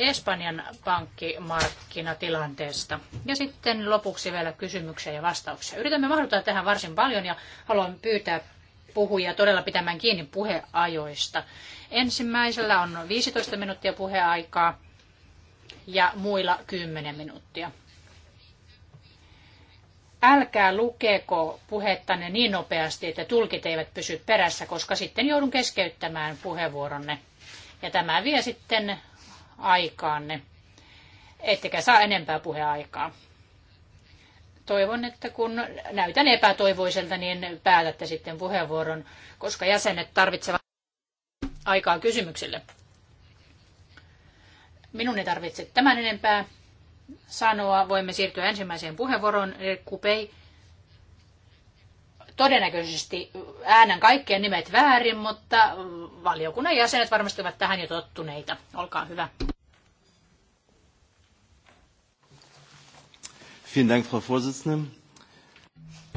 S3: Espanjan pankkimarkkinatilanteesta. Ja sitten lopuksi vielä kysymyksiä ja vastauksia. Yritämme mahduttaa tähän varsin paljon ja haluan pyytää puhujia todella pitämään kiinni puheajoista. Ensimmäisellä on 15 minuuttia puheaikaa ja muilla 10 minuuttia. Älkää lukeeko puhettanne niin nopeasti, että tulkit eivät pysy perässä, koska sitten joudun keskeyttämään puheenvuoronne. Ja tämä vie sitten aikaanne, ettekä saa enempää puheaikaa. Toivon, että kun näytän epätoivoiselta, niin päätätte sitten puheenvuoron, koska jäsenet tarvitsevat aikaa kysymyksille. Minun ei tarvitse tämän enempää sanoa. Voimme siirtyä ensimmäiseen puheenvuoroon. Kupei todennäköisesti äänän kaikkien nimet väärin, mutta valiokunnan jäsenet varmasti ovat tähän jo tottuneita. Olkaa hyvä.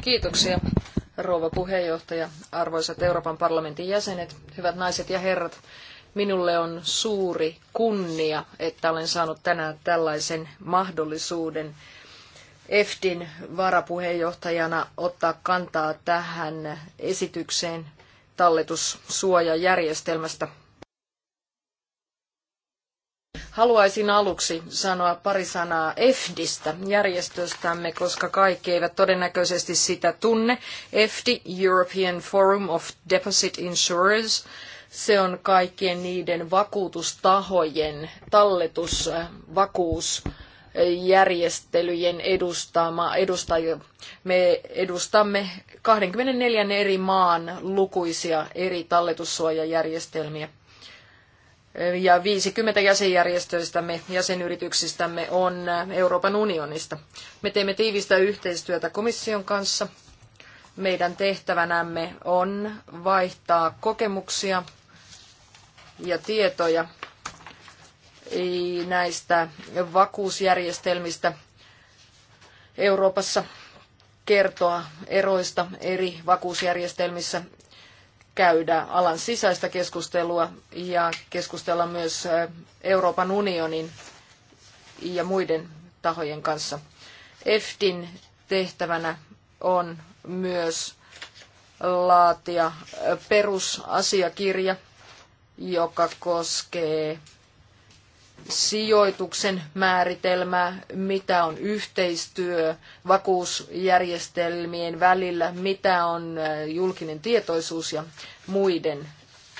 S1: Kiitoksia, rouva puheenjohtaja, arvoisat Euroopan parlamentin jäsenet, hyvät naiset ja herrat. Minulle on suuri kunnia, että olen saanut tänään tällaisen mahdollisuuden EFTin varapuheenjohtajana ottaa kantaa tähän esitykseen talletussuojajärjestelmästä. Haluaisin aluksi sanoa pari sanaa EFDistä, järjestöstämme, koska kaikki eivät todennäköisesti sitä tunne. EFDI, European Forum of Deposit Insurers, se on kaikkien niiden vakuutustahojen talletusvakuus järjestelyjen edustama, edustaja. Me edustamme 24 eri maan lukuisia eri talletussuojajärjestelmiä. Ja 50 jäsenjärjestöistämme, jäsenyrityksistämme on Euroopan unionista. Me teemme tiivistä yhteistyötä komission kanssa. Meidän tehtävänämme on vaihtaa kokemuksia ja tietoja näistä vakuusjärjestelmistä Euroopassa kertoa eroista eri vakuusjärjestelmissä, käydä alan sisäistä keskustelua ja keskustella myös Euroopan unionin ja muiden tahojen kanssa. EFTin tehtävänä on myös laatia perusasiakirja, joka koskee sijoituksen määritelmää, mitä on yhteistyö vakuusjärjestelmien välillä, mitä on äh, julkinen tietoisuus ja muiden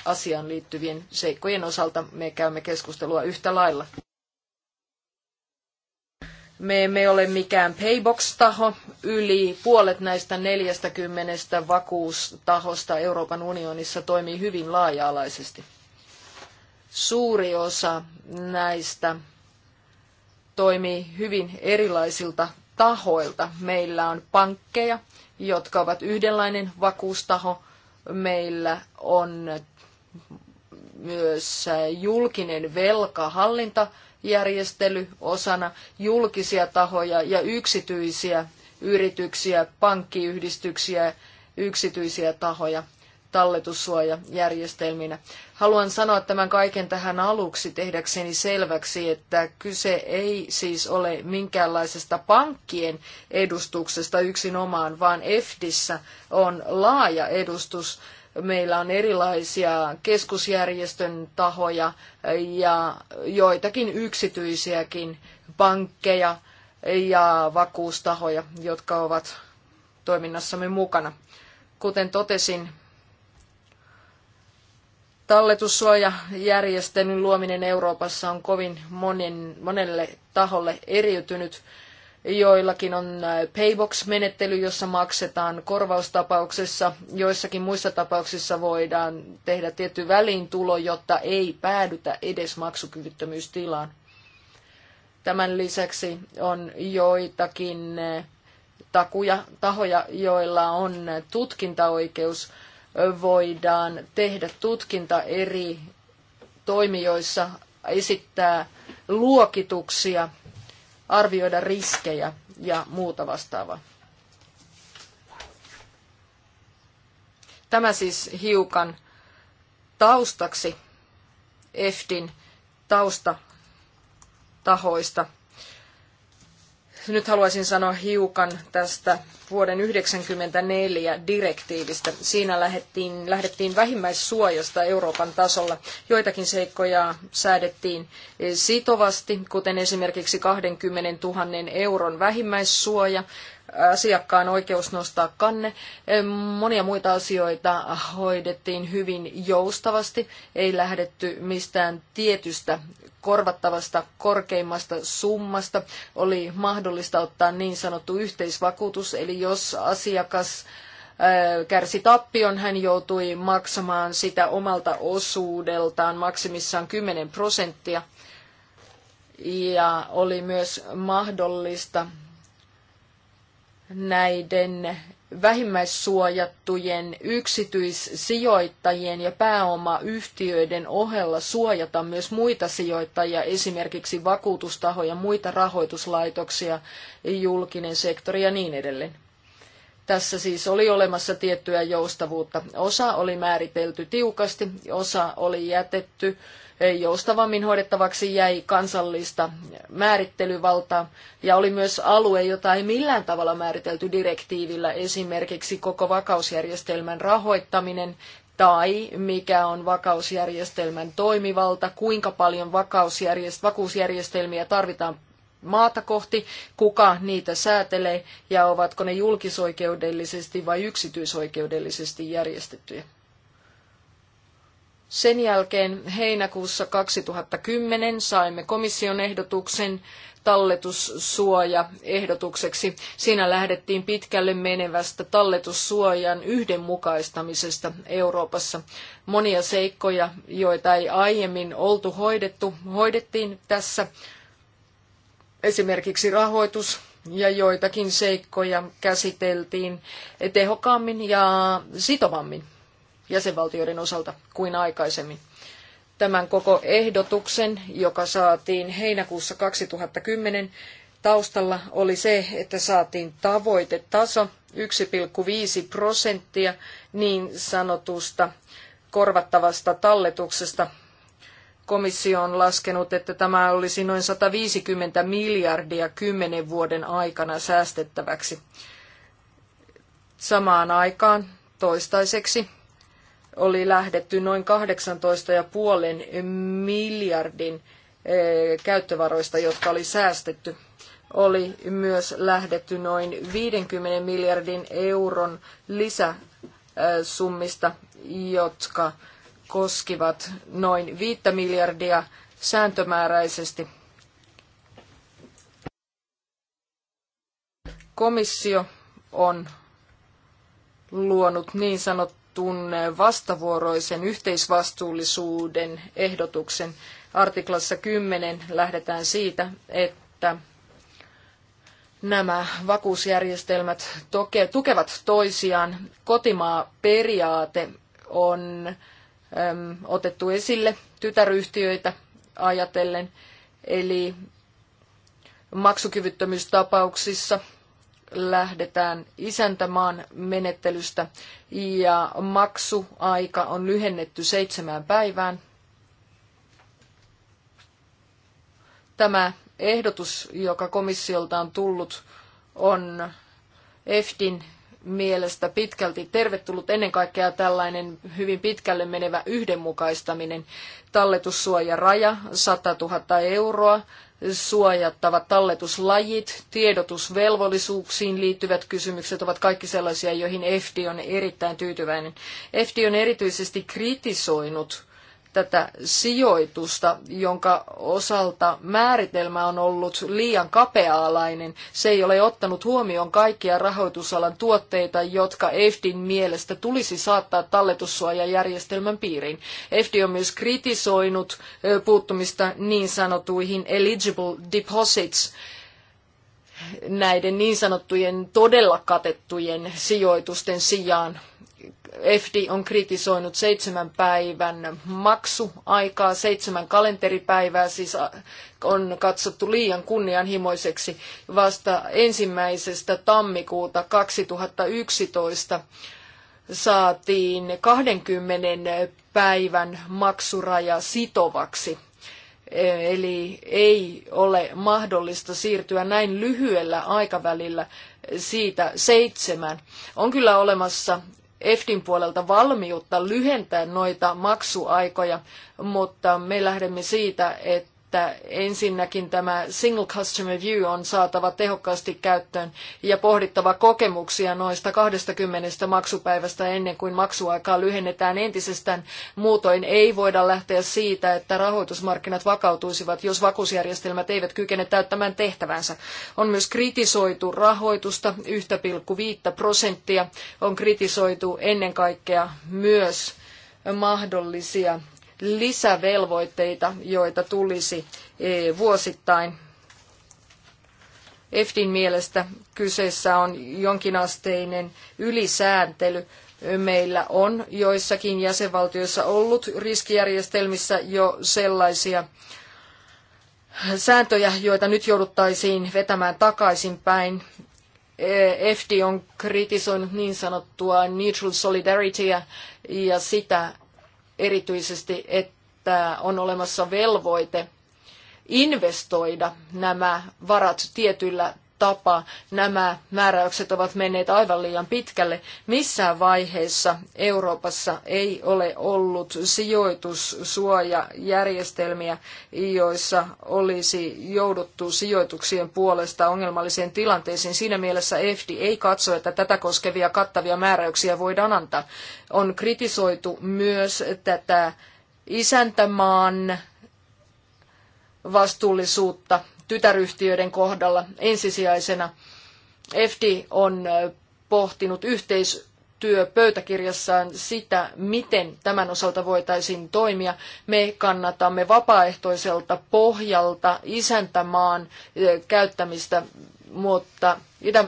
S1: asiaan liittyvien seikkojen osalta me käymme keskustelua yhtä lailla. Me emme ole mikään paybox-taho. Yli puolet näistä 40 vakuustahosta Euroopan unionissa toimii hyvin laaja-alaisesti suuri osa näistä toimii hyvin erilaisilta tahoilta. Meillä on pankkeja, jotka ovat yhdenlainen vakuustaho. Meillä on myös julkinen velkahallintajärjestely osana julkisia tahoja ja yksityisiä yrityksiä, pankkiyhdistyksiä, yksityisiä tahoja talletussuojajärjestelminä. Haluan sanoa tämän kaiken tähän aluksi tehdäkseni selväksi, että kyse ei siis ole minkäänlaisesta pankkien edustuksesta yksinomaan, vaan EFDissä on laaja edustus meillä on erilaisia keskusjärjestön tahoja ja joitakin yksityisiäkin pankkeja ja vakuustahoja, jotka ovat toiminnassamme mukana. Kuten totesin, Talletussuojajärjestelmän luominen Euroopassa on kovin monen, monelle taholle eriytynyt. Joillakin on äh, paybox-menettely, jossa maksetaan korvaustapauksessa. Joissakin muissa tapauksissa voidaan tehdä tietty väliintulo, jotta ei päädytä edes maksukyvyttömyystilaan. Tämän lisäksi on joitakin äh, takuja, tahoja, joilla on tutkintaoikeus – voidaan tehdä tutkinta eri toimijoissa, esittää luokituksia, arvioida riskejä ja muuta vastaavaa. Tämä siis hiukan taustaksi EFTin taustatahoista nyt haluaisin sanoa hiukan tästä vuoden 1994 direktiivistä. Siinä lähdettiin, lähdettiin vähimmäissuojasta Euroopan tasolla. Joitakin seikkoja säädettiin sitovasti, kuten esimerkiksi 20 000 euron vähimmäissuoja asiakkaan oikeus nostaa kanne. Monia muita asioita hoidettiin hyvin joustavasti, ei lähdetty mistään tietystä korvattavasta korkeimmasta summasta. Oli mahdollista ottaa niin sanottu yhteisvakuutus, eli jos asiakas kärsi tappion, hän joutui maksamaan sitä omalta osuudeltaan maksimissaan 10 prosenttia. Ja oli myös mahdollista näiden vähimmäissuojattujen yksityissijoittajien ja pääomayhtiöiden ohella suojata myös muita sijoittajia, esimerkiksi vakuutustahoja, muita rahoituslaitoksia, julkinen sektori ja niin edelleen. Tässä siis oli olemassa tiettyä joustavuutta. Osa oli määritelty tiukasti, osa oli jätetty joustavammin hoidettavaksi jäi kansallista määrittelyvaltaa ja oli myös alue, jota ei millään tavalla määritelty direktiivillä, esimerkiksi koko vakausjärjestelmän rahoittaminen tai mikä on vakausjärjestelmän toimivalta, kuinka paljon vakausjärjest- vakuusjärjestelmiä tarvitaan maata kohti, kuka niitä säätelee ja ovatko ne julkisoikeudellisesti vai yksityisoikeudellisesti järjestettyjä. Sen jälkeen heinäkuussa 2010 saimme komission ehdotuksen talletussuoja ehdotukseksi. Siinä lähdettiin pitkälle menevästä talletussuojan yhdenmukaistamisesta Euroopassa. Monia seikkoja, joita ei aiemmin oltu hoidettu, hoidettiin tässä esimerkiksi rahoitus ja joitakin seikkoja käsiteltiin tehokkaammin ja sitovammin jäsenvaltioiden osalta kuin aikaisemmin. Tämän koko ehdotuksen, joka saatiin heinäkuussa 2010, taustalla oli se, että saatiin tavoitetaso 1,5 prosenttia niin sanotusta korvattavasta talletuksesta. Komissio on laskenut, että tämä olisi noin 150 miljardia kymmenen vuoden aikana säästettäväksi. Samaan aikaan toistaiseksi oli lähdetty noin 18,5 miljardin eh, käyttövaroista, jotka oli säästetty. Oli myös lähdetty noin 50 miljardin euron lisäsummista, jotka koskivat noin 5 miljardia sääntömääräisesti. Komissio on luonut niin sanottu tunnetun eh, vastavuoroisen yhteisvastuullisuuden ehdotuksen. Artiklassa 10 lähdetään siitä, että nämä vakuusjärjestelmät tukevat toisiaan. Kotimaaperiaate on otettu esille tytäryhtiöitä ajatellen, eli maksukyvyttömyystapauksissa – lähdetään isäntämaan menettelystä ja maksuaika on lyhennetty seitsemään päivään. Tämä ehdotus, joka komissiolta on tullut, on EFTin mielestä pitkälti tervetullut ennen kaikkea tällainen hyvin pitkälle menevä yhdenmukaistaminen. Talletussuojaraja 100 000 euroa suojattavat talletuslajit, tiedotusvelvollisuuksiin liittyvät kysymykset ovat kaikki sellaisia, joihin FD on erittäin tyytyväinen. FD on erityisesti kritisoinut tätä sijoitusta, jonka osalta määritelmä on ollut liian kapea-alainen. Se ei ole ottanut huomioon kaikkia rahoitusalan tuotteita, jotka EFDin mielestä tulisi saattaa talletussuojajärjestelmän piiriin. Efti on myös kritisoinut puuttumista niin sanotuihin eligible deposits, näiden niin sanottujen todella katettujen sijoitusten sijaan FD on kritisoinut seitsemän päivän maksuaikaa, seitsemän kalenteripäivää, siis äh, on katsottu liian kunnianhimoiseksi vasta ensimmäisestä tammikuuta 2011 saatiin 20 päivän maksuraja sitovaksi. Eli ei ole mahdollista siirtyä näin lyhyellä aikavälillä siitä seitsemän. On kyllä olemassa EFTin puolelta valmiutta lyhentää noita maksuaikoja, mutta me lähdemme siitä, että että ensinnäkin tämä single customer view on saatava tehokkaasti käyttöön ja pohdittava kokemuksia noista 20 maksupäivästä ennen kuin maksuaikaa lyhennetään entisestään. Muutoin ei voida lähteä siitä, että rahoitusmarkkinat vakautuisivat, jos vakuusjärjestelmät eivät kykene täyttämään tehtävänsä. On myös kritisoitu rahoitusta 1,5 prosenttia. On kritisoitu ennen kaikkea myös mahdollisia lisävelvoitteita, joita tulisi e, vuosittain. EFTin mielestä kyseessä on jonkinasteinen ylisääntely. Meillä on joissakin jäsenvaltioissa ollut riskijärjestelmissä jo sellaisia sääntöjä, joita nyt jouduttaisiin vetämään takaisinpäin. E, FD on kritisoinut niin sanottua neutral solidarityä ja sitä, erityisesti, että on olemassa velvoite investoida nämä varat tietyllä tapa nämä määräykset ovat menneet aivan liian pitkälle. Missään vaiheessa Euroopassa ei ole ollut sijoitussuojajärjestelmiä, joissa olisi jouduttu sijoituksien puolesta ongelmalliseen tilanteeseen. Siinä mielessä FD ei katso, että tätä koskevia kattavia määräyksiä voidaan antaa. On kritisoitu myös tätä isäntämaan vastuullisuutta tytäryhtiöiden kohdalla ensisijaisena. FD on pohtinut yhteistyöpöytäkirjassaan sitä, miten tämän osalta voitaisiin toimia. Me kannatamme vapaaehtoiselta pohjalta isäntämaan käyttämistä, mutta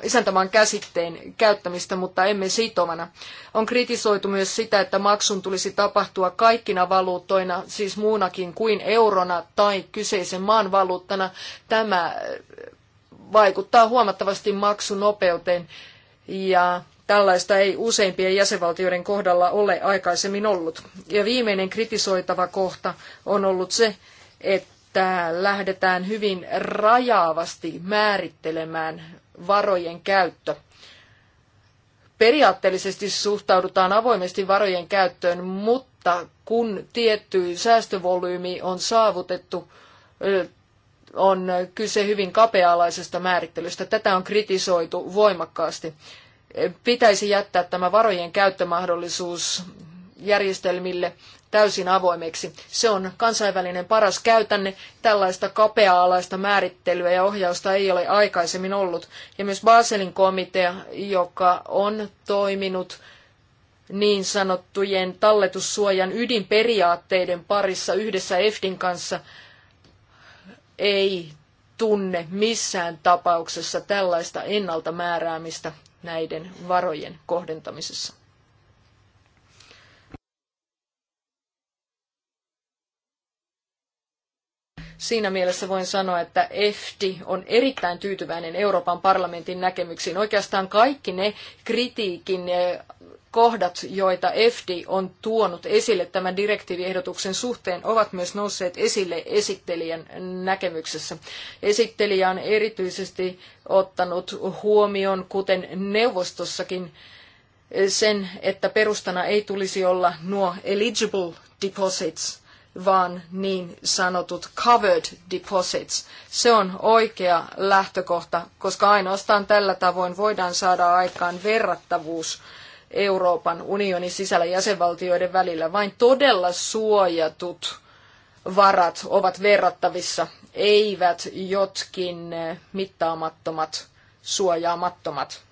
S1: isäntämaan käsitteen käyttämistä, mutta emme sitovana. On kritisoitu myös sitä, että maksun tulisi tapahtua kaikkina valuuttoina, siis muunakin kuin eurona tai kyseisen maan valuuttana. Tämä äh, vaikuttaa huomattavasti maksunopeuteen ja Tällaista ei useimpien jäsenvaltioiden kohdalla ole aikaisemmin ollut. Ja viimeinen kritisoitava kohta on ollut se, että lähdetään hyvin rajaavasti määrittelemään varojen käyttö. Periaatteellisesti suhtaudutaan avoimesti varojen käyttöön, mutta kun tietty säästövolyymi on saavutettu, on kyse hyvin kapea-alaisesta määrittelystä. Tätä on kritisoitu voimakkaasti. Pitäisi jättää tämä varojen käyttömahdollisuus järjestelmille, täysin avoimeksi. Se on kansainvälinen paras käytänne. Tällaista kapea-alaista määrittelyä ja ohjausta ei ole aikaisemmin ollut. Ja myös Baselin komitea, joka on toiminut niin sanottujen talletussuojan ydinperiaatteiden parissa yhdessä EFDin kanssa, ei tunne missään tapauksessa tällaista ennalta määräämistä näiden varojen kohdentamisessa. Siinä mielessä voin sanoa, että EFTI on erittäin tyytyväinen Euroopan parlamentin näkemyksiin. Oikeastaan kaikki ne kritiikin eh, kohdat, joita EFTI on tuonut esille tämän direktiiviehdotuksen suhteen, ovat myös nousseet esille esittelijän näkemyksessä. Esittelijä on erityisesti ottanut huomioon, kuten neuvostossakin, eh, sen, että perustana ei tulisi olla nuo eligible deposits – vaan niin sanotut covered deposits. Se on oikea lähtökohta, koska ainoastaan tällä tavoin voidaan saada aikaan verrattavuus Euroopan unionin sisällä jäsenvaltioiden välillä. Vain todella suojatut varat ovat verrattavissa, eivät jotkin mittaamattomat, suojaamattomat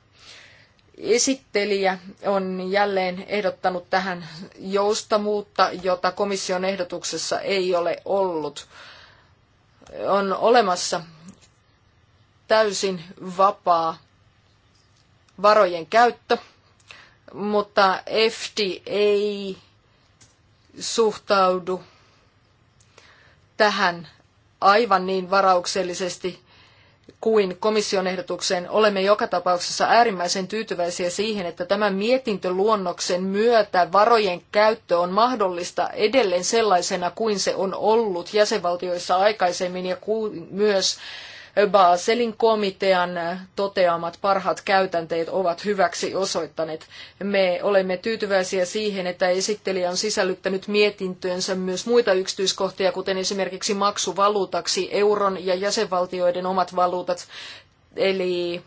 S1: Esittelijä on jälleen ehdottanut tähän joustamuutta, jota komission ehdotuksessa ei ole ollut. On olemassa täysin vapaa varojen käyttö, mutta EFTI ei suhtaudu tähän aivan niin varauksellisesti kuin komission ehdotukseen. Olemme joka tapauksessa äärimmäisen tyytyväisiä siihen, että tämän mietintöluonnoksen myötä varojen käyttö on mahdollista edelleen sellaisena kuin se on ollut jäsenvaltioissa aikaisemmin ja myös Baselin komitean toteamat parhaat käytänteet ovat hyväksi osoittaneet. Me olemme tyytyväisiä siihen, että esittelijä on sisällyttänyt mietintöönsä myös muita yksityiskohtia, kuten esimerkiksi maksuvaluutaksi euron ja jäsenvaltioiden omat valuutat, eli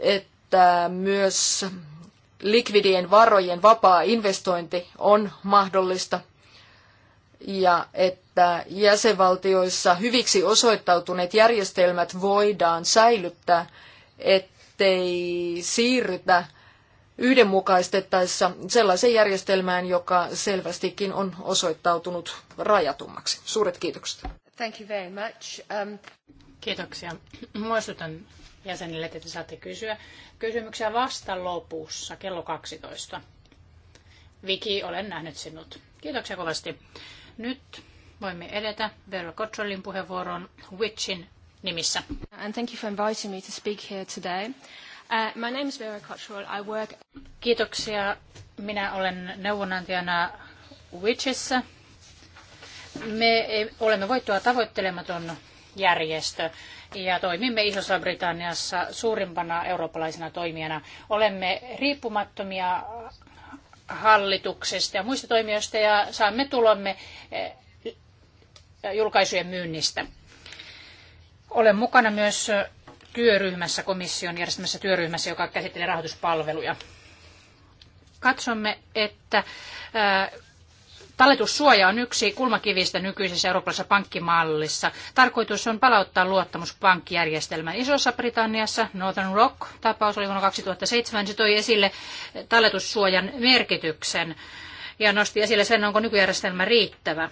S1: että myös likvidien varojen vapaa investointi on mahdollista ja että että jäsenvaltioissa hyviksi osoittautuneet järjestelmät voidaan säilyttää, ettei siirrytä yhdenmukaistettaessa sellaiseen järjestelmään, joka selvästikin on osoittautunut rajatummaksi. Suuret kiitokset.
S3: Thank you very much. Um... Kiitoksia. Muistutan jäsenille, että te saatte kysyä kysymyksiä vasta lopussa kello 12. Viki, olen nähnyt sinut. Kiitoksia kovasti. Nyt voimme edetä. Vera Kotrollin puheenvuoron Witchin nimissä.
S1: And thank you for inviting me to speak here today. Uh, my
S3: name is Vera Kotrol. I work... Kiitoksia. Minä olen neuvonantajana Witchissä. Me olemme voittoa tavoittelematon järjestö ja toimimme Isossa Britanniassa suurimpana eurooppalaisena toimijana. Olemme riippumattomia hallituksesta ja muista toimijoista ja saamme tulomme eh, Äh, julkaisujen myynnistä. Olen mukana myös työryhmässä, komission järjestämässä työryhmässä, joka käsittelee rahoituspalveluja. Katsomme, että äh, Talletussuoja on yksi kulmakivistä nykyisessä eurooppalaisessa pankkimallissa. Tarkoitus on palauttaa luottamus pankkijärjestelmään. Isossa Britanniassa Northern Rock-tapaus oli vuonna 2007, se toi esille talletussuojan merkityksen ja nosti esille sen, onko nykyjärjestelmä riittävä.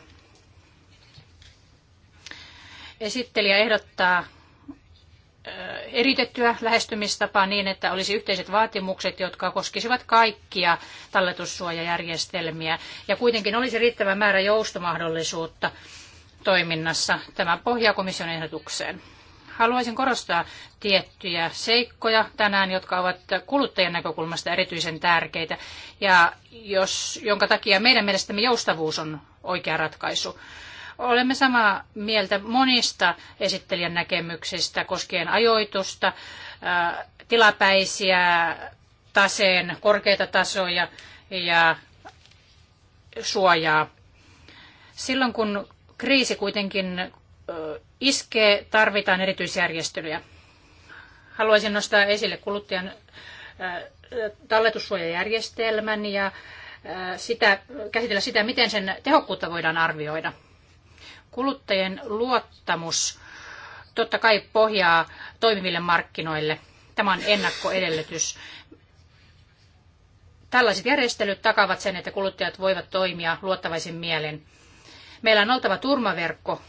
S3: Esittelijä ehdottaa eritettyä lähestymistapaa niin, että olisi yhteiset vaatimukset, jotka koskisivat kaikkia talletussuojajärjestelmiä ja kuitenkin olisi riittävä määrä joustomahdollisuutta toiminnassa. Tämä pohjaa komission ehdotukseen. Haluaisin korostaa tiettyjä seikkoja tänään, jotka ovat kuluttajan näkökulmasta erityisen tärkeitä ja jos, jonka takia meidän mielestämme joustavuus on oikea ratkaisu. Olemme samaa mieltä monista esittelijän näkemyksistä koskien ajoitusta, tilapäisiä taseen korkeita tasoja ja suojaa. Silloin kun kriisi kuitenkin iskee, tarvitaan erityisjärjestelyjä. Haluaisin nostaa esille kuluttajan talletussuojajärjestelmän ja sitä, käsitellä sitä, miten sen tehokkuutta voidaan arvioida. Kuluttajien luottamus totta kai pohjaa toimiville markkinoille. Tämä on ennakkoedellytys. Tällaiset järjestelyt takavat sen, että kuluttajat voivat toimia luottavaisin mielen. Meillä on oltava turmaverkko,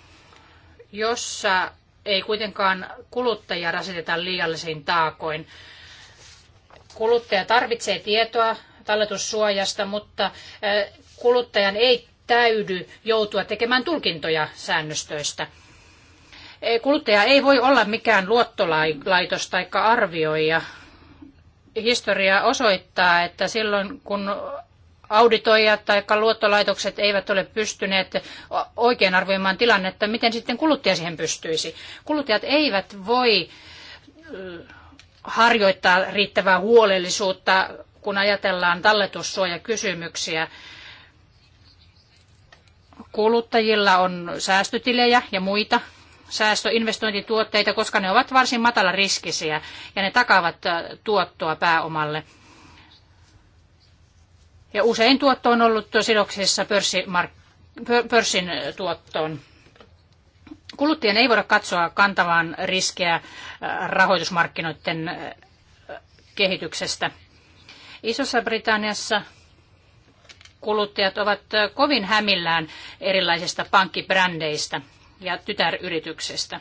S3: jossa ei kuitenkaan kuluttajia rasiteta liiallisiin taakoin. Kuluttaja tarvitsee tietoa talletussuojasta, mutta eh, kuluttajan ei täydy joutua tekemään tulkintoja säännöstöistä. E, kuluttaja ei voi olla mikään luottolaitos tai arvioija. Historia osoittaa, että silloin kun auditoijat tai luottolaitokset eivät ole pystyneet oikein arvioimaan tilannetta, miten sitten kuluttaja siihen pystyisi. Kuluttajat eivät voi mm, harjoittaa riittävää huolellisuutta, kun ajatellaan talletussuojakysymyksiä. kysymyksiä kuluttajilla on säästötilejä ja muita säästöinvestointituotteita, koska ne ovat varsin matalariskisiä ja ne takaavat äh, tuottoa pääomalle. Ja usein tuotto on ollut sidoksissa pörssin tuottoon. Kuluttajien ei voida katsoa kantavan riskejä äh, rahoitusmarkkinoiden äh, kehityksestä. Isossa Britanniassa kuluttajat ovat kovin hämillään erilaisista pankkibrändeistä ja tytäryrityksestä.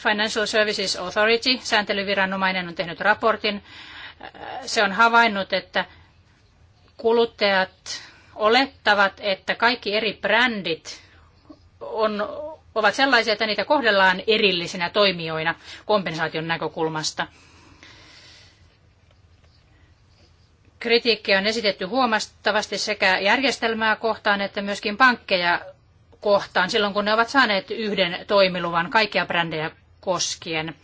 S3: Financial Services Authority, sääntelyviranomainen, on tehnyt raportin. Se on havainnut, että kuluttajat olettavat, että kaikki eri brändit on, ovat sellaisia, että niitä kohdellaan erillisinä toimijoina kompensaation näkökulmasta – Kritiikkiä on esitetty huomattavasti sekä järjestelmää kohtaan että myöskin pankkeja kohtaan silloin, kun ne ovat saaneet yhden toimiluvan kaikkia brändejä koskien.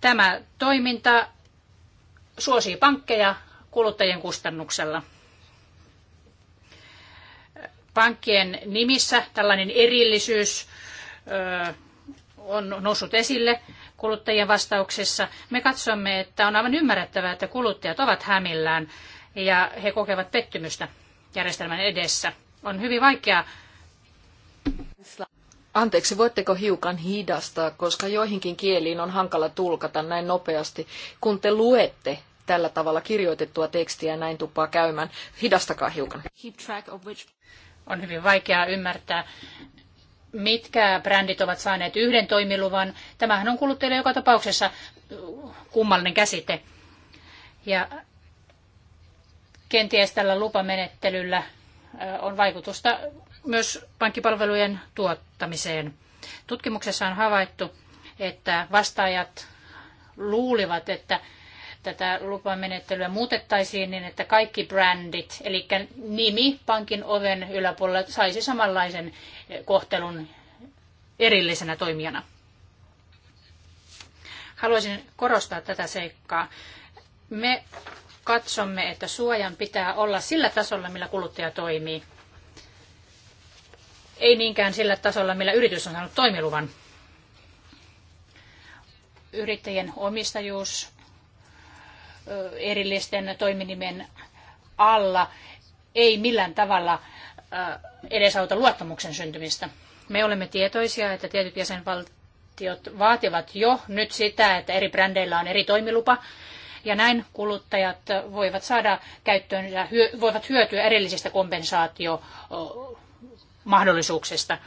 S3: Tämä toiminta suosii pankkeja kuluttajien kustannuksella. Pankkien nimissä tällainen erillisyys on noussut esille kuluttajien vastauksissa. Me katsomme, että on aivan ymmärrettävää, että kuluttajat ovat hämillään ja he kokevat pettymystä järjestelmän edessä. On hyvin vaikea
S1: Anteeksi, voitteko hiukan hidastaa, koska joihinkin kieliin on hankala tulkata näin nopeasti. Kun te luette tällä tavalla kirjoitettua tekstiä, näin tuppaa käymään. Hidastakaa hiukan.
S3: On hyvin vaikeaa ymmärtää, mitkä brändit ovat saaneet yhden toimiluvan. Tämähän on kuluttajille joka tapauksessa kummallinen käsite. Ja kenties tällä lupamenettelyllä äh, on vaikutusta myös pankkipalvelujen tuottamiseen. Tutkimuksessa on havaittu, että vastaajat luulivat, että tätä lupamenettelyä muutettaisiin niin, että kaikki brändit, eli nimi pankin oven yläpuolella saisi samanlaisen eh, kohtelun erillisenä toimijana. Haluaisin korostaa tätä seikkaa. Me katsomme, että suojan pitää olla sillä tasolla, millä kuluttaja toimii. Ei niinkään sillä tasolla, millä yritys on saanut toimiluvan. Yrittäjien omistajuus erillisten toiminimen alla ei millään tavalla edesauta luottamuksen syntymistä. Me olemme tietoisia, että tietyt jäsenvaltiot vaativat jo nyt sitä, että eri brändeillä on eri toimilupa, ja näin kuluttajat voivat saada käyttöön ja voivat hyötyä erillisistä kompensaatiomahdollisuuksista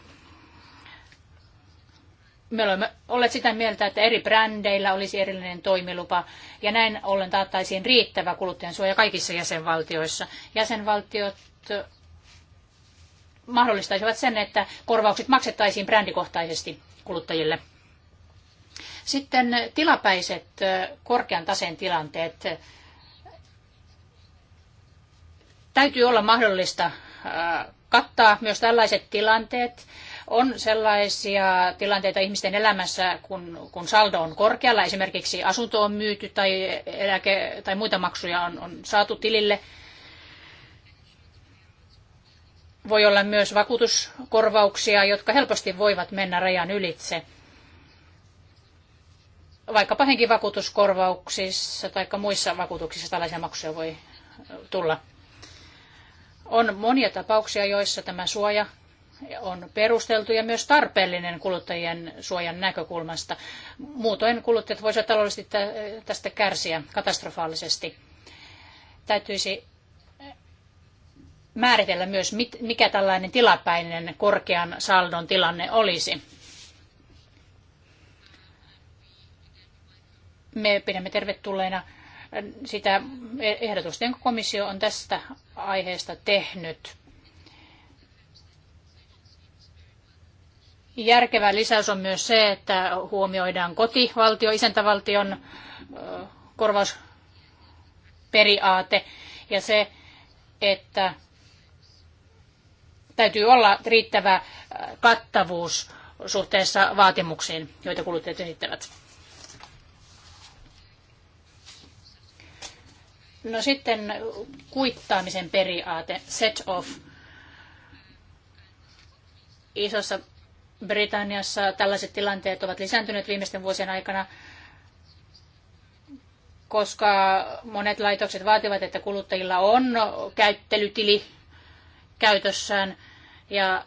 S3: me olemme olleet sitä mieltä, että eri brändeillä olisi erillinen toimilupa ja näin ollen taattaisiin riittävä kuluttajansuoja kaikissa jäsenvaltioissa. Jäsenvaltiot mahdollistaisivat sen, että korvaukset maksettaisiin brändikohtaisesti kuluttajille. Sitten tilapäiset korkean taseen tilanteet. Täytyy olla mahdollista kattaa myös tällaiset tilanteet on sellaisia tilanteita ihmisten elämässä, kun, kun saldo on korkealla, esimerkiksi asunto on myyty tai, eläke, tai muita maksuja on, on saatu tilille. Voi olla myös vakuutuskorvauksia, jotka helposti voivat mennä rajan ylitse vaikkapa henkivakuutuskorvauksissa tai muissa vakuutuksissa tällaisia maksuja voi tulla. On monia tapauksia, joissa tämä suoja on perusteltu ja myös tarpeellinen kuluttajien suojan näkökulmasta. Muutoin kuluttajat voisivat taloudellisesti tästä kärsiä katastrofaalisesti. Täytyisi määritellä myös, mikä tällainen tilapäinen korkean saldon tilanne olisi. Me pidämme tervetulleena sitä ehdotusta, jonka komissio on tästä aiheesta tehnyt Järkevä lisäys on myös se, että huomioidaan kotivaltio, isäntävaltion korvausperiaate ja se, että täytyy olla riittävä kattavuus suhteessa vaatimuksiin, joita kuluttajat esittävät. No sitten kuittaamisen periaate, set off. Isossa Britanniassa tällaiset tilanteet ovat lisääntyneet viimeisten vuosien aikana, koska monet laitokset vaativat, että kuluttajilla on käyttelytili käytössään. Ja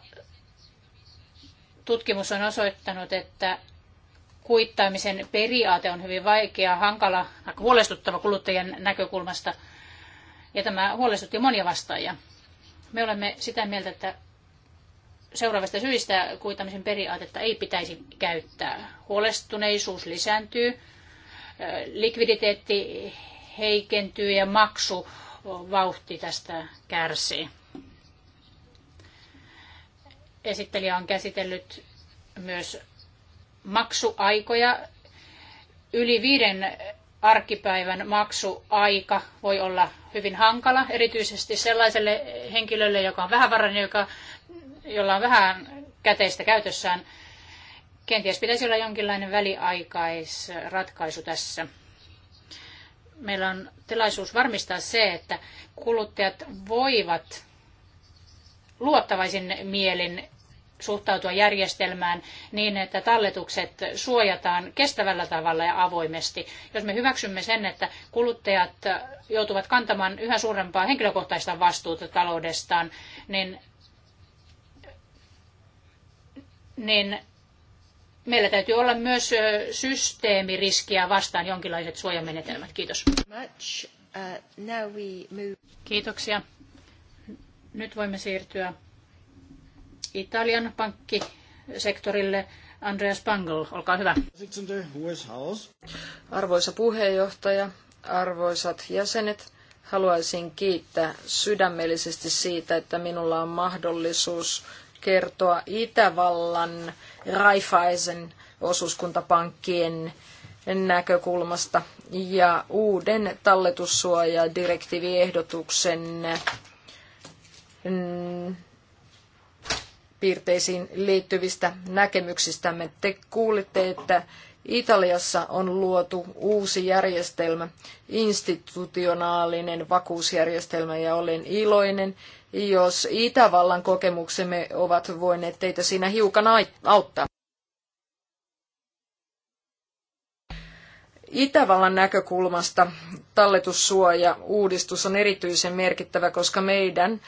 S3: tutkimus on osoittanut, että kuittaamisen periaate on hyvin vaikea, hankala, aika huolestuttava kuluttajien näkökulmasta. Ja tämä huolestutti monia vastaajia. Me olemme sitä mieltä, että seuraavista syistä kuitamisen periaatetta ei pitäisi käyttää. Huolestuneisuus lisääntyy, likviditeetti heikentyy ja maksu vauhti tästä kärsii. Esittelijä on käsitellyt myös maksuaikoja. Yli viiden arkipäivän maksuaika voi olla hyvin hankala, erityisesti sellaiselle henkilölle, joka on vähävarainen, joka jolla on vähän käteistä käytössään, kenties pitäisi olla jonkinlainen väliaikaisratkaisu tässä. Meillä on tilaisuus varmistaa se, että kuluttajat voivat luottavaisin mielin suhtautua järjestelmään niin, että talletukset suojataan kestävällä tavalla ja avoimesti. Jos me hyväksymme sen, että kuluttajat joutuvat kantamaan yhä suurempaa henkilökohtaista vastuuta taloudestaan, niin niin meillä täytyy olla myös systeemiriskiä vastaan jonkinlaiset suojamenetelmät. Kiitos. Uh, Kiitoksia. Nyt voimme siirtyä Italian pankkisektorille.
S1: Andreas Pangl, olkaa hyvä. Arvoisa puheenjohtaja, arvoisat jäsenet, haluaisin kiittää sydämellisesti siitä, että minulla on mahdollisuus kertoa Itävallan Raiffeisen osuuskuntapankkien näkökulmasta ja uuden talletussuojadirektiiviehdotuksen mm, piirteisiin liittyvistä näkemyksistämme. Te kuulitte, että Italiassa on luotu uusi järjestelmä, institutionaalinen vakuusjärjestelmä, ja olen iloinen, jos Itävallan kokemuksemme ovat voineet teitä siinä hiukan auttaa. Itävallan näkökulmasta talletussuoja-uudistus on erityisen merkittävä, koska meidän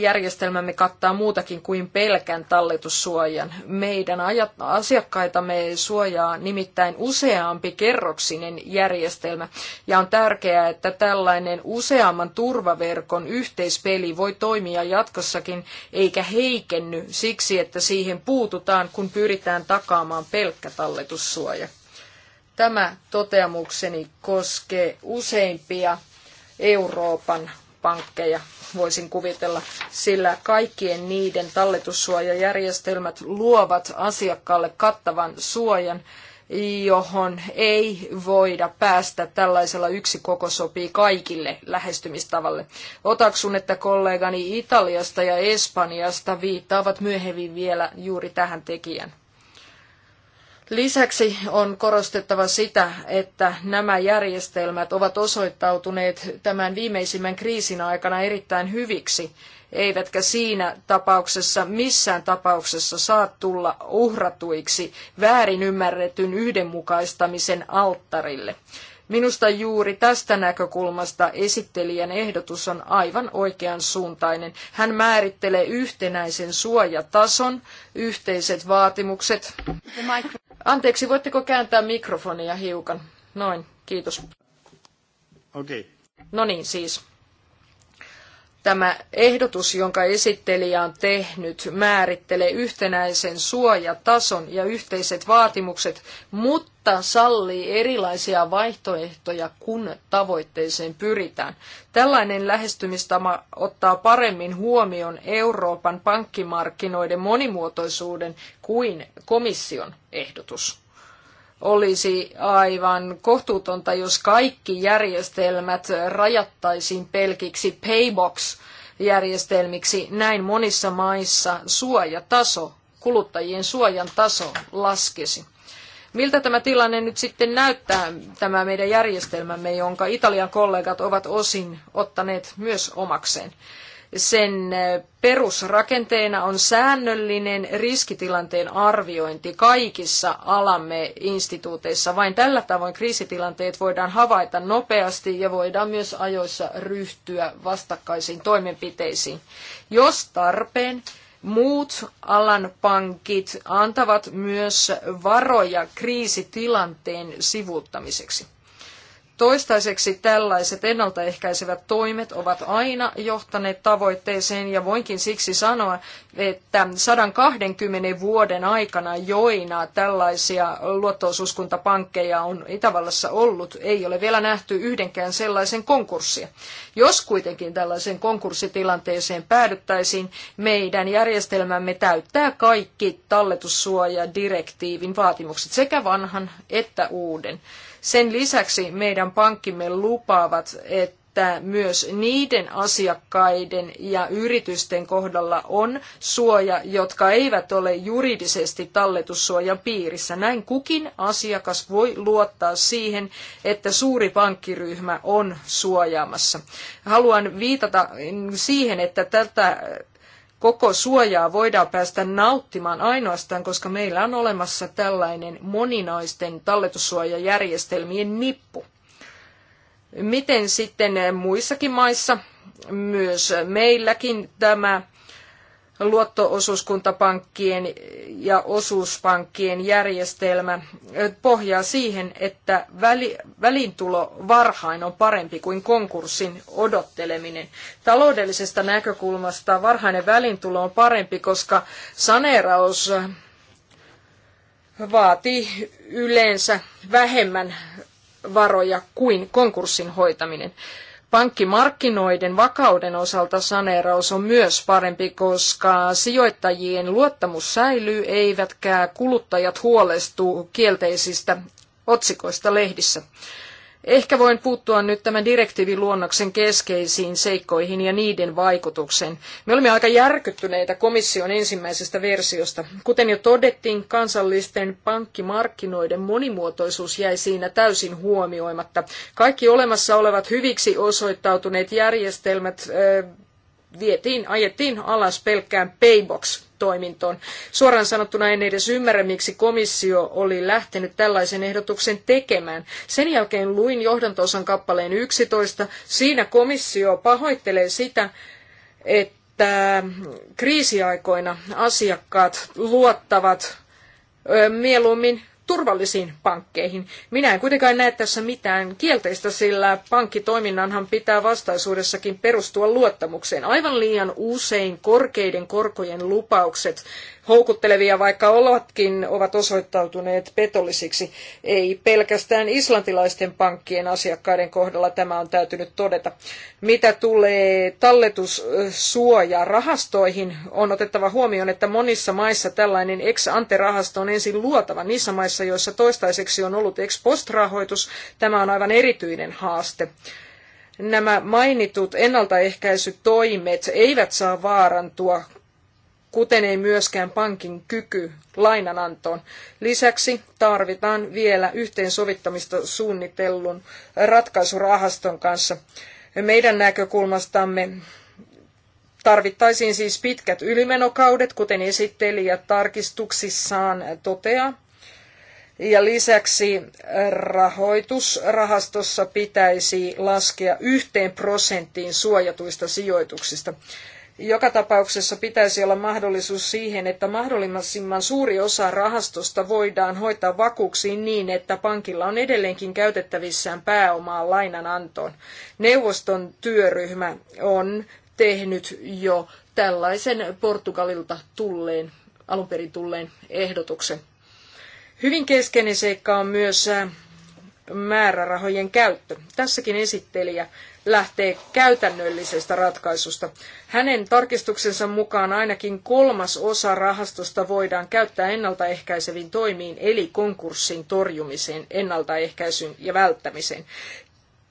S1: järjestelmämme kattaa muutakin kuin pelkän talletussuojan. Meidän asiakkaitamme suojaa nimittäin useampi kerroksinen järjestelmä, ja on tärkeää, että tällainen useamman turvaverkon yhteispeli voi toimia jatkossakin, eikä heikenny siksi, että siihen puututaan, kun pyritään takaamaan pelkkä talletussuoja. Tämä toteamukseni koskee useimpia Euroopan pankkeja, voisin kuvitella, sillä kaikkien niiden talletussuojajärjestelmät luovat asiakkaalle kattavan suojan, johon ei voida päästä tällaisella yksi koko sopii kaikille lähestymistavalle. Otaksun, että kollegani Italiasta ja Espanjasta viittaavat myöhemmin vielä juuri tähän tekijän. Lisäksi on korostettava sitä, että nämä järjestelmät ovat osoittautuneet tämän viimeisimmän kriisin aikana erittäin hyviksi, eivätkä siinä tapauksessa missään tapauksessa saa tulla uhratuiksi väärin ymmärretyn yhdenmukaistamisen alttarille. Minusta juuri tästä näkökulmasta esittelijän ehdotus on aivan oikean suuntainen. Hän määrittelee yhtenäisen suojatason, yhteiset vaatimukset. Anteeksi, voitteko kääntää mikrofonia hiukan? Noin, kiitos. Okei. Okay. No niin siis tämä ehdotus, jonka esittelijä on tehnyt, määrittelee yhtenäisen suojatason ja yhteiset vaatimukset, mutta sallii erilaisia vaihtoehtoja, kun tavoitteeseen pyritään. Tällainen lähestymistapa ottaa paremmin huomioon Euroopan pankkimarkkinoiden monimuotoisuuden kuin komission ehdotus olisi aivan kohtuutonta, jos kaikki järjestelmät rajattaisiin pelkiksi paybox-järjestelmiksi. Näin monissa maissa suojataso, kuluttajien suojan taso laskesi. Miltä tämä tilanne nyt sitten näyttää, tämä meidän järjestelmämme, jonka Italian kollegat ovat osin ottaneet myös omakseen? Sen perusrakenteena on säännöllinen riskitilanteen arviointi kaikissa alamme instituuteissa. Vain tällä tavoin kriisitilanteet voidaan havaita nopeasti ja voidaan myös ajoissa ryhtyä vastakkaisiin toimenpiteisiin. Jos tarpeen, muut alan pankit antavat myös varoja kriisitilanteen sivuuttamiseksi. Toistaiseksi tällaiset ennaltaehkäisevät toimet ovat aina johtaneet tavoitteeseen ja voinkin siksi sanoa, että 120 vuoden aikana, joina tällaisia luottoosuuskuntapankkeja on Itävallassa ollut, ei ole vielä nähty yhdenkään sellaisen konkurssia. Jos kuitenkin tällaisen konkurssitilanteeseen päädyttäisiin, meidän järjestelmämme täyttää kaikki talletussuojadirektiivin vaatimukset sekä vanhan että uuden. Sen lisäksi meidän pankkimme lupaavat, että että myös niiden asiakkaiden ja yritysten kohdalla on suoja, jotka eivät ole juridisesti talletussuojan piirissä. Näin kukin asiakas voi luottaa siihen, että suuri pankkiryhmä on suojaamassa. Haluan viitata siihen, että tätä koko suojaa voidaan päästä nauttimaan ainoastaan, koska meillä on olemassa tällainen moninaisten talletussuojajärjestelmien nippu. Miten sitten muissakin maissa, myös meilläkin tämä luottoosuuskuntapankkien ja osuuspankkien järjestelmä pohjaa siihen, että väli, välintulo varhain on parempi kuin konkurssin odotteleminen. Taloudellisesta näkökulmasta varhainen välintulo on parempi, koska saneeraus vaatii yleensä vähemmän varoja kuin konkurssin hoitaminen. Pankkimarkkinoiden vakauden osalta saneeraus on myös parempi, koska sijoittajien luottamus säilyy, eivätkä kuluttajat huolestu kielteisistä otsikoista lehdissä. Ehkä voin puuttua nyt tämän direktiiviluonnoksen keskeisiin seikkoihin ja niiden vaikutukseen. Me olemme aika järkyttyneitä komission ensimmäisestä versiosta. Kuten jo todettiin, kansallisten pankkimarkkinoiden monimuotoisuus jäi siinä täysin huomioimatta. Kaikki olemassa olevat hyviksi osoittautuneet järjestelmät vietiin, ajettiin alas pelkkään paybox toimintoon. Suoraan sanottuna en edes ymmärrä, miksi komissio oli lähtenyt tällaisen ehdotuksen tekemään. Sen jälkeen luin johdantosan kappaleen 11. Siinä komissio pahoittelee sitä, että kriisiaikoina asiakkaat luottavat mieluummin turvallisiin pankkeihin. Minä en kuitenkaan näe tässä mitään kielteistä, sillä pankkitoiminnanhan pitää vastaisuudessakin perustua luottamukseen. Aivan liian usein korkeiden korkojen lupaukset houkuttelevia vaikka ovatkin, ovat osoittautuneet petollisiksi. Ei pelkästään islantilaisten pankkien asiakkaiden kohdalla tämä on täytynyt todeta. Mitä tulee talletussuojarahastoihin, on otettava huomioon, että monissa maissa tällainen ex ante rahasto on ensin luotava. Niissä maissa, joissa toistaiseksi on ollut ex post rahoitus, tämä on aivan erityinen haaste nämä mainitut ennaltaehkäisytoimet eivät saa vaarantua, kuten ei myöskään pankin kyky lainanantoon. Lisäksi tarvitaan vielä yhteensovittamista suunnitellun ratkaisurahaston kanssa. Meidän näkökulmastamme tarvittaisiin siis pitkät ylimenokaudet, kuten esittelijä tarkistuksissaan toteaa. Ja lisäksi rahoitusrahastossa pitäisi laskea yhteen prosenttiin suojatuista sijoituksista. Joka tapauksessa pitäisi olla mahdollisuus siihen, että mahdollisimman suuri osa rahastosta voidaan hoitaa vakuuksiin niin, että pankilla on edelleenkin käytettävissään pääomaa lainanantoon. Neuvoston työryhmä on tehnyt jo tällaisen Portugalilta tulleen, alun perin tulleen ehdotuksen. Hyvin keskeinen seikka on myös äh, määrärahojen käyttö. Tässäkin esittelijä lähtee käytännöllisestä ratkaisusta. Hänen tarkistuksensa mukaan ainakin kolmas osa rahastosta voidaan käyttää ennaltaehkäiseviin toimiin, eli konkurssin torjumiseen, ennaltaehkäisyyn ja välttämiseen.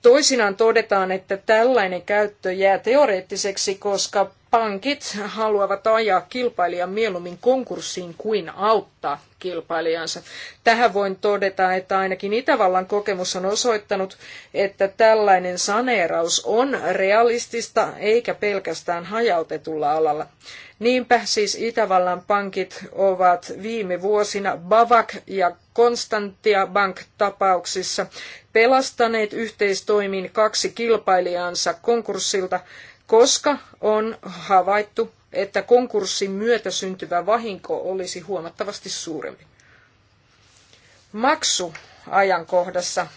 S1: Toisinaan todetaan, että tällainen käyttö jää teoreettiseksi, koska pankit haluavat ajaa kilpailijan mieluummin konkurssiin kuin auttaa kilpailijansa. Tähän voin todeta, että ainakin Itävallan kokemus on osoittanut, että tällainen saneeraus on realistista eikä pelkästään hajautetulla alalla. Niinpä siis Itävallan pankit ovat viime vuosina Bavak ja Konstantia Bank-tapauksissa pelastaneet yhteistoimin kaksi kilpailijaansa konkurssilta koska on havaittu, että konkurssin myötä syntyvä vahinko olisi huomattavasti suurempi. Maksu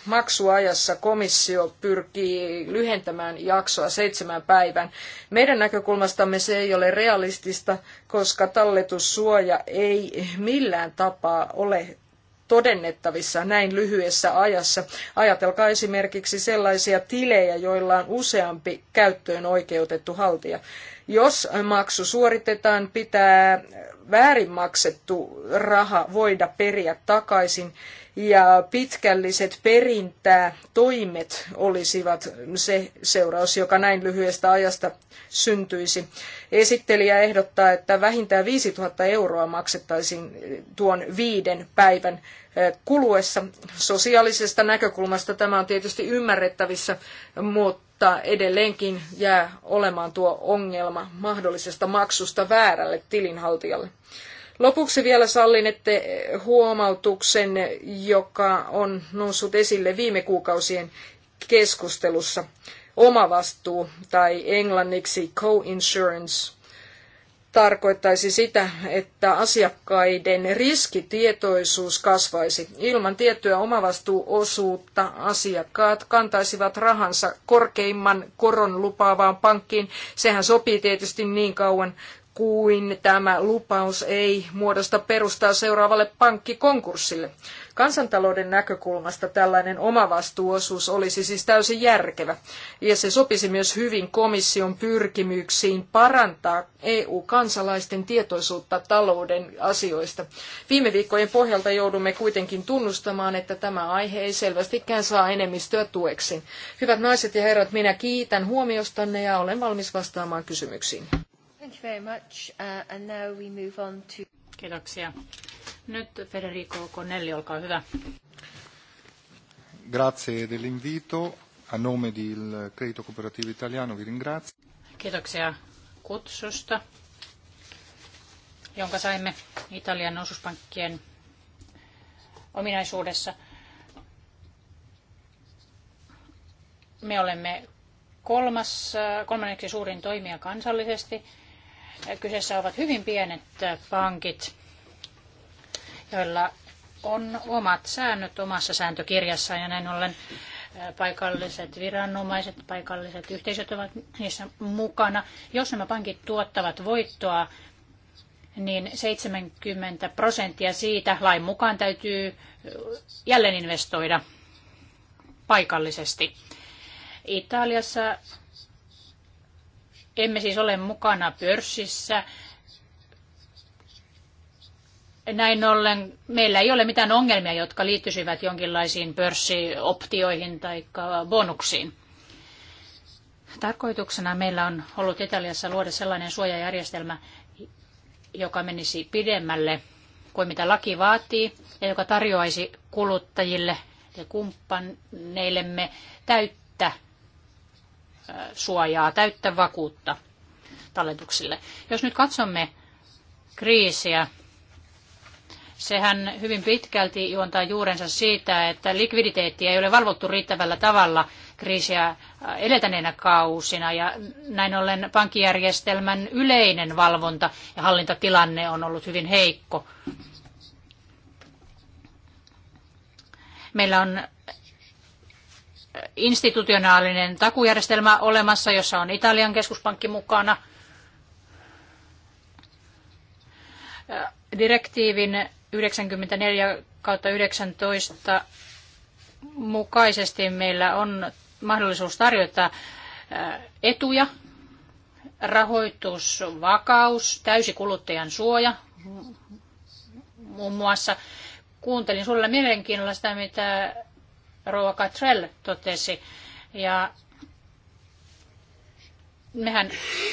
S1: maksuajassa komissio pyrkii lyhentämään jaksoa seitsemän päivän. Meidän näkökulmastamme se ei ole realistista, koska talletussuoja ei millään tapaa ole todennettavissa näin lyhyessä ajassa. Ajatelkaa esimerkiksi sellaisia tilejä, joilla on useampi käyttöön oikeutettu haltija. Jos maksu suoritetaan, pitää väärin maksettu raha voida periä takaisin ja pitkälliset perintää toimet olisivat se seuraus, joka näin lyhyestä ajasta syntyisi. Esittelijä ehdottaa, että vähintään 5000 euroa maksettaisiin tuon viiden päivän eh, kuluessa. Sosiaalisesta näkökulmasta tämä on tietysti ymmärrettävissä, mutta mutta edelleenkin jää olemaan tuo ongelma mahdollisesta maksusta väärälle tilinhaltijalle. Lopuksi vielä sallin, että huomautuksen, joka on noussut esille viime kuukausien keskustelussa, omavastuu tai englanniksi co-insurance tarkoittaisi sitä, että asiakkaiden riskitietoisuus kasvaisi. Ilman tiettyä omavastuuosuutta asiakkaat kantaisivat rahansa korkeimman koron lupaavaan pankkiin. Sehän sopii tietysti niin kauan kuin tämä lupaus ei muodosta perustaa seuraavalle pankkikonkurssille. Kansantalouden näkökulmasta tällainen omavastuuosuus olisi siis täysin järkevä, ja se sopisi myös hyvin komission pyrkimyksiin parantaa EU-kansalaisten tietoisuutta talouden asioista. Viime viikkojen pohjalta joudumme kuitenkin tunnustamaan, että tämä aihe ei selvästikään saa enemmistöä tueksi. Hyvät naiset ja herrat, minä kiitän huomiostanne ja olen valmis vastaamaan kysymyksiin.
S3: Kiitoksia. Nyt Federico Connelli, olkaa hyvä.
S4: Grazie dell'invito. A nome del Credito Cooperativo Italiano vi ringrazio.
S3: Kiitoksia kutsusta, jonka saimme Italian osuuspankkien ominaisuudessa. Me olemme kolmas, kolmanneksi suurin toimija kansallisesti. Kyseessä ovat hyvin pienet pankit joilla on omat säännöt omassa sääntökirjassaan ja näin ollen paikalliset viranomaiset, paikalliset yhteisöt ovat niissä mukana. Jos nämä pankit tuottavat voittoa, niin 70 prosenttia siitä lain mukaan täytyy jälleen investoida paikallisesti. Italiassa emme siis ole mukana pörssissä näin ollen meillä ei ole mitään ongelmia, jotka liittyisivät jonkinlaisiin pörssioptioihin tai bonuksiin. Tarkoituksena meillä on ollut Italiassa luoda sellainen suojajärjestelmä, joka menisi pidemmälle kuin mitä laki vaatii ja joka tarjoaisi kuluttajille ja kumppaneillemme täyttä suojaa, täyttä vakuutta talletuksille. Jos nyt katsomme kriisiä Sehän hyvin pitkälti juontaa juurensa siitä, että likviditeettiä ei ole valvottu riittävällä tavalla kriisiä äh, edeltäneenä kausina ja näin ollen pankkijärjestelmän yleinen valvonta ja hallintatilanne on ollut hyvin heikko. Meillä on institutionaalinen takujärjestelmä olemassa, jossa on Italian keskuspankki mukana. Äh, direktiivin 94 kautta 19 mukaisesti meillä on mahdollisuus tarjota äh, etuja, rahoitusvakaus, täysi kuluttajan suoja muun muassa. Kuuntelin sinulle mielenkiinnolla sitä, mitä Roa Catrell totesi. Ja mehän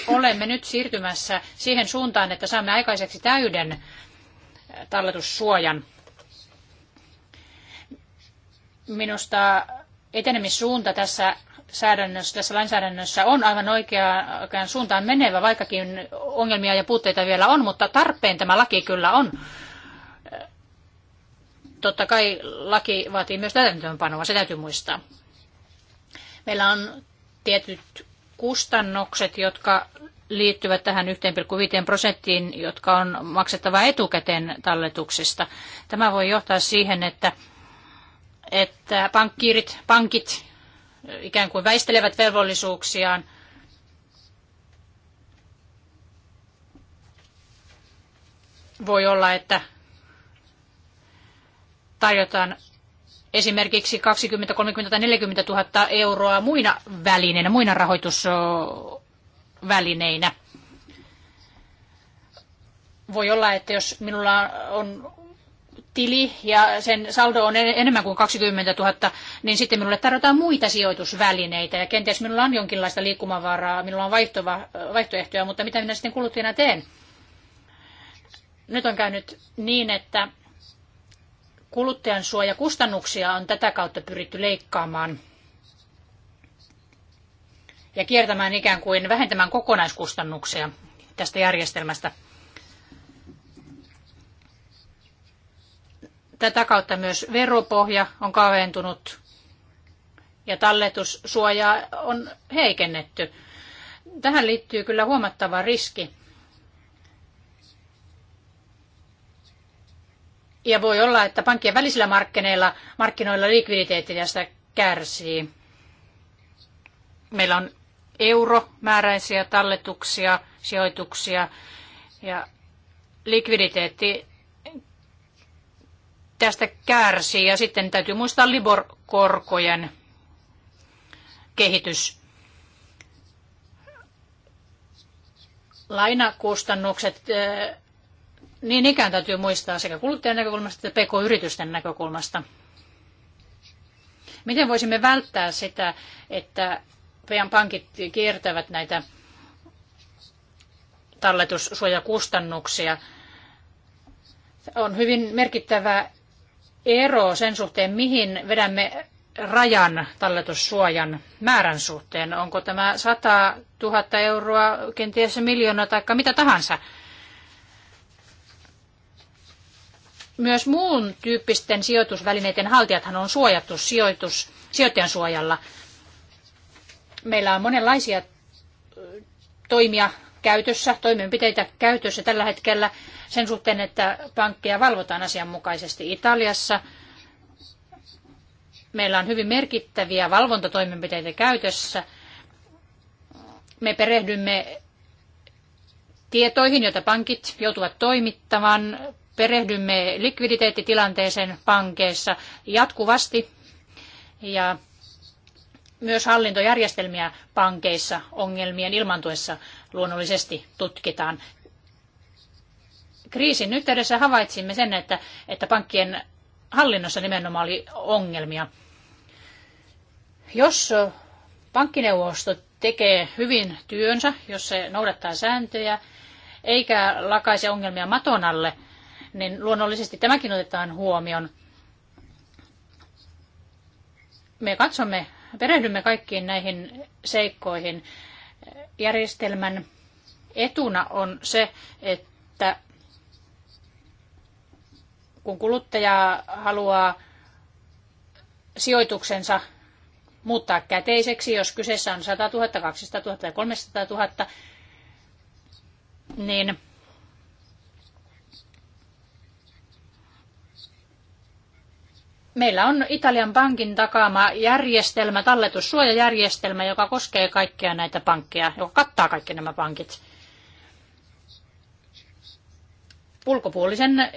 S3: olemme nyt siirtymässä siihen suuntaan, että saamme aikaiseksi täyden talletussuojan. Minusta etenemissuunta tässä säädännössä, tässä lainsäädännössä on aivan oikeaan suuntaan menevä, vaikkakin ongelmia ja puutteita vielä on, mutta tarpeen tämä laki kyllä on. Totta kai laki vaatii myös täytäntöönpanoa, se täytyy muistaa. Meillä on tietyt kustannukset, jotka liittyvät tähän 1,5 prosenttiin, jotka on maksettava etukäteen talletuksista. Tämä voi johtaa siihen, että, että pankkiirit, pankit ikään kuin väistelevät velvollisuuksiaan voi olla, että tarjotaan esimerkiksi 20, 30 tai 40 000 euroa muina välineinä, muina rahoitus välineinä. Voi olla, että jos minulla on tili ja sen saldo on enemmän kuin 20 000, niin sitten minulle tarjotaan muita sijoitusvälineitä ja kenties minulla on jonkinlaista liikkumavaraa, minulla on vaihtova, vaihtoehtoja, mutta mitä minä sitten kuluttajana teen? Nyt on käynyt niin, että kuluttajan suojakustannuksia on tätä kautta pyritty leikkaamaan – ja kiertämään ikään kuin vähentämään kokonaiskustannuksia tästä järjestelmästä. Tätä kautta myös veropohja on kaventunut ja talletussuojaa on heikennetty. Tähän liittyy kyllä huomattava riski. Ja voi olla, että pankkien välisillä markkinoilla, markkinoilla likviditeetti tästä kärsii. Meillä on euromääräisiä talletuksia, sijoituksia ja likviditeetti tästä kärsii. Ja sitten täytyy muistaa Libor-korkojen kehitys. Lainakustannukset, eh, niin ikään täytyy muistaa sekä kuluttajan näkökulmasta että pk-yritysten näkökulmasta. Miten voisimme välttää sitä, että pian pankit kiertävät näitä talletussuojakustannuksia. On hyvin merkittävä ero sen suhteen, mihin vedämme rajan talletussuojan määrän suhteen. Onko tämä 100 000 euroa, kenties miljoona tai mitä tahansa. Myös muun tyyppisten sijoitusvälineiden haltijathan on suojattu sijoitus, sijoittajan suojalla – Meillä on monenlaisia toimia käytössä, toimenpiteitä käytössä tällä hetkellä sen suhteen, että pankkeja valvotaan asianmukaisesti Italiassa. Meillä on hyvin merkittäviä valvontatoimenpiteitä käytössä. Me perehdymme tietoihin, joita pankit joutuvat toimittamaan. Perehdymme likviditeettitilanteeseen pankeissa jatkuvasti ja myös hallintojärjestelmiä pankeissa ongelmien ilmantuessa luonnollisesti tutkitaan. Kriisin yhteydessä havaitsimme sen, että, että pankkien hallinnossa nimenomaan oli ongelmia. Jos pankkineuvosto tekee hyvin työnsä, jos se noudattaa sääntöjä, eikä lakaise ongelmia maton alle, niin luonnollisesti tämäkin otetaan huomioon. Me katsomme perehdymme kaikkiin näihin seikkoihin, järjestelmän etuna on se, että kun kuluttaja haluaa sijoituksensa muuttaa käteiseksi, jos kyseessä on 100 000, 200 000 tai 300 000, niin Meillä on Italian pankin takaama järjestelmä, talletussuojajärjestelmä, joka koskee kaikkia näitä pankkeja, joka kattaa kaikki nämä pankit. Ulkopuolisen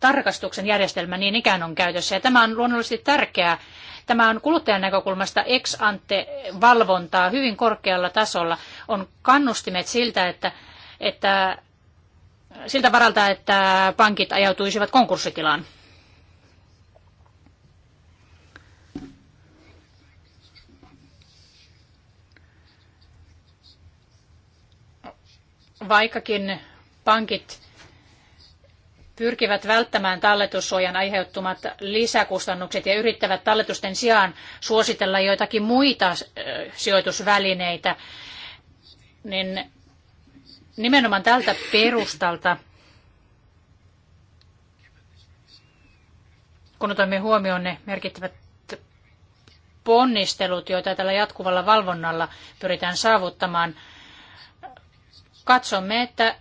S3: tarkastuksen järjestelmä niin ikään on käytössä ja tämä on luonnollisesti tärkeää. Tämä on kuluttajan näkökulmasta ex ante valvontaa hyvin korkealla tasolla. On kannustimet siltä, että, että siltä varalta, että pankit ajautuisivat konkurssitilaan. Vaikkakin pankit pyrkivät välttämään talletussuojan aiheuttamat lisäkustannukset ja yrittävät talletusten sijaan suositella joitakin muita sijoitusvälineitä, niin nimenomaan tältä perustalta, kun otamme huomioon ne merkittävät ponnistelut, joita tällä jatkuvalla valvonnalla pyritään saavuttamaan – katsomme, että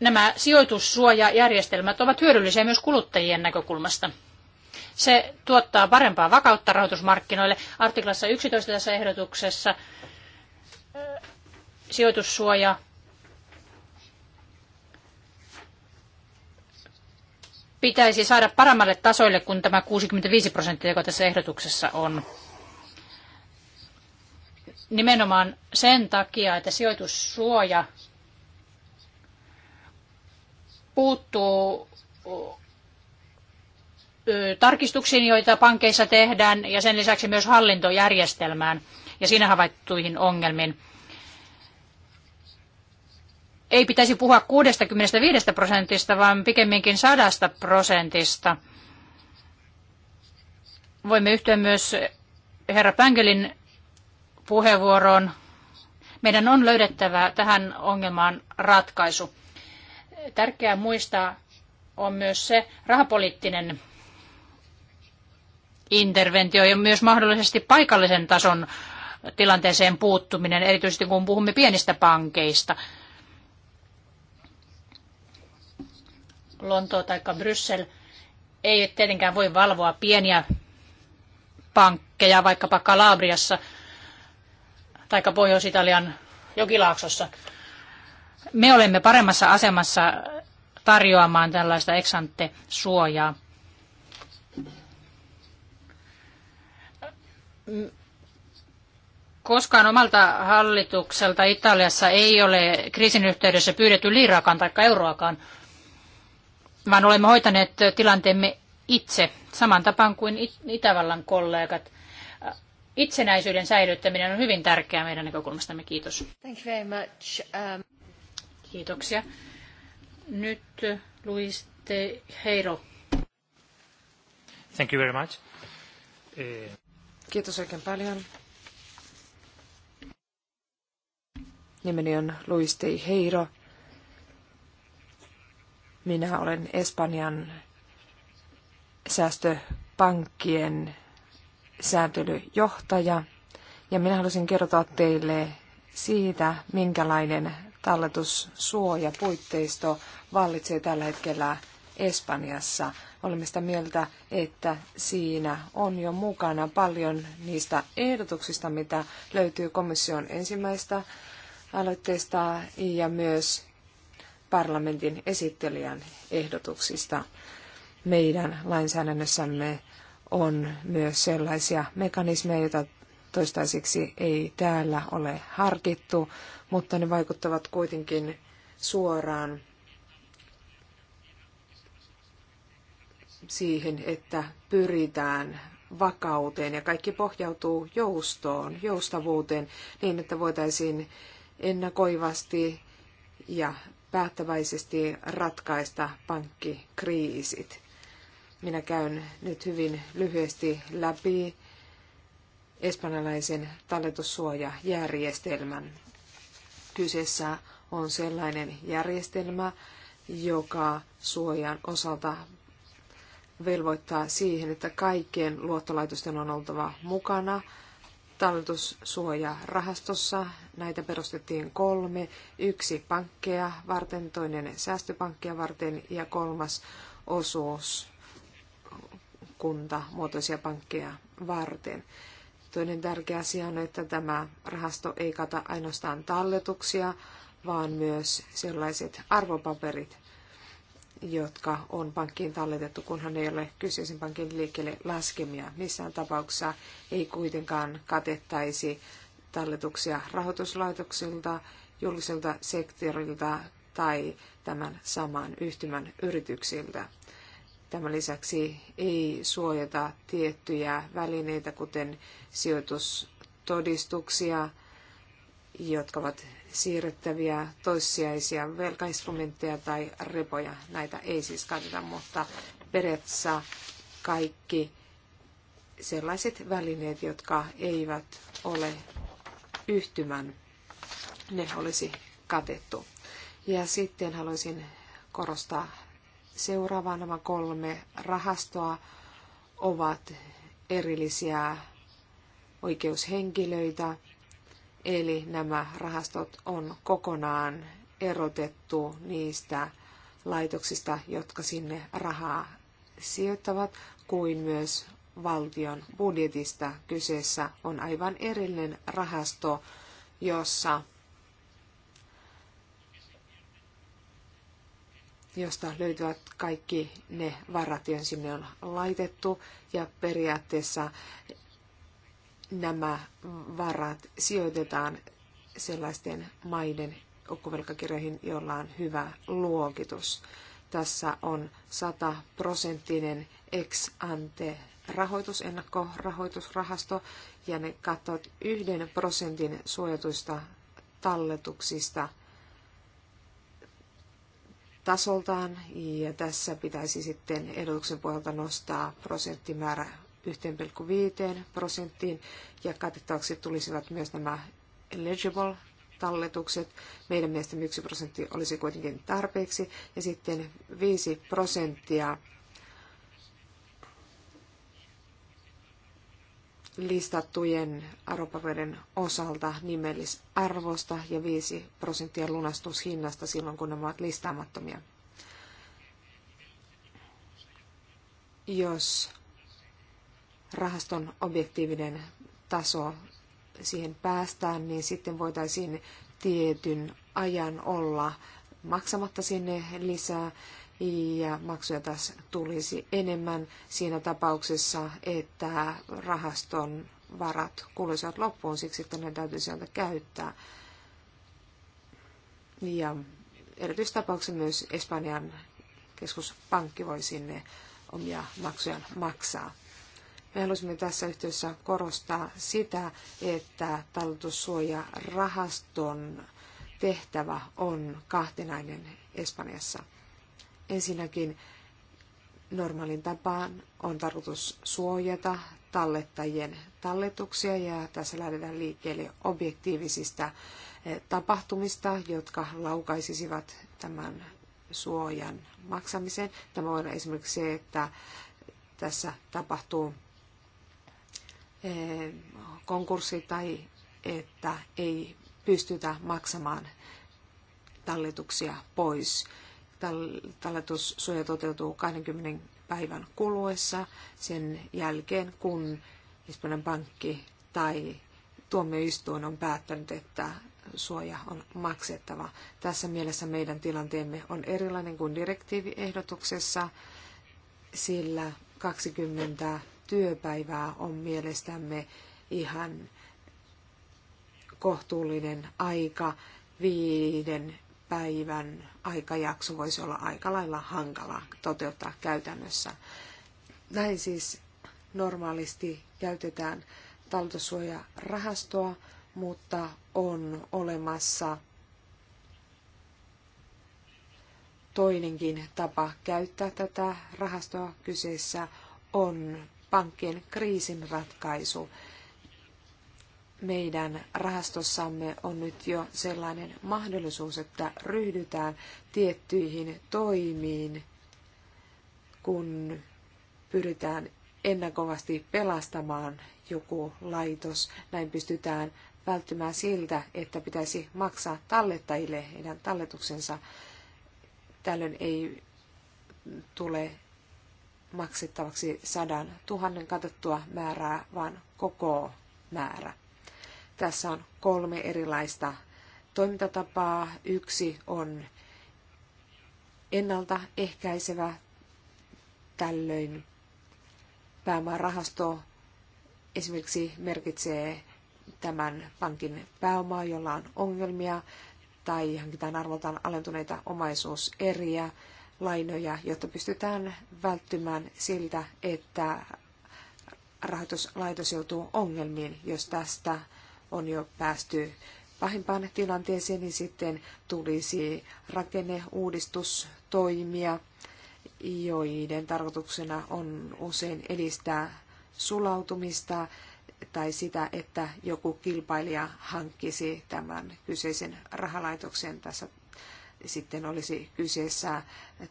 S3: nämä sijoitussuojajärjestelmät ovat hyödyllisiä myös kuluttajien näkökulmasta. Se tuottaa parempaa vakautta rahoitusmarkkinoille. Artiklassa 11 tässä ehdotuksessa sijoitussuoja pitäisi saada paremmalle tasolle kuin tämä 65 prosenttia, joka tässä ehdotuksessa on nimenomaan sen takia, että sijoitussuoja puuttuu tarkistuksiin, joita pankeissa tehdään, ja sen lisäksi myös hallintojärjestelmään ja siinä havaittuihin ongelmiin. Ei pitäisi puhua 65 prosentista, vaan pikemminkin 100 prosentista. Voimme yhtyä myös herra Pängelin puheenvuoroon. Meidän on löydettävä tähän ongelmaan ratkaisu. Tärkeää muistaa on myös se rahapoliittinen interventio ja myös mahdollisesti paikallisen tason tilanteeseen puuttuminen, erityisesti kun puhumme pienistä pankeista. Lontoa tai Bryssel ei tietenkään voi valvoa pieniä pankkeja vaikkapa Kalabriassa – tai Pohjois-Italian jokilaaksossa. Me olemme paremmassa asemassa tarjoamaan tällaista eksante suojaa. Koskaan omalta hallitukselta Italiassa ei ole kriisin yhteydessä pyydetty liiraakaan tai euroakaan, vaan olemme hoitaneet tilanteemme itse, saman tapaan kuin Itävallan kollegat itsenäisyyden säilyttäminen on hyvin tärkeää meidän näkökulmastamme. Kiitos. Thank you very much. Um... Kiitoksia. Nyt Luis de Heiro.
S4: Thank you very much. Eh,
S2: Kiitos oikein paljon. Nimeni on Luis de Heiro. Minä olen Espanjan säästöpankkien sääntelyjohtaja ja minä halusin kertoa teille siitä, minkälainen talletussuoja puitteisto vallitsee tällä hetkellä Espanjassa. Olemme sitä mieltä, että siinä on jo mukana paljon niistä ehdotuksista, mitä löytyy komission ensimmäistä aloitteesta ja myös parlamentin esittelijän ehdotuksista. Meidän lainsäädännössämme on myös sellaisia mekanismeja, joita toistaiseksi ei täällä ole harkittu, mutta ne vaikuttavat kuitenkin suoraan siihen, että pyritään vakauteen ja kaikki pohjautuu joustoon, joustavuuteen niin, että voitaisiin ennakoivasti ja päättäväisesti ratkaista pankkikriisit. Minä käyn nyt hyvin lyhyesti läpi espanjalaisen talletussuojajärjestelmän. Kyseessä on sellainen järjestelmä, joka suojan osalta velvoittaa siihen, että kaikkien luottolaitosten on oltava mukana talletussuojarahastossa. Näitä perustettiin kolme. Yksi pankkeja varten, toinen säästöpankkeja varten ja kolmas osuus kuntamuotoisia pankkeja varten. Toinen tärkeä asia on, että tämä rahasto ei kata ainoastaan talletuksia, vaan myös sellaiset arvopaperit, jotka on pankkiin talletettu, kunhan ei ole kyseisen pankin liikkeelle laskemia. Missään tapauksessa ei kuitenkaan katettaisi talletuksia rahoituslaitoksilta, julkiselta sektorilta tai tämän saman yhtymän yrityksiltä. Tämän lisäksi ei suojata tiettyjä välineitä, kuten sijoitustodistuksia, jotka ovat siirrettäviä toissijaisia velkainstrumentteja tai repoja. Näitä ei siis katsota, mutta periaatteessa kaikki sellaiset välineet, jotka eivät ole yhtymän, ne olisi katettu. Ja sitten haluaisin korostaa Seuraava nämä kolme rahastoa ovat erillisiä oikeushenkilöitä, eli nämä rahastot on kokonaan erotettu niistä laitoksista, jotka sinne rahaa sijoittavat, kuin myös valtion budjetista. Kyseessä on aivan erillinen rahasto, jossa josta löytyvät kaikki ne varat, joihin sinne on laitettu. Ja periaatteessa nämä varat sijoitetaan sellaisten maiden okkuvelkakirjoihin, joilla on hyvä luokitus. Tässä on 100 prosenttinen ex ante rahoitus, ennakkorahoitusrahasto, ja ne katsovat yhden prosentin suojatuista talletuksista – tasoltaan ja tässä pitäisi sitten ehdotuksen pohjalta nostaa prosenttimäärä 1,5 prosenttiin ja katettavaksi tulisivat myös nämä eligible talletukset. Meidän mielestämme 1 prosentti olisi kuitenkin tarpeeksi ja sitten 5 prosenttia listattujen arvopapereiden osalta nimellisarvosta ja 5 prosenttia lunastushinnasta silloin, kun ne ovat listaamattomia. Jos rahaston objektiivinen taso siihen päästään, niin sitten voitaisiin tietyn ajan olla maksamatta sinne lisää ja maksuja taas tulisi enemmän siinä tapauksessa, että rahaston varat kuluisivat loppuun siksi, että ne täytyisi sieltä käyttää. Ja erityistapauksessa myös Espanjan keskuspankki voi sinne omia maksujaan maksaa. Me halusimme tässä yhteydessä korostaa sitä, että talletussuojarahaston tehtävä on kahtenainen Espanjassa. Ensinnäkin normaalin tapaan on tarkoitus suojata tallettajien talletuksia ja tässä lähdetään liikkeelle objektiivisista eh, tapahtumista, jotka laukaisisivat tämän suojan maksamiseen. Tämä on esimerkiksi se, että tässä tapahtuu eh, konkurssi tai että ei pystytä maksamaan talletuksia pois talletussuoja toteutuu 20 päivän kuluessa sen jälkeen, kun Espanjan pankki tai tuomioistuin on päättänyt, että suoja on maksettava. Tässä mielessä meidän tilanteemme on erilainen kuin direktiiviehdotuksessa, sillä 20 työpäivää on mielestämme ihan kohtuullinen aika viiden päivän aikajakso voisi olla aika lailla hankala toteuttaa käytännössä. Näin siis normaalisti käytetään talletussuojarahastoa, mutta on olemassa toinenkin tapa käyttää tätä rahastoa. Kyseessä on pankkien kriisinratkaisu. ratkaisu meidän rahastossamme on nyt jo sellainen mahdollisuus, että ryhdytään tiettyihin toimiin, kun pyritään ennakovasti pelastamaan joku laitos. Näin pystytään välttymään siltä, että pitäisi maksaa tallettajille heidän talletuksensa. Tällöin ei tule maksettavaksi sadan tuhannen katettua määrää, vaan koko määrä. Tässä on kolme erilaista toimintatapaa. Yksi on ennaltaehkäisevä tällöin pääomarahasto esimerkiksi merkitsee tämän pankin pääomaa, jolla on ongelmia, tai hankitaan arvoltaan alentuneita omaisuuseriä, lainoja, jotta pystytään välttymään siltä, että rahoituslaitos joutuu ongelmiin, jos tästä on jo päästy pahimpaan tilanteeseen, niin sitten tulisi rakenneuudistustoimia, joiden tarkoituksena on usein edistää sulautumista tai sitä, että joku kilpailija hankkisi tämän kyseisen rahalaitoksen. Tässä sitten olisi kyseessä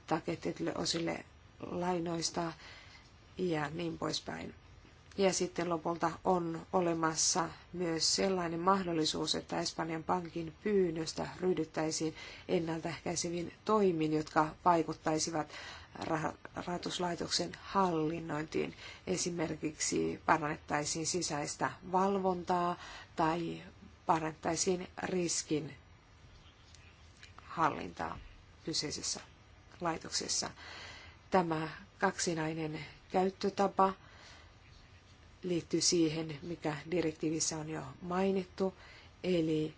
S2: takeetetille osille lainoista ja niin poispäin. Ja sitten lopulta on olemassa myös sellainen mahdollisuus, että Espanjan pankin pyynnöstä ryhdyttäisiin ennaltaehkäiseviin toimiin, jotka vaikuttaisivat rahoituslaitoksen hallinnointiin. Esimerkiksi parannettaisiin sisäistä valvontaa tai parannettaisiin riskin hallintaa kyseisessä laitoksessa. Tämä kaksinainen käyttötapa – liittyy siihen, mikä direktiivissä on jo mainittu, eli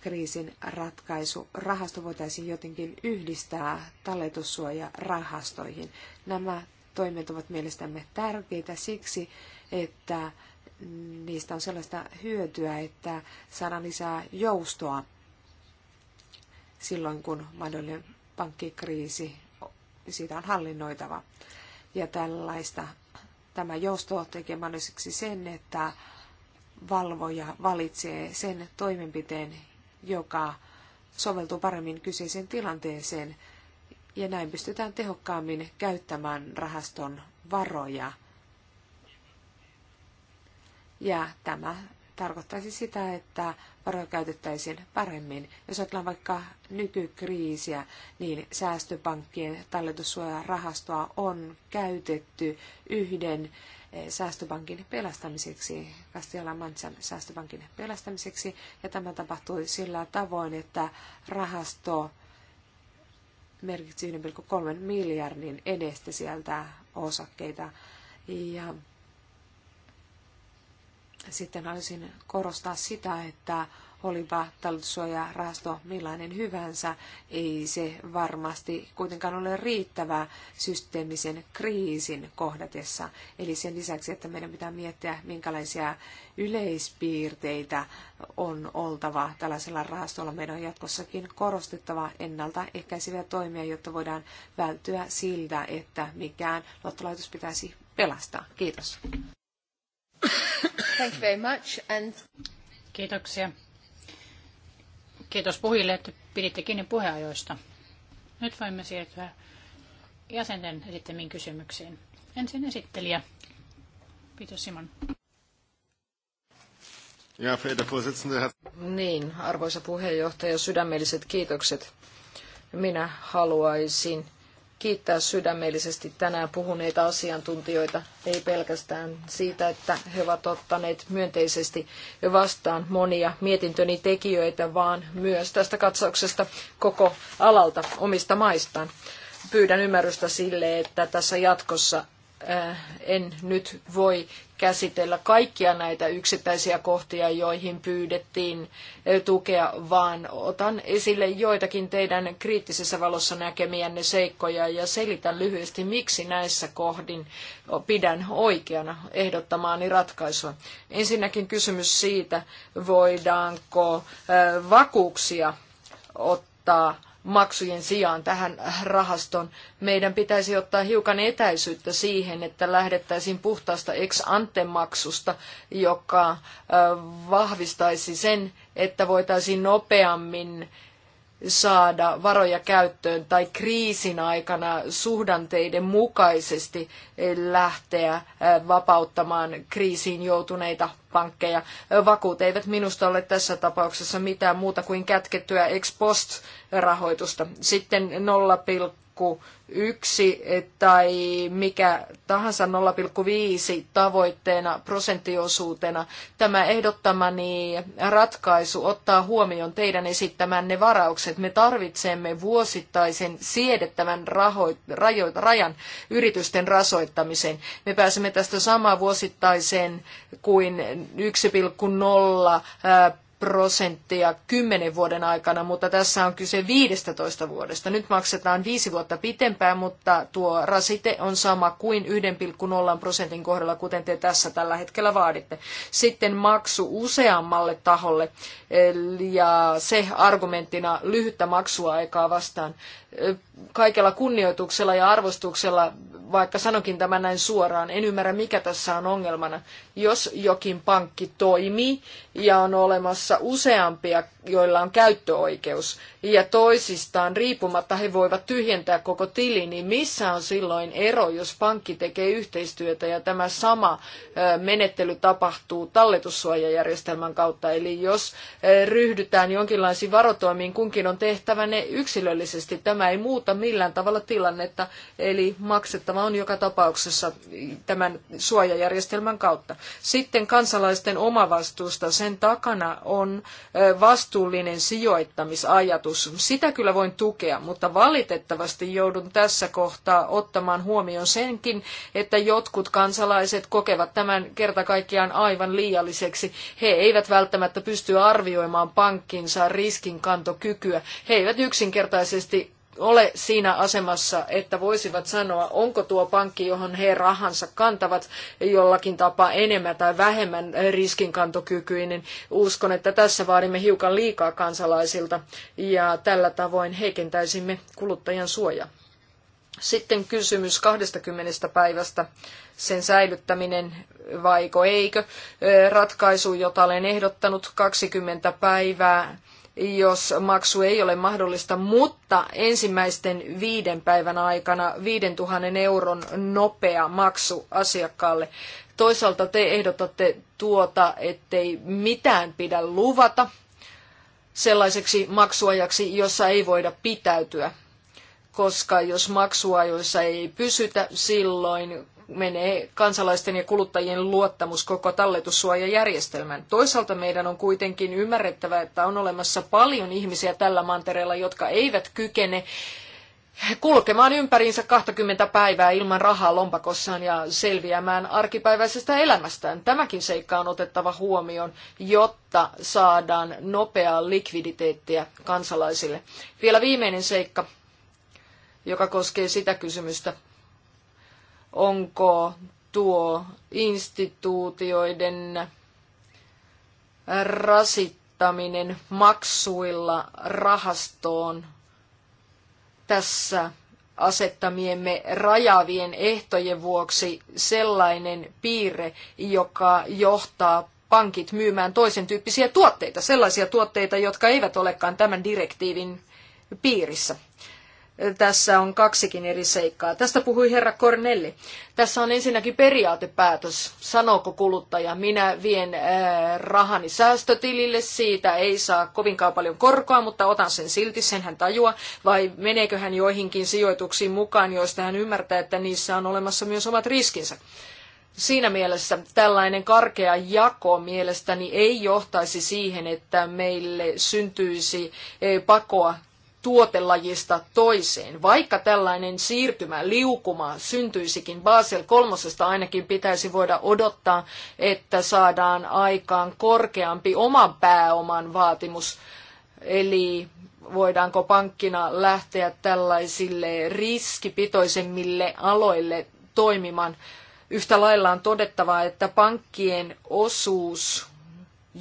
S2: kriisin ratkaisu. Rahasto voitaisiin jotenkin yhdistää talletussuoja-rahastoihin. Nämä toimet ovat mielestämme tärkeitä siksi, että niistä on sellaista hyötyä, että saadaan lisää joustoa silloin, kun mahdollinen pankkikriisi, siitä on hallinnoitava. Ja tällaista Tämä jousto tekee mahdolliseksi sen, että valvoja valitsee sen toimenpiteen, joka soveltuu paremmin kyseiseen tilanteeseen, ja näin pystytään tehokkaammin käyttämään rahaston varoja. Ja tämä tarkoittaisi sitä, että varoja käytettäisiin paremmin. Jos ajatellaan vaikka nykykriisiä, niin säästöpankkien talletussuojarahastoa on käytetty yhden eh, säästöpankin pelastamiseksi, Castilla Manchan säästöpankin pelastamiseksi, ja tämä tapahtui sillä tavoin, että rahasto merkitsi 1,3 miljardin edestä sieltä osakkeita, ja sitten haluaisin korostaa sitä, että olipa rahasto millainen hyvänsä, ei se varmasti kuitenkaan ole riittävä systeemisen kriisin kohdatessa. Eli sen lisäksi, että meidän pitää miettiä, minkälaisia yleispiirteitä on oltava tällaisella rahastolla. Meidän on jatkossakin korostettava ennaltaehkäiseviä toimia, jotta voidaan välttyä siltä, että mikään lottolaitos pitäisi pelastaa. Kiitos.
S1: Thank you very much and...
S3: Kiitoksia. Kiitos puhujille, että piditte kiinni puheajoista. Nyt voimme siirtyä jäsenten esittämiin kysymyksiin. Ensin esittelijä. Peter Simon.
S4: Ja,
S1: niin, arvoisa puheenjohtaja, sydämelliset kiitokset. Minä haluaisin kiittää sydämellisesti tänään puhuneita asiantuntijoita, ei pelkästään siitä, että he ovat ottaneet myönteisesti vastaan monia mietintöni tekijöitä, vaan myös tästä katsauksesta koko alalta omista maistaan. Pyydän ymmärrystä sille, että tässä jatkossa Äh, en nyt voi käsitellä kaikkia näitä yksittäisiä kohtia, joihin pyydettiin äh, tukea, vaan otan esille joitakin teidän kriittisessä valossa näkemiänne seikkoja ja selitän lyhyesti, miksi näissä kohdin pidän oikeana ehdottamaani ratkaisua. Ensinnäkin kysymys siitä, voidaanko äh, vakuuksia ottaa maksujen sijaan tähän rahastoon. Meidän pitäisi ottaa hiukan etäisyyttä siihen, että lähdettäisiin puhtaasta ex ante maksusta, joka vahvistaisi sen, että voitaisiin nopeammin saada varoja käyttöön tai kriisin aikana suhdanteiden mukaisesti lähteä äh, vapauttamaan kriisiin joutuneita pankkeja. Äh, vakuut eivät minusta ole tässä tapauksessa mitään muuta kuin kätkettyä ex post rahoitusta. Sitten 0, yksi tai mikä tahansa 0,5 tavoitteena prosenttiosuutena. Tämä ehdottamani ratkaisu ottaa huomioon teidän esittämänne varaukset. Me tarvitsemme vuosittaisen siedettävän rajan yritysten rasoittamiseen. Me pääsemme tästä samaan vuosittaiseen kuin 1,0 prosenttia kymmenen vuoden aikana, mutta tässä on kyse 15 vuodesta. Nyt maksetaan viisi vuotta pitempään, mutta tuo rasite on sama kuin 1,0 prosentin kohdalla, kuten te tässä tällä hetkellä vaaditte. Sitten maksu useammalle taholle ja se argumenttina lyhyttä maksuaikaa vastaan kaikella kunnioituksella ja arvostuksella, vaikka sanokin tämän näin suoraan, en ymmärrä mikä tässä on ongelmana. Jos jokin pankki toimii ja on olemassa useampia, joilla on käyttöoikeus, ja toisistaan riippumatta he voivat tyhjentää koko tili, niin missä on silloin ero, jos pankki tekee yhteistyötä ja tämä sama menettely tapahtuu talletussuojajärjestelmän kautta. Eli jos ryhdytään jonkinlaisiin varotoimiin, kunkin on tehtävä ne yksilöllisesti. Tämä ei muuta millään tavalla tilannetta, eli maksettava on joka tapauksessa tämän suojajärjestelmän kautta. Sitten kansalaisten omavastuusta, sen takana on vastuullinen sijoittamisajatus. Sitä kyllä voin tukea, mutta valitettavasti joudun tässä kohtaa ottamaan huomioon senkin, että jotkut kansalaiset kokevat tämän kerta kaikkiaan aivan liialliseksi. He eivät välttämättä pysty arvioimaan pankkinsa riskinkantokykyä. He eivät yksinkertaisesti ole siinä asemassa, että voisivat sanoa, onko tuo pankki, johon he rahansa kantavat, jollakin tapaa enemmän tai vähemmän riskinkantokykyinen. Uskon, että tässä vaadimme hiukan liikaa kansalaisilta ja tällä tavoin heikentäisimme kuluttajan suojaa. Sitten kysymys 20 päivästä, sen säilyttäminen vaiko eikö. Ratkaisu, jota olen ehdottanut, 20 päivää jos maksu ei ole mahdollista, mutta ensimmäisten viiden päivän aikana 5000 euron nopea maksu asiakkaalle. Toisaalta te ehdotatte tuota, ettei mitään pidä luvata sellaiseksi maksuajaksi, jossa ei voida pitäytyä koska jos maksuajoissa ei pysytä, silloin menee kansalaisten ja kuluttajien luottamus koko talletussuojajärjestelmän. Toisaalta meidän on kuitenkin ymmärrettävä, että on olemassa paljon ihmisiä tällä mantereella, jotka eivät kykene kulkemaan ympäriinsä 20 päivää ilman rahaa lompakossaan ja selviämään arkipäiväisestä elämästään. Tämäkin seikka on otettava huomioon, jotta saadaan nopeaa likviditeettiä kansalaisille. Vielä viimeinen seikka, joka koskee sitä kysymystä, onko tuo instituutioiden rasittaminen maksuilla rahastoon tässä asettamiemme rajavien ehtojen vuoksi sellainen piirre, joka johtaa pankit myymään toisen tyyppisiä tuotteita, sellaisia tuotteita, jotka eivät olekaan tämän direktiivin piirissä. Tässä on kaksikin eri seikkaa. Tästä puhui herra Cornelli. Tässä on ensinnäkin periaatepäätös. Sanooko kuluttaja, minä vien äh, rahani säästötilille, siitä ei saa kovinkaan paljon korkoa, mutta otan sen silti, sen hän tajua. Vai meneekö hän joihinkin sijoituksiin mukaan, joista hän ymmärtää, että niissä on olemassa myös omat riskinsä. Siinä mielessä tällainen karkea jako mielestäni ei johtaisi siihen, että meille syntyisi eh, pakoa tuotelajista toiseen. Vaikka tällainen siirtymä, liukuma syntyisikin Basel kolmosesta ainakin pitäisi voida odottaa, että saadaan aikaan korkeampi oman pääoman vaatimus. Eli voidaanko pankkina lähteä tällaisille riskipitoisemmille aloille toimimaan. Yhtä lailla on todettava, että pankkien osuus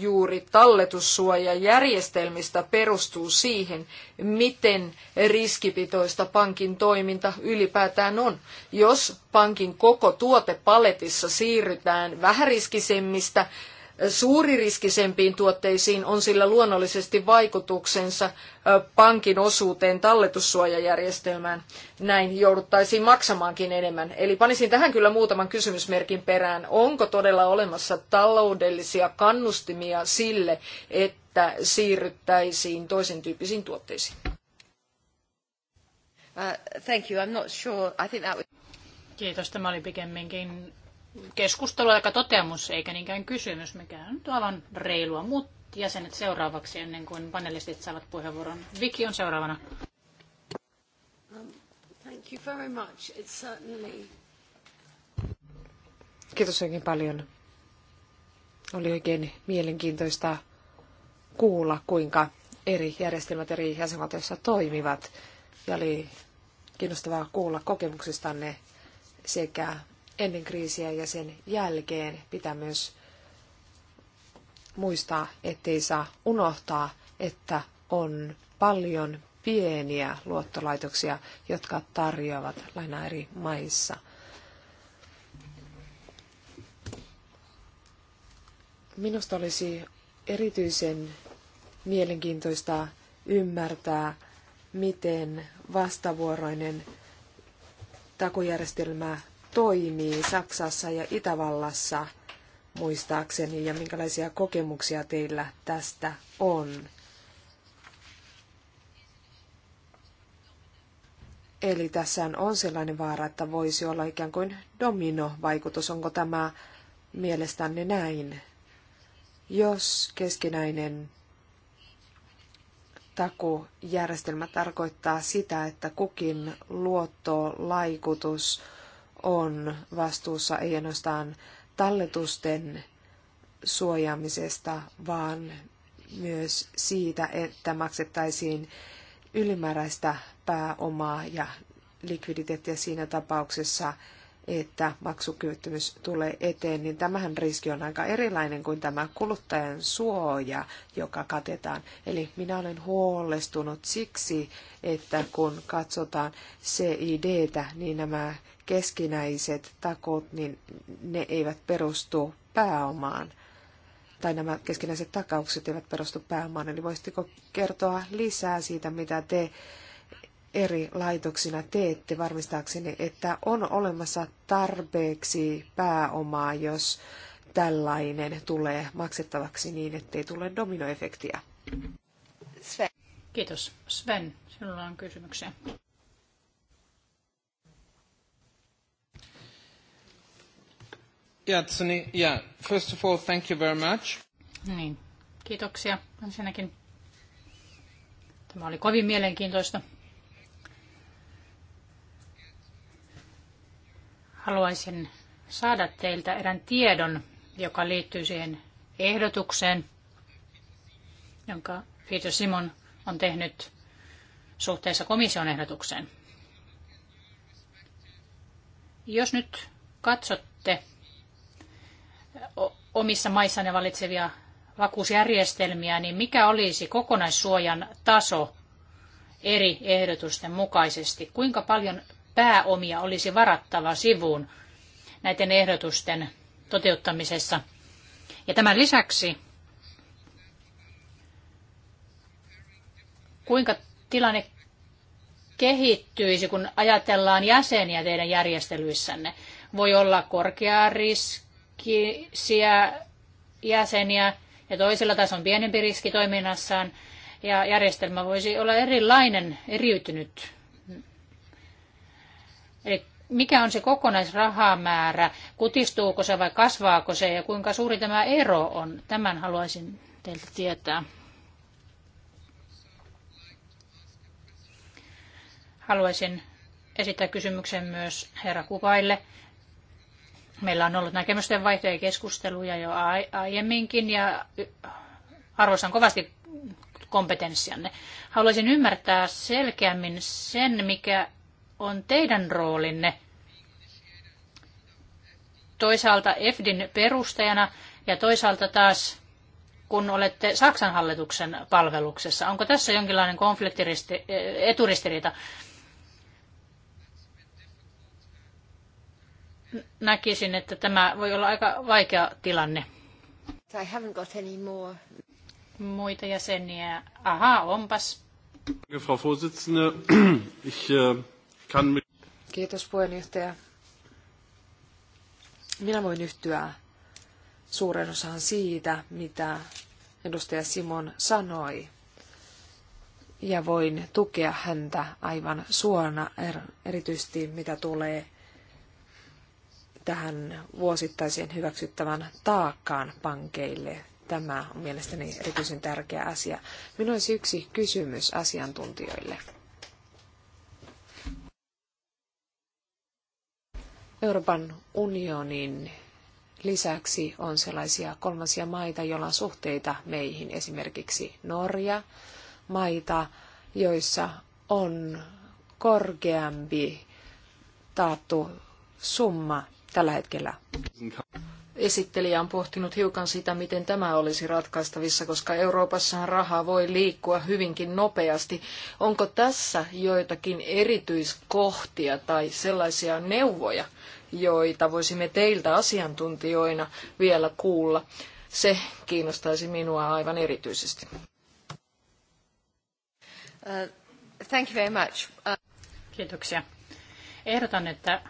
S1: juuri talletussuojajärjestelmistä perustuu siihen, miten riskipitoista pankin toiminta ylipäätään on. Jos pankin koko tuotepaletissa siirrytään vähäriskisemmistä Suuririskisempiin tuotteisiin on sillä luonnollisesti vaikutuksensa pankin osuuteen talletussuojajärjestelmään. Näin jouduttaisiin maksamaankin enemmän. Eli panisin tähän kyllä muutaman kysymysmerkin perään. Onko todella olemassa taloudellisia kannustimia sille, että siirryttäisiin toisen tyyppisiin tuotteisiin? Uh, thank you. I'm not sure. I think
S3: that would... Kiitos. Tämä oli pikemminkin keskustelu aika toteamus, eikä niinkään kysymys, mikä on nyt aivan reilua. Mut jäsenet seuraavaksi ennen kuin panelistit saavat puheenvuoron. Viki on seuraavana.
S1: Um, thank you very much. It's certainly...
S3: Kiitos oikein paljon.
S2: Oli oikein mielenkiintoista kuulla, kuinka eri järjestelmät eri jäsenvaltioissa toimivat. Ja oli kiinnostavaa kuulla kokemuksistanne sekä ennen kriisiä ja sen jälkeen pitää myös muistaa, ettei saa unohtaa, että on paljon pieniä luottolaitoksia, jotka tarjoavat lainaa eri maissa. Minusta olisi erityisen mielenkiintoista ymmärtää, miten vastavuoroinen takojärjestelmä toimii Saksassa ja Itävallassa muistaakseni ja minkälaisia kokemuksia teillä tästä on. Eli tässä on sellainen vaara, että voisi olla ikään kuin dominovaikutus. Onko tämä mielestänne näin? Jos keskinäinen takujärjestelmä tarkoittaa sitä, että kukin luottolaikutus laikutus on vastuussa ei ainoastaan talletusten suojaamisesta, vaan myös siitä, että maksettaisiin ylimääräistä pääomaa ja likviditeettiä siinä tapauksessa, että maksukyvyttömyys tulee eteen, niin tämähän riski on aika erilainen kuin tämä kuluttajan suoja, joka katetaan. Eli minä olen huolestunut siksi, että kun katsotaan CID, niin nämä keskinäiset takot, niin ne eivät perustu pääomaan. Tai nämä keskinäiset takaukset eivät perustu pääomaan. Eli voisitteko kertoa lisää siitä, mitä te eri laitoksina teette varmistaakseni, että on olemassa tarpeeksi pääomaa, jos tällainen tulee maksettavaksi niin, ettei tule dominoefektiä?
S1: Sven.
S3: Kiitos. Sven, sinulla on kysymyksiä.
S4: Yeah, Tsuni, yeah. First of all,
S1: thank you very much. No niin.
S3: Kiitoksia ensinnäkin. Tämä oli kovin mielenkiintoista. Haluaisin saada teiltä erään tiedon, joka liittyy siihen ehdotukseen, jonka Peter Simon on tehnyt suhteessa komission ehdotukseen. Jos nyt katsotte omissa ne valitsevia vakuusjärjestelmiä, niin mikä olisi kokonaissuojan taso eri ehdotusten mukaisesti? Kuinka paljon pääomia olisi varattava sivuun näiden ehdotusten toteuttamisessa? Ja tämän lisäksi, kuinka tilanne kehittyisi, kun ajatellaan jäseniä teidän järjestelyissänne? Voi olla korkeaa riski riskisiä jäseniä ja toisella taas on pienempi riski toiminnassaan ja järjestelmä voisi olla erilainen, eriytynyt. Eli mikä on se kokonaisrahamäärä, kutistuuko se vai kasvaako se ja kuinka suuri tämä ero on? Tämän haluaisin teiltä tietää. Haluaisin esittää kysymyksen myös herra Kukaille. Meillä on ollut näkemysten vaihtoja ja keskusteluja jo aiemminkin ja arvostan kovasti kompetenssianne. Haluaisin ymmärtää selkeämmin sen, mikä on teidän roolinne toisaalta EFDin perustajana ja toisaalta taas kun olette Saksan hallituksen palveluksessa. Onko tässä jonkinlainen konflikti, e- eturistiriita? näkisin, että tämä voi olla aika vaikea tilanne. I haven't got any more. Muita jäseniä. Aha, onpas. (clears throat) Äh, Kiitos puheenjohtaja.
S2: Minä voin yhtyä suuren osaan siitä, mitä edustaja Simon sanoi. Ja voin tukea häntä aivan suorana, er- erityisesti mitä tulee tähän vuosittaiseen hyväksyttävän taakkaan pankeille. Tämä on mielestäni erityisen tärkeä asia. Minulla olisi yksi kysymys asiantuntijoille. Euroopan unionin lisäksi on sellaisia kolmansia maita, joilla on suhteita meihin, esimerkiksi Norja, maita, joissa on korkeampi taattu
S1: summa tällä hetkellä? Esittelijä on pohtinut hiukan sitä, miten tämä olisi ratkaistavissa, koska Euroopassahan raha voi liikkua hyvinkin nopeasti. Onko tässä joitakin erityiskohtia tai sellaisia neuvoja, joita voisimme teiltä asiantuntijoina vielä kuulla? Se kiinnostaisi minua aivan erityisesti. Uh,
S3: thank you very much. Uh... Kiitoksia. Ehdotan, että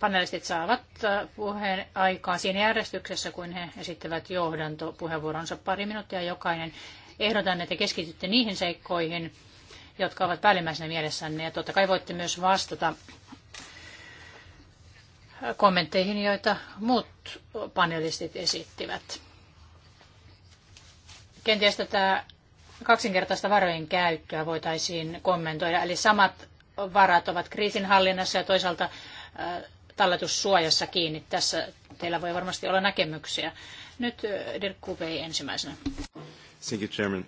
S3: panelistit saavat äh, puheen siinä järjestyksessä, kun he esittävät johdantopuheenvuoronsa pari minuuttia jokainen. Ehdotan, että keskitytte niihin seikkoihin, jotka ovat päällimmäisenä mielessänne. Ja totta kai voitte myös vastata kommentteihin, joita muut panelistit esittivät. Kenties tätä kaksinkertaista varojen käyttöä voitaisiin kommentoida, eli samat varat ovat kriisinhallinnassa ja toisaalta äh, talletussuojassa kiinni. Tässä teillä voi varmasti
S1: olla näkemyksiä. Nyt Dirk Kubei ensimmäisenä. Thank you, Chairman.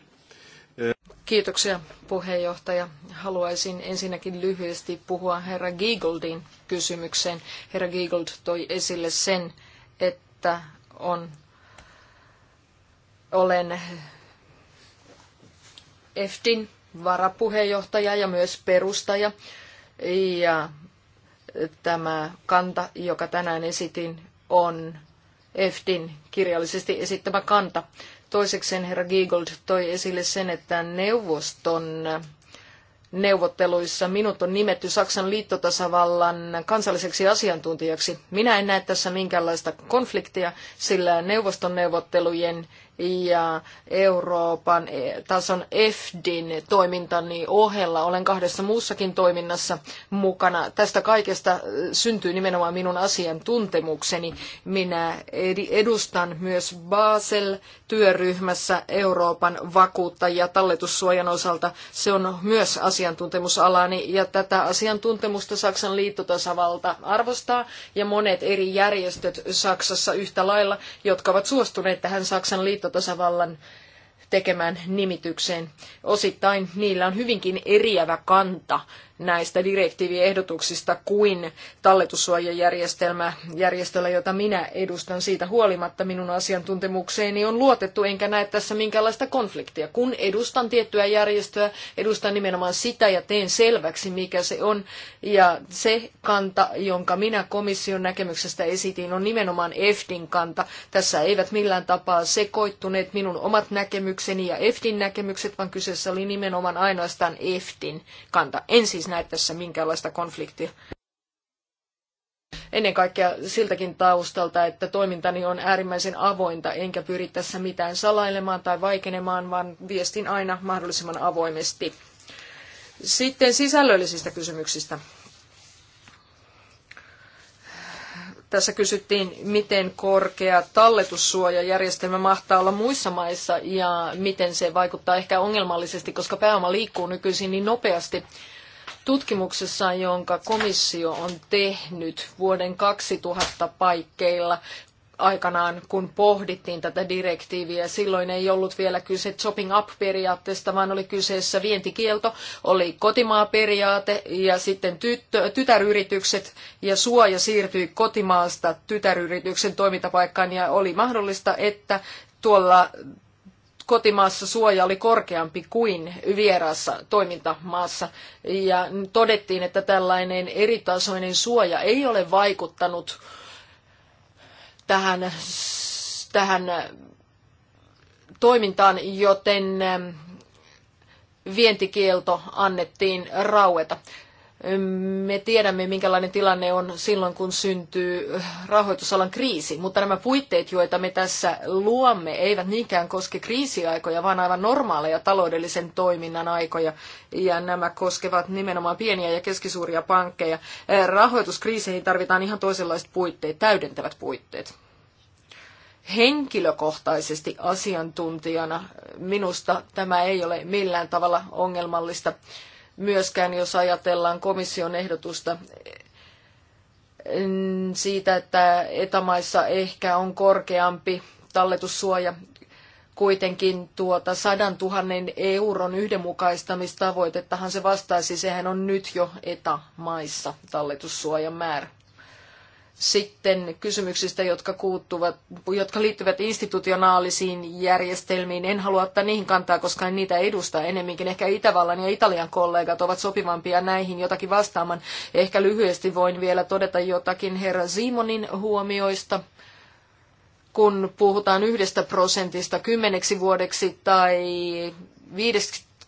S1: Kiitoksia puheenjohtaja. Haluaisin ensinnäkin lyhyesti puhua herra Giegoldin kysymykseen. Herra Giegold toi esille sen, että on, olen EFTin varapuheenjohtaja ja myös perustaja. Ja tämä kanta, joka tänään esitin, on EFTin kirjallisesti esittämä kanta. Toisekseen herra Giegold toi esille sen, että neuvoston neuvotteluissa minut on nimetty Saksan liittotasavallan kansalliseksi asiantuntijaksi. Minä en näe tässä minkäänlaista konfliktia, sillä neuvoston neuvottelujen ja Euroopan eh, tason EFDin toimintani ohella olen kahdessa muussakin toiminnassa mukana. Tästä kaikesta eh, syntyy nimenomaan minun asiantuntemukseni. Minä edustan myös Basel-työryhmässä Euroopan vakuuttajia talletussuojan osalta. Se on myös asiantuntemusalani ja tätä asiantuntemusta Saksan liittotasavalta arvostaa ja monet eri järjestöt Saksassa yhtä lailla, jotka ovat suostuneet tähän Saksan liittotasavaltaan liittotasavallan tekemään nimitykseen. Osittain niillä on hyvinkin eriävä kanta näistä direktiiviehdotuksista kuin talletussuojajärjestelmä, jota minä edustan. Siitä huolimatta minun asiantuntemukseeni on luotettu, enkä näe tässä minkäänlaista konfliktia. Kun edustan tiettyä järjestöä, edustan nimenomaan sitä ja teen selväksi, mikä se on. Ja se kanta, jonka minä komission näkemyksestä esitin, on nimenomaan EFDin kanta. Tässä eivät millään tapaa sekoittuneet minun omat näkemykseni ja EFDin näkemykset, vaan kyseessä oli nimenomaan ainoastaan EFDin kanta. En siis näe tässä minkäänlaista konfliktia. Ennen kaikkea siltäkin taustalta, että toimintani on äärimmäisen avointa, enkä pyri tässä mitään salailemaan tai vaikenemaan, vaan viestin aina mahdollisimman avoimesti. Sitten sisällöllisistä kysymyksistä. Tässä kysyttiin, miten korkea talletussuojajärjestelmä mahtaa olla muissa maissa ja miten se vaikuttaa ehkä ongelmallisesti, koska pääoma liikkuu nykyisin niin nopeasti, tutkimuksessa, jonka komissio on tehnyt vuoden 2000 paikkeilla aikanaan, kun pohdittiin tätä direktiiviä. Silloin ei ollut vielä kyse chopping up-periaatteesta, vaan oli kyseessä vientikielto, oli kotimaaperiaate ja sitten tyttö, tytäryritykset ja suoja siirtyi kotimaasta tytäryrityksen toimintapaikkaan ja oli mahdollista, että tuolla kotimaassa suoja oli korkeampi kuin vieraassa toimintamaassa. Ja todettiin, että tällainen eritasoinen suoja ei ole vaikuttanut tähän, tähän toimintaan, joten vientikielto annettiin raueta me tiedämme, minkälainen tilanne on silloin, kun syntyy rahoitusalan kriisi, mutta nämä puitteet, joita me tässä luomme, eivät niinkään koske kriisiaikoja, vaan aivan normaaleja taloudellisen toiminnan aikoja, ja nämä koskevat nimenomaan pieniä ja keskisuuria pankkeja. Rahoituskriiseihin tarvitaan ihan toisenlaiset puitteet, täydentävät puitteet henkilökohtaisesti asiantuntijana minusta tämä ei ole millään tavalla ongelmallista myöskään, jos ajatellaan komission ehdotusta siitä, että etämaissa ehkä on korkeampi talletussuoja kuitenkin tuota 100 000 euron yhdenmukaistamistavoitettahan se vastaisi, sehän on nyt jo etämaissa talletussuojan määrä. Sitten kysymyksistä, jotka, kuuttuvat, jotka liittyvät institutionaalisiin järjestelmiin. En halua ottaa niihin kantaa, koska en niitä edusta. Enemminkin ehkä Itävallan ja Italian kollegat ovat sopivampia näihin jotakin vastaamaan. Ehkä lyhyesti voin vielä todeta jotakin herra Simonin huomioista kun puhutaan yhdestä prosentista kymmeneksi vuodeksi tai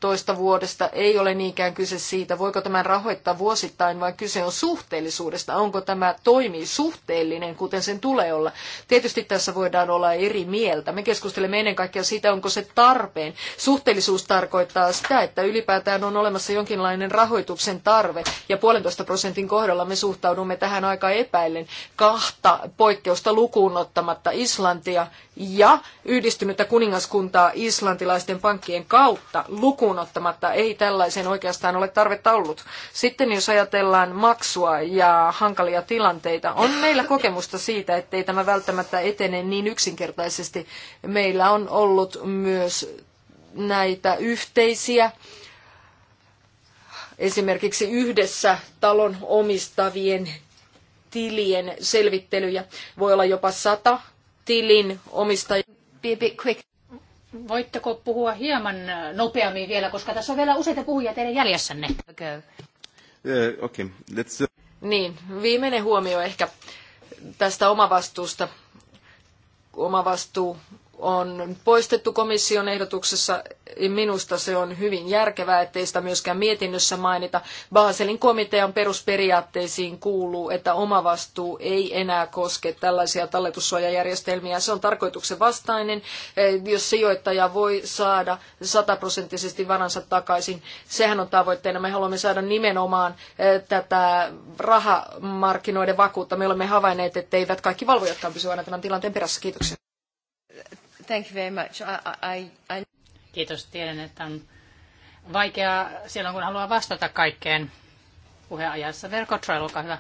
S1: toista vuodesta ei ole niinkään kyse siitä, voiko tämän rahoittaa vuosittain, vaan kyse on suhteellisuudesta. Onko tämä toimi suhteellinen, kuten sen tulee olla? Tietysti tässä voidaan olla eri mieltä. Me keskustelemme ennen kaikkea siitä, onko se tarpeen. Suhteellisuus tarkoittaa sitä, että ylipäätään on olemassa jonkinlainen rahoituksen tarve, ja puolentoista prosentin kohdalla me suhtaudumme tähän aika epäillen kahta poikkeusta lukuun ottamatta Islantia ja yhdistynyttä kuningaskuntaa islantilaisten pankkien kautta lukuun lukuun ottamatta ei tällaiseen oikeastaan ole tarvetta ollut. Sitten jos ajatellaan maksua ja hankalia tilanteita, on meillä kokemusta siitä, ettei tämä välttämättä etene niin yksinkertaisesti. Meillä on ollut myös näitä yhteisiä esimerkiksi yhdessä talon omistavien tilien selvittelyjä. Voi olla jopa sata tilin omistajia. Voitteko puhua hieman nopeammin vielä, koska tässä on vielä useita puhujia teidän jäljessänne. Okei, eh,
S4: okay. uh, okay. Let's...
S1: Niin, viimeinen huomio ehkä tästä omavastuusta. Omavastuu on poistettu komission ehdotuksessa. Minusta se on hyvin järkevää, ettei sitä myöskään mietinnössä mainita. Baselin komitean perusperiaatteisiin kuuluu, että omavastuu ei enää koske tällaisia talletussuojajärjestelmiä. Se on tarkoituksen vastainen, eh, jos sijoittaja voi saada sataprosenttisesti varansa takaisin. Sehän on tavoitteena. Me haluamme saada nimenomaan eh, tätä rahamarkkinoiden vakuutta. Me olemme havainneet, etteivät kaikki valvojatkaan pysy aina tämän tilanteen perässä. Kiitoksia.
S3: Thank you very much. I, I, I... Kiitos. Tiedän, että on vaikeaa silloin, kun haluaa vastata kaikkeen puheajassa. Verkotrail, olkaa hyvä.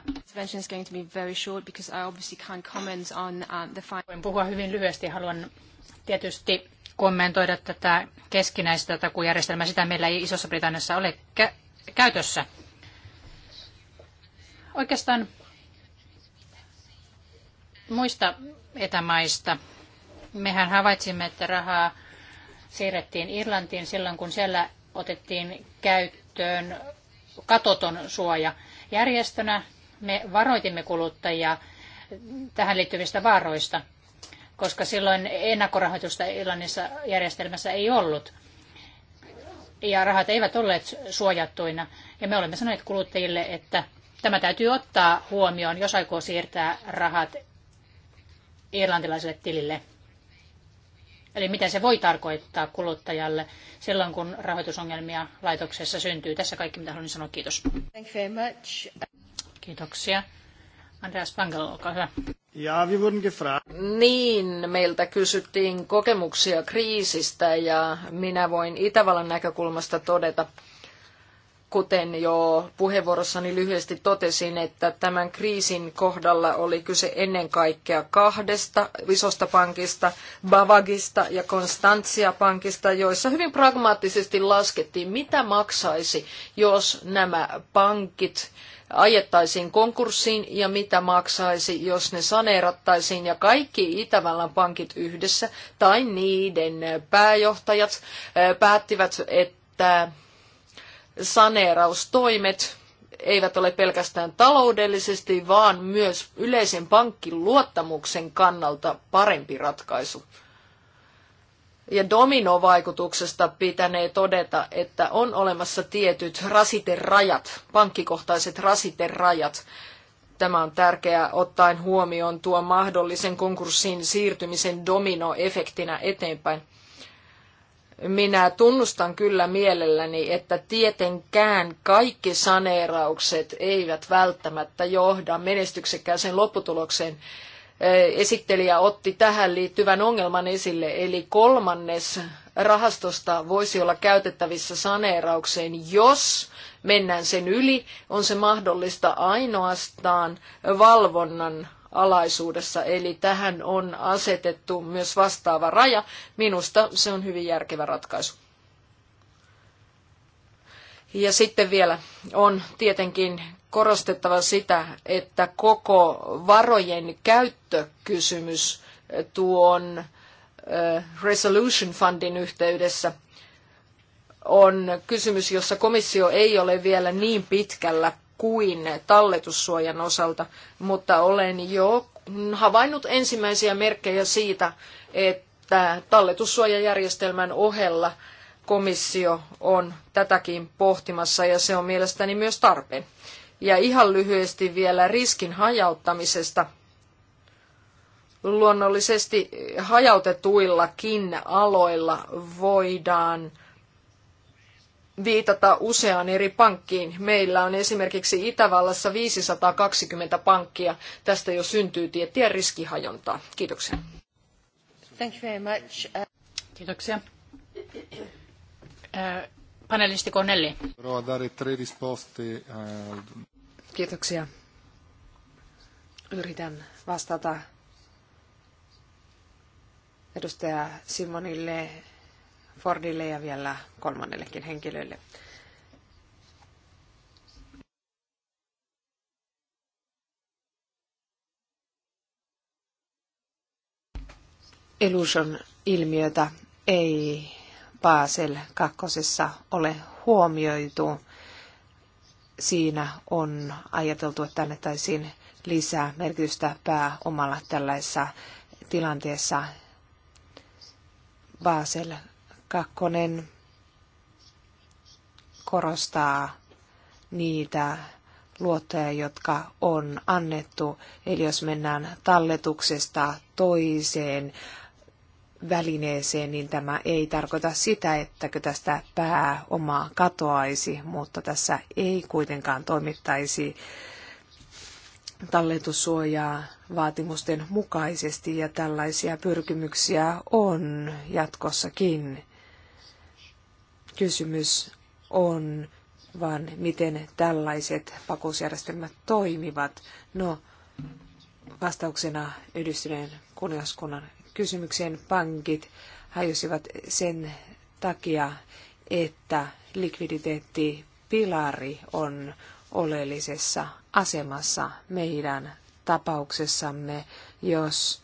S3: is going to be very short because I obviously can't comment on um, the Voin puhua hyvin lyhyesti. Haluan tietysti kommentoida tätä keskinäistä takujärjestelmää. Sitä meillä ei Isossa Britanniassa ole kä- käytössä. Oikeastaan muista etämaista Mehän havaitsimme, että rahaa siirrettiin Irlantiin silloin, kun siellä otettiin käyttöön katoton suoja. Järjestönä me varoitimme kuluttajia tähän liittyvistä vaaroista, koska silloin ennakkorahoitusta Irlannissa järjestelmässä ei ollut. Ja rahat eivät olleet suojattuina. Ja me olemme sanoneet kuluttajille, että tämä täytyy ottaa huomioon, jos aikoo siirtää rahat irlantilaiselle tilille. Eli mitä se voi tarkoittaa kuluttajalle silloin, kun rahoitusongelmia laitoksessa syntyy. Tässä kaikki, mitä haluan sanoa. Kiitos.
S1: Thank you very much.
S3: Kiitoksia. Andreas Pangel, olkaa hyvä.
S1: Ja, wir Niin, meiltä kysyttiin kokemuksia kriisistä ja minä voin Itävallan näkökulmasta todeta, kuten jo puheenvuorossani lyhyesti totesin, että tämän kriisin kohdalla oli kyse ennen kaikkea kahdesta isosta pankista, Bavagista ja Konstantsia pankista, joissa hyvin pragmaattisesti laskettiin, mitä maksaisi, jos nämä pankit ajettaisiin konkurssiin ja mitä maksaisi, jos ne saneerattaisiin ja kaikki Itävallan pankit yhdessä tai niiden pääjohtajat päättivät, että että saneeraustoimet eivät ole pelkästään taloudellisesti, vaan myös yleisen pankin luottamuksen kannalta parempi ratkaisu. Ja dominovaikutuksesta pitänee todeta, että on olemassa tietyt rasiterajat, pankkikohtaiset rasiterajat. Tämä on tärkeää ottaen huomioon tuo mahdollisen konkurssiin siirtymisen dominoefektinä eteenpäin minä tunnustan kyllä mielelläni, että tietenkään kaikki saneeraukset eivät välttämättä johda menestyksekkääseen lopputulokseen. Esittelijä otti tähän liittyvän ongelman esille, eli kolmannes rahastosta voisi olla käytettävissä saneeraukseen, jos mennään sen yli, on se mahdollista ainoastaan valvonnan alaisuudessa. Eli tähän on asetettu myös vastaava raja. Minusta se on hyvin järkevä ratkaisu. Ja sitten vielä on tietenkin korostettava sitä, että koko varojen käyttökysymys tuon Resolution Fundin yhteydessä on kysymys, jossa komissio ei ole vielä niin pitkällä kuin talletussuojan osalta, mutta olen jo havainnut ensimmäisiä merkkejä siitä, että talletussuojajärjestelmän ohella komissio on tätäkin pohtimassa ja se on mielestäni myös tarpeen. Ja ihan lyhyesti vielä riskin hajauttamisesta. Luonnollisesti hajautetuillakin aloilla voidaan viitata useaan eri pankkiin. Meillä on esimerkiksi Itävallassa 520 pankkia. Tästä jo syntyy tiettyä riskihajontaa. Kiitoksia. Thank you very much. Uh, Kiitoksia.
S3: Äh, panelisti Connelli.
S4: Eh, Kiitoksia.
S3: Yritän vastata
S2: edustaja Simonille Fordille ja vielä kolmannellekin henkilölle. Illusion ilmiötä ei Basel kakkosessa ole huomioitu. Siinä on ajateltu, että annettaisiin lisää merkitystä pääomalla tällaisessa tilanteessa. Basel Kakkonen korostaa niitä luottoja, jotka on annettu. Eli jos mennään talletuksesta toiseen välineeseen, niin tämä ei tarkoita sitä, että tästä pääomaa katoaisi, mutta tässä ei kuitenkaan toimittaisi talletussuojaa vaatimusten mukaisesti ja tällaisia pyrkimyksiä on jatkossakin kysymys on, vaan miten tällaiset pakousjärjestelmät toimivat. No, vastauksena yhdistyneen kuningaskunnan kysymykseen pankit hajosivat sen takia, että likviditeettipilari on oleellisessa asemassa meidän tapauksessamme, jos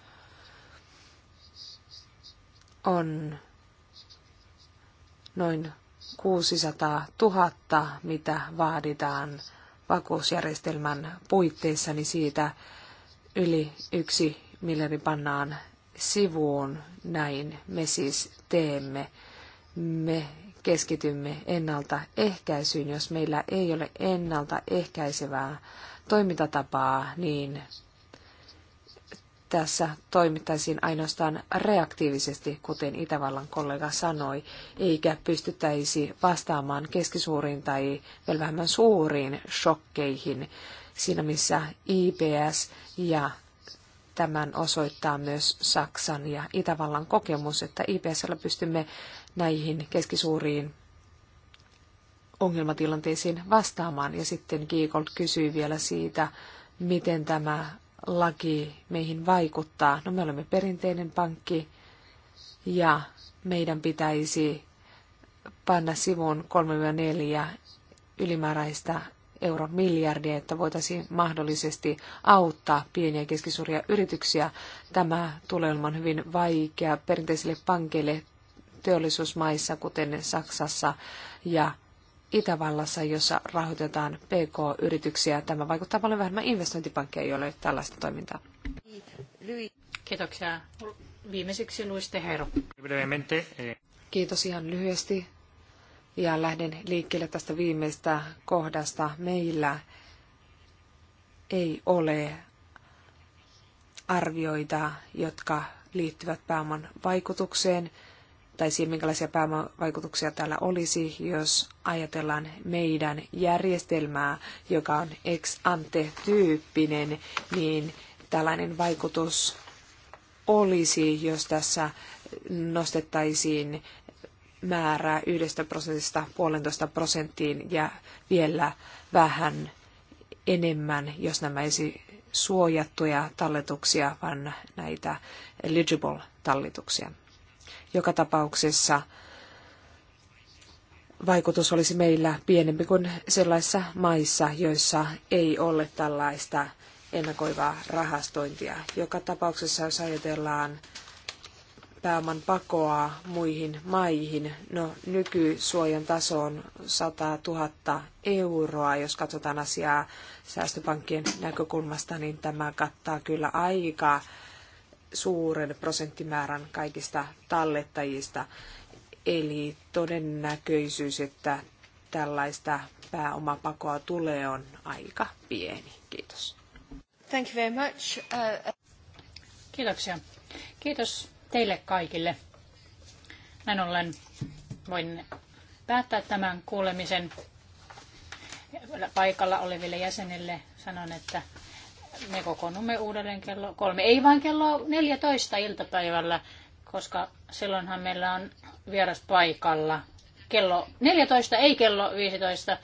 S2: on noin 600 000, mitä vaaditaan vakuusjärjestelmän puitteissa, niin siitä yli yksi miljardi pannaan sivuun. Näin me siis teemme. Me keskitymme ennaltaehkäisyyn. Jos meillä ei ole ennaltaehkäisevää toimintatapaa, niin tässä toimittaisiin ainoastaan reaktiivisesti, kuten Itävallan kollega sanoi, eikä pystyttäisi vastaamaan keskisuuriin tai vielä vähemmän suuriin shokkeihin siinä, missä IPS ja tämän osoittaa myös Saksan ja Itävallan kokemus, että IPSllä pystymme näihin keskisuuriin ongelmatilanteisiin vastaamaan. Ja sitten Giegold kysyi vielä siitä, miten tämä laki meihin vaikuttaa? No me olemme perinteinen pankki ja meidän pitäisi panna sivun 3-4 ylimääräistä euron miljardia, että voitaisiin mahdollisesti auttaa pieniä ja keskisuuria yrityksiä. Tämä tulee olemaan hyvin vaikea perinteisille pankeille teollisuusmaissa, kuten Saksassa ja Itävallassa, jossa rahoitetaan PK-yrityksiä. Tämä vaikuttaa paljon vähemmän investointipankkeja, joilla ei ole tällaista toimintaa.
S3: Kiitoksia. Viimeiseksi Luis Tehero. Eh.
S2: Kiitos ihan lyhyesti. Ja lähden liikkeelle tästä viimeistä kohdasta. Meillä ei ole arvioita, jotka liittyvät pääoman vaikutukseen – tai siihen, minkälaisia pääomavaikutuksia täällä olisi, jos ajatellaan meidän järjestelmää, joka on ex ante tyyppinen, niin tällainen vaikutus olisi, jos tässä nostettaisiin määrää yhdestä prosentista puolentoista prosenttiin ja vielä vähän enemmän, jos nämä esi suojattuja talletuksia, vaan näitä eligible talletuksia. Joka tapauksessa vaikutus olisi meillä pienempi kuin sellaisissa maissa, joissa ei ole tällaista ennakoivaa rahastointia. Joka tapauksessa, jos ajatellaan pääoman pakoa muihin maihin, no nykysuojan taso on 100 000 euroa. Jos katsotaan asiaa säästöpankkien näkökulmasta, niin tämä kattaa kyllä aika suuren prosenttimäärän kaikista tallettajista. Eli todennäköisyys, että tällaista pääomapakoa tulee, on aika pieni.
S3: Kiitos. Thank you very much. Uh... Kiitoksia. Kiitos teille kaikille. Näin ollen voin päättää tämän kuulemisen paikalla oleville jäsenille. Sanon, että me kokoonnumme uudelleen kello kolme. Ei vain kello 14 iltapäivällä, koska silloinhan meillä on vieras paikalla. Kello 14, ei kello 15,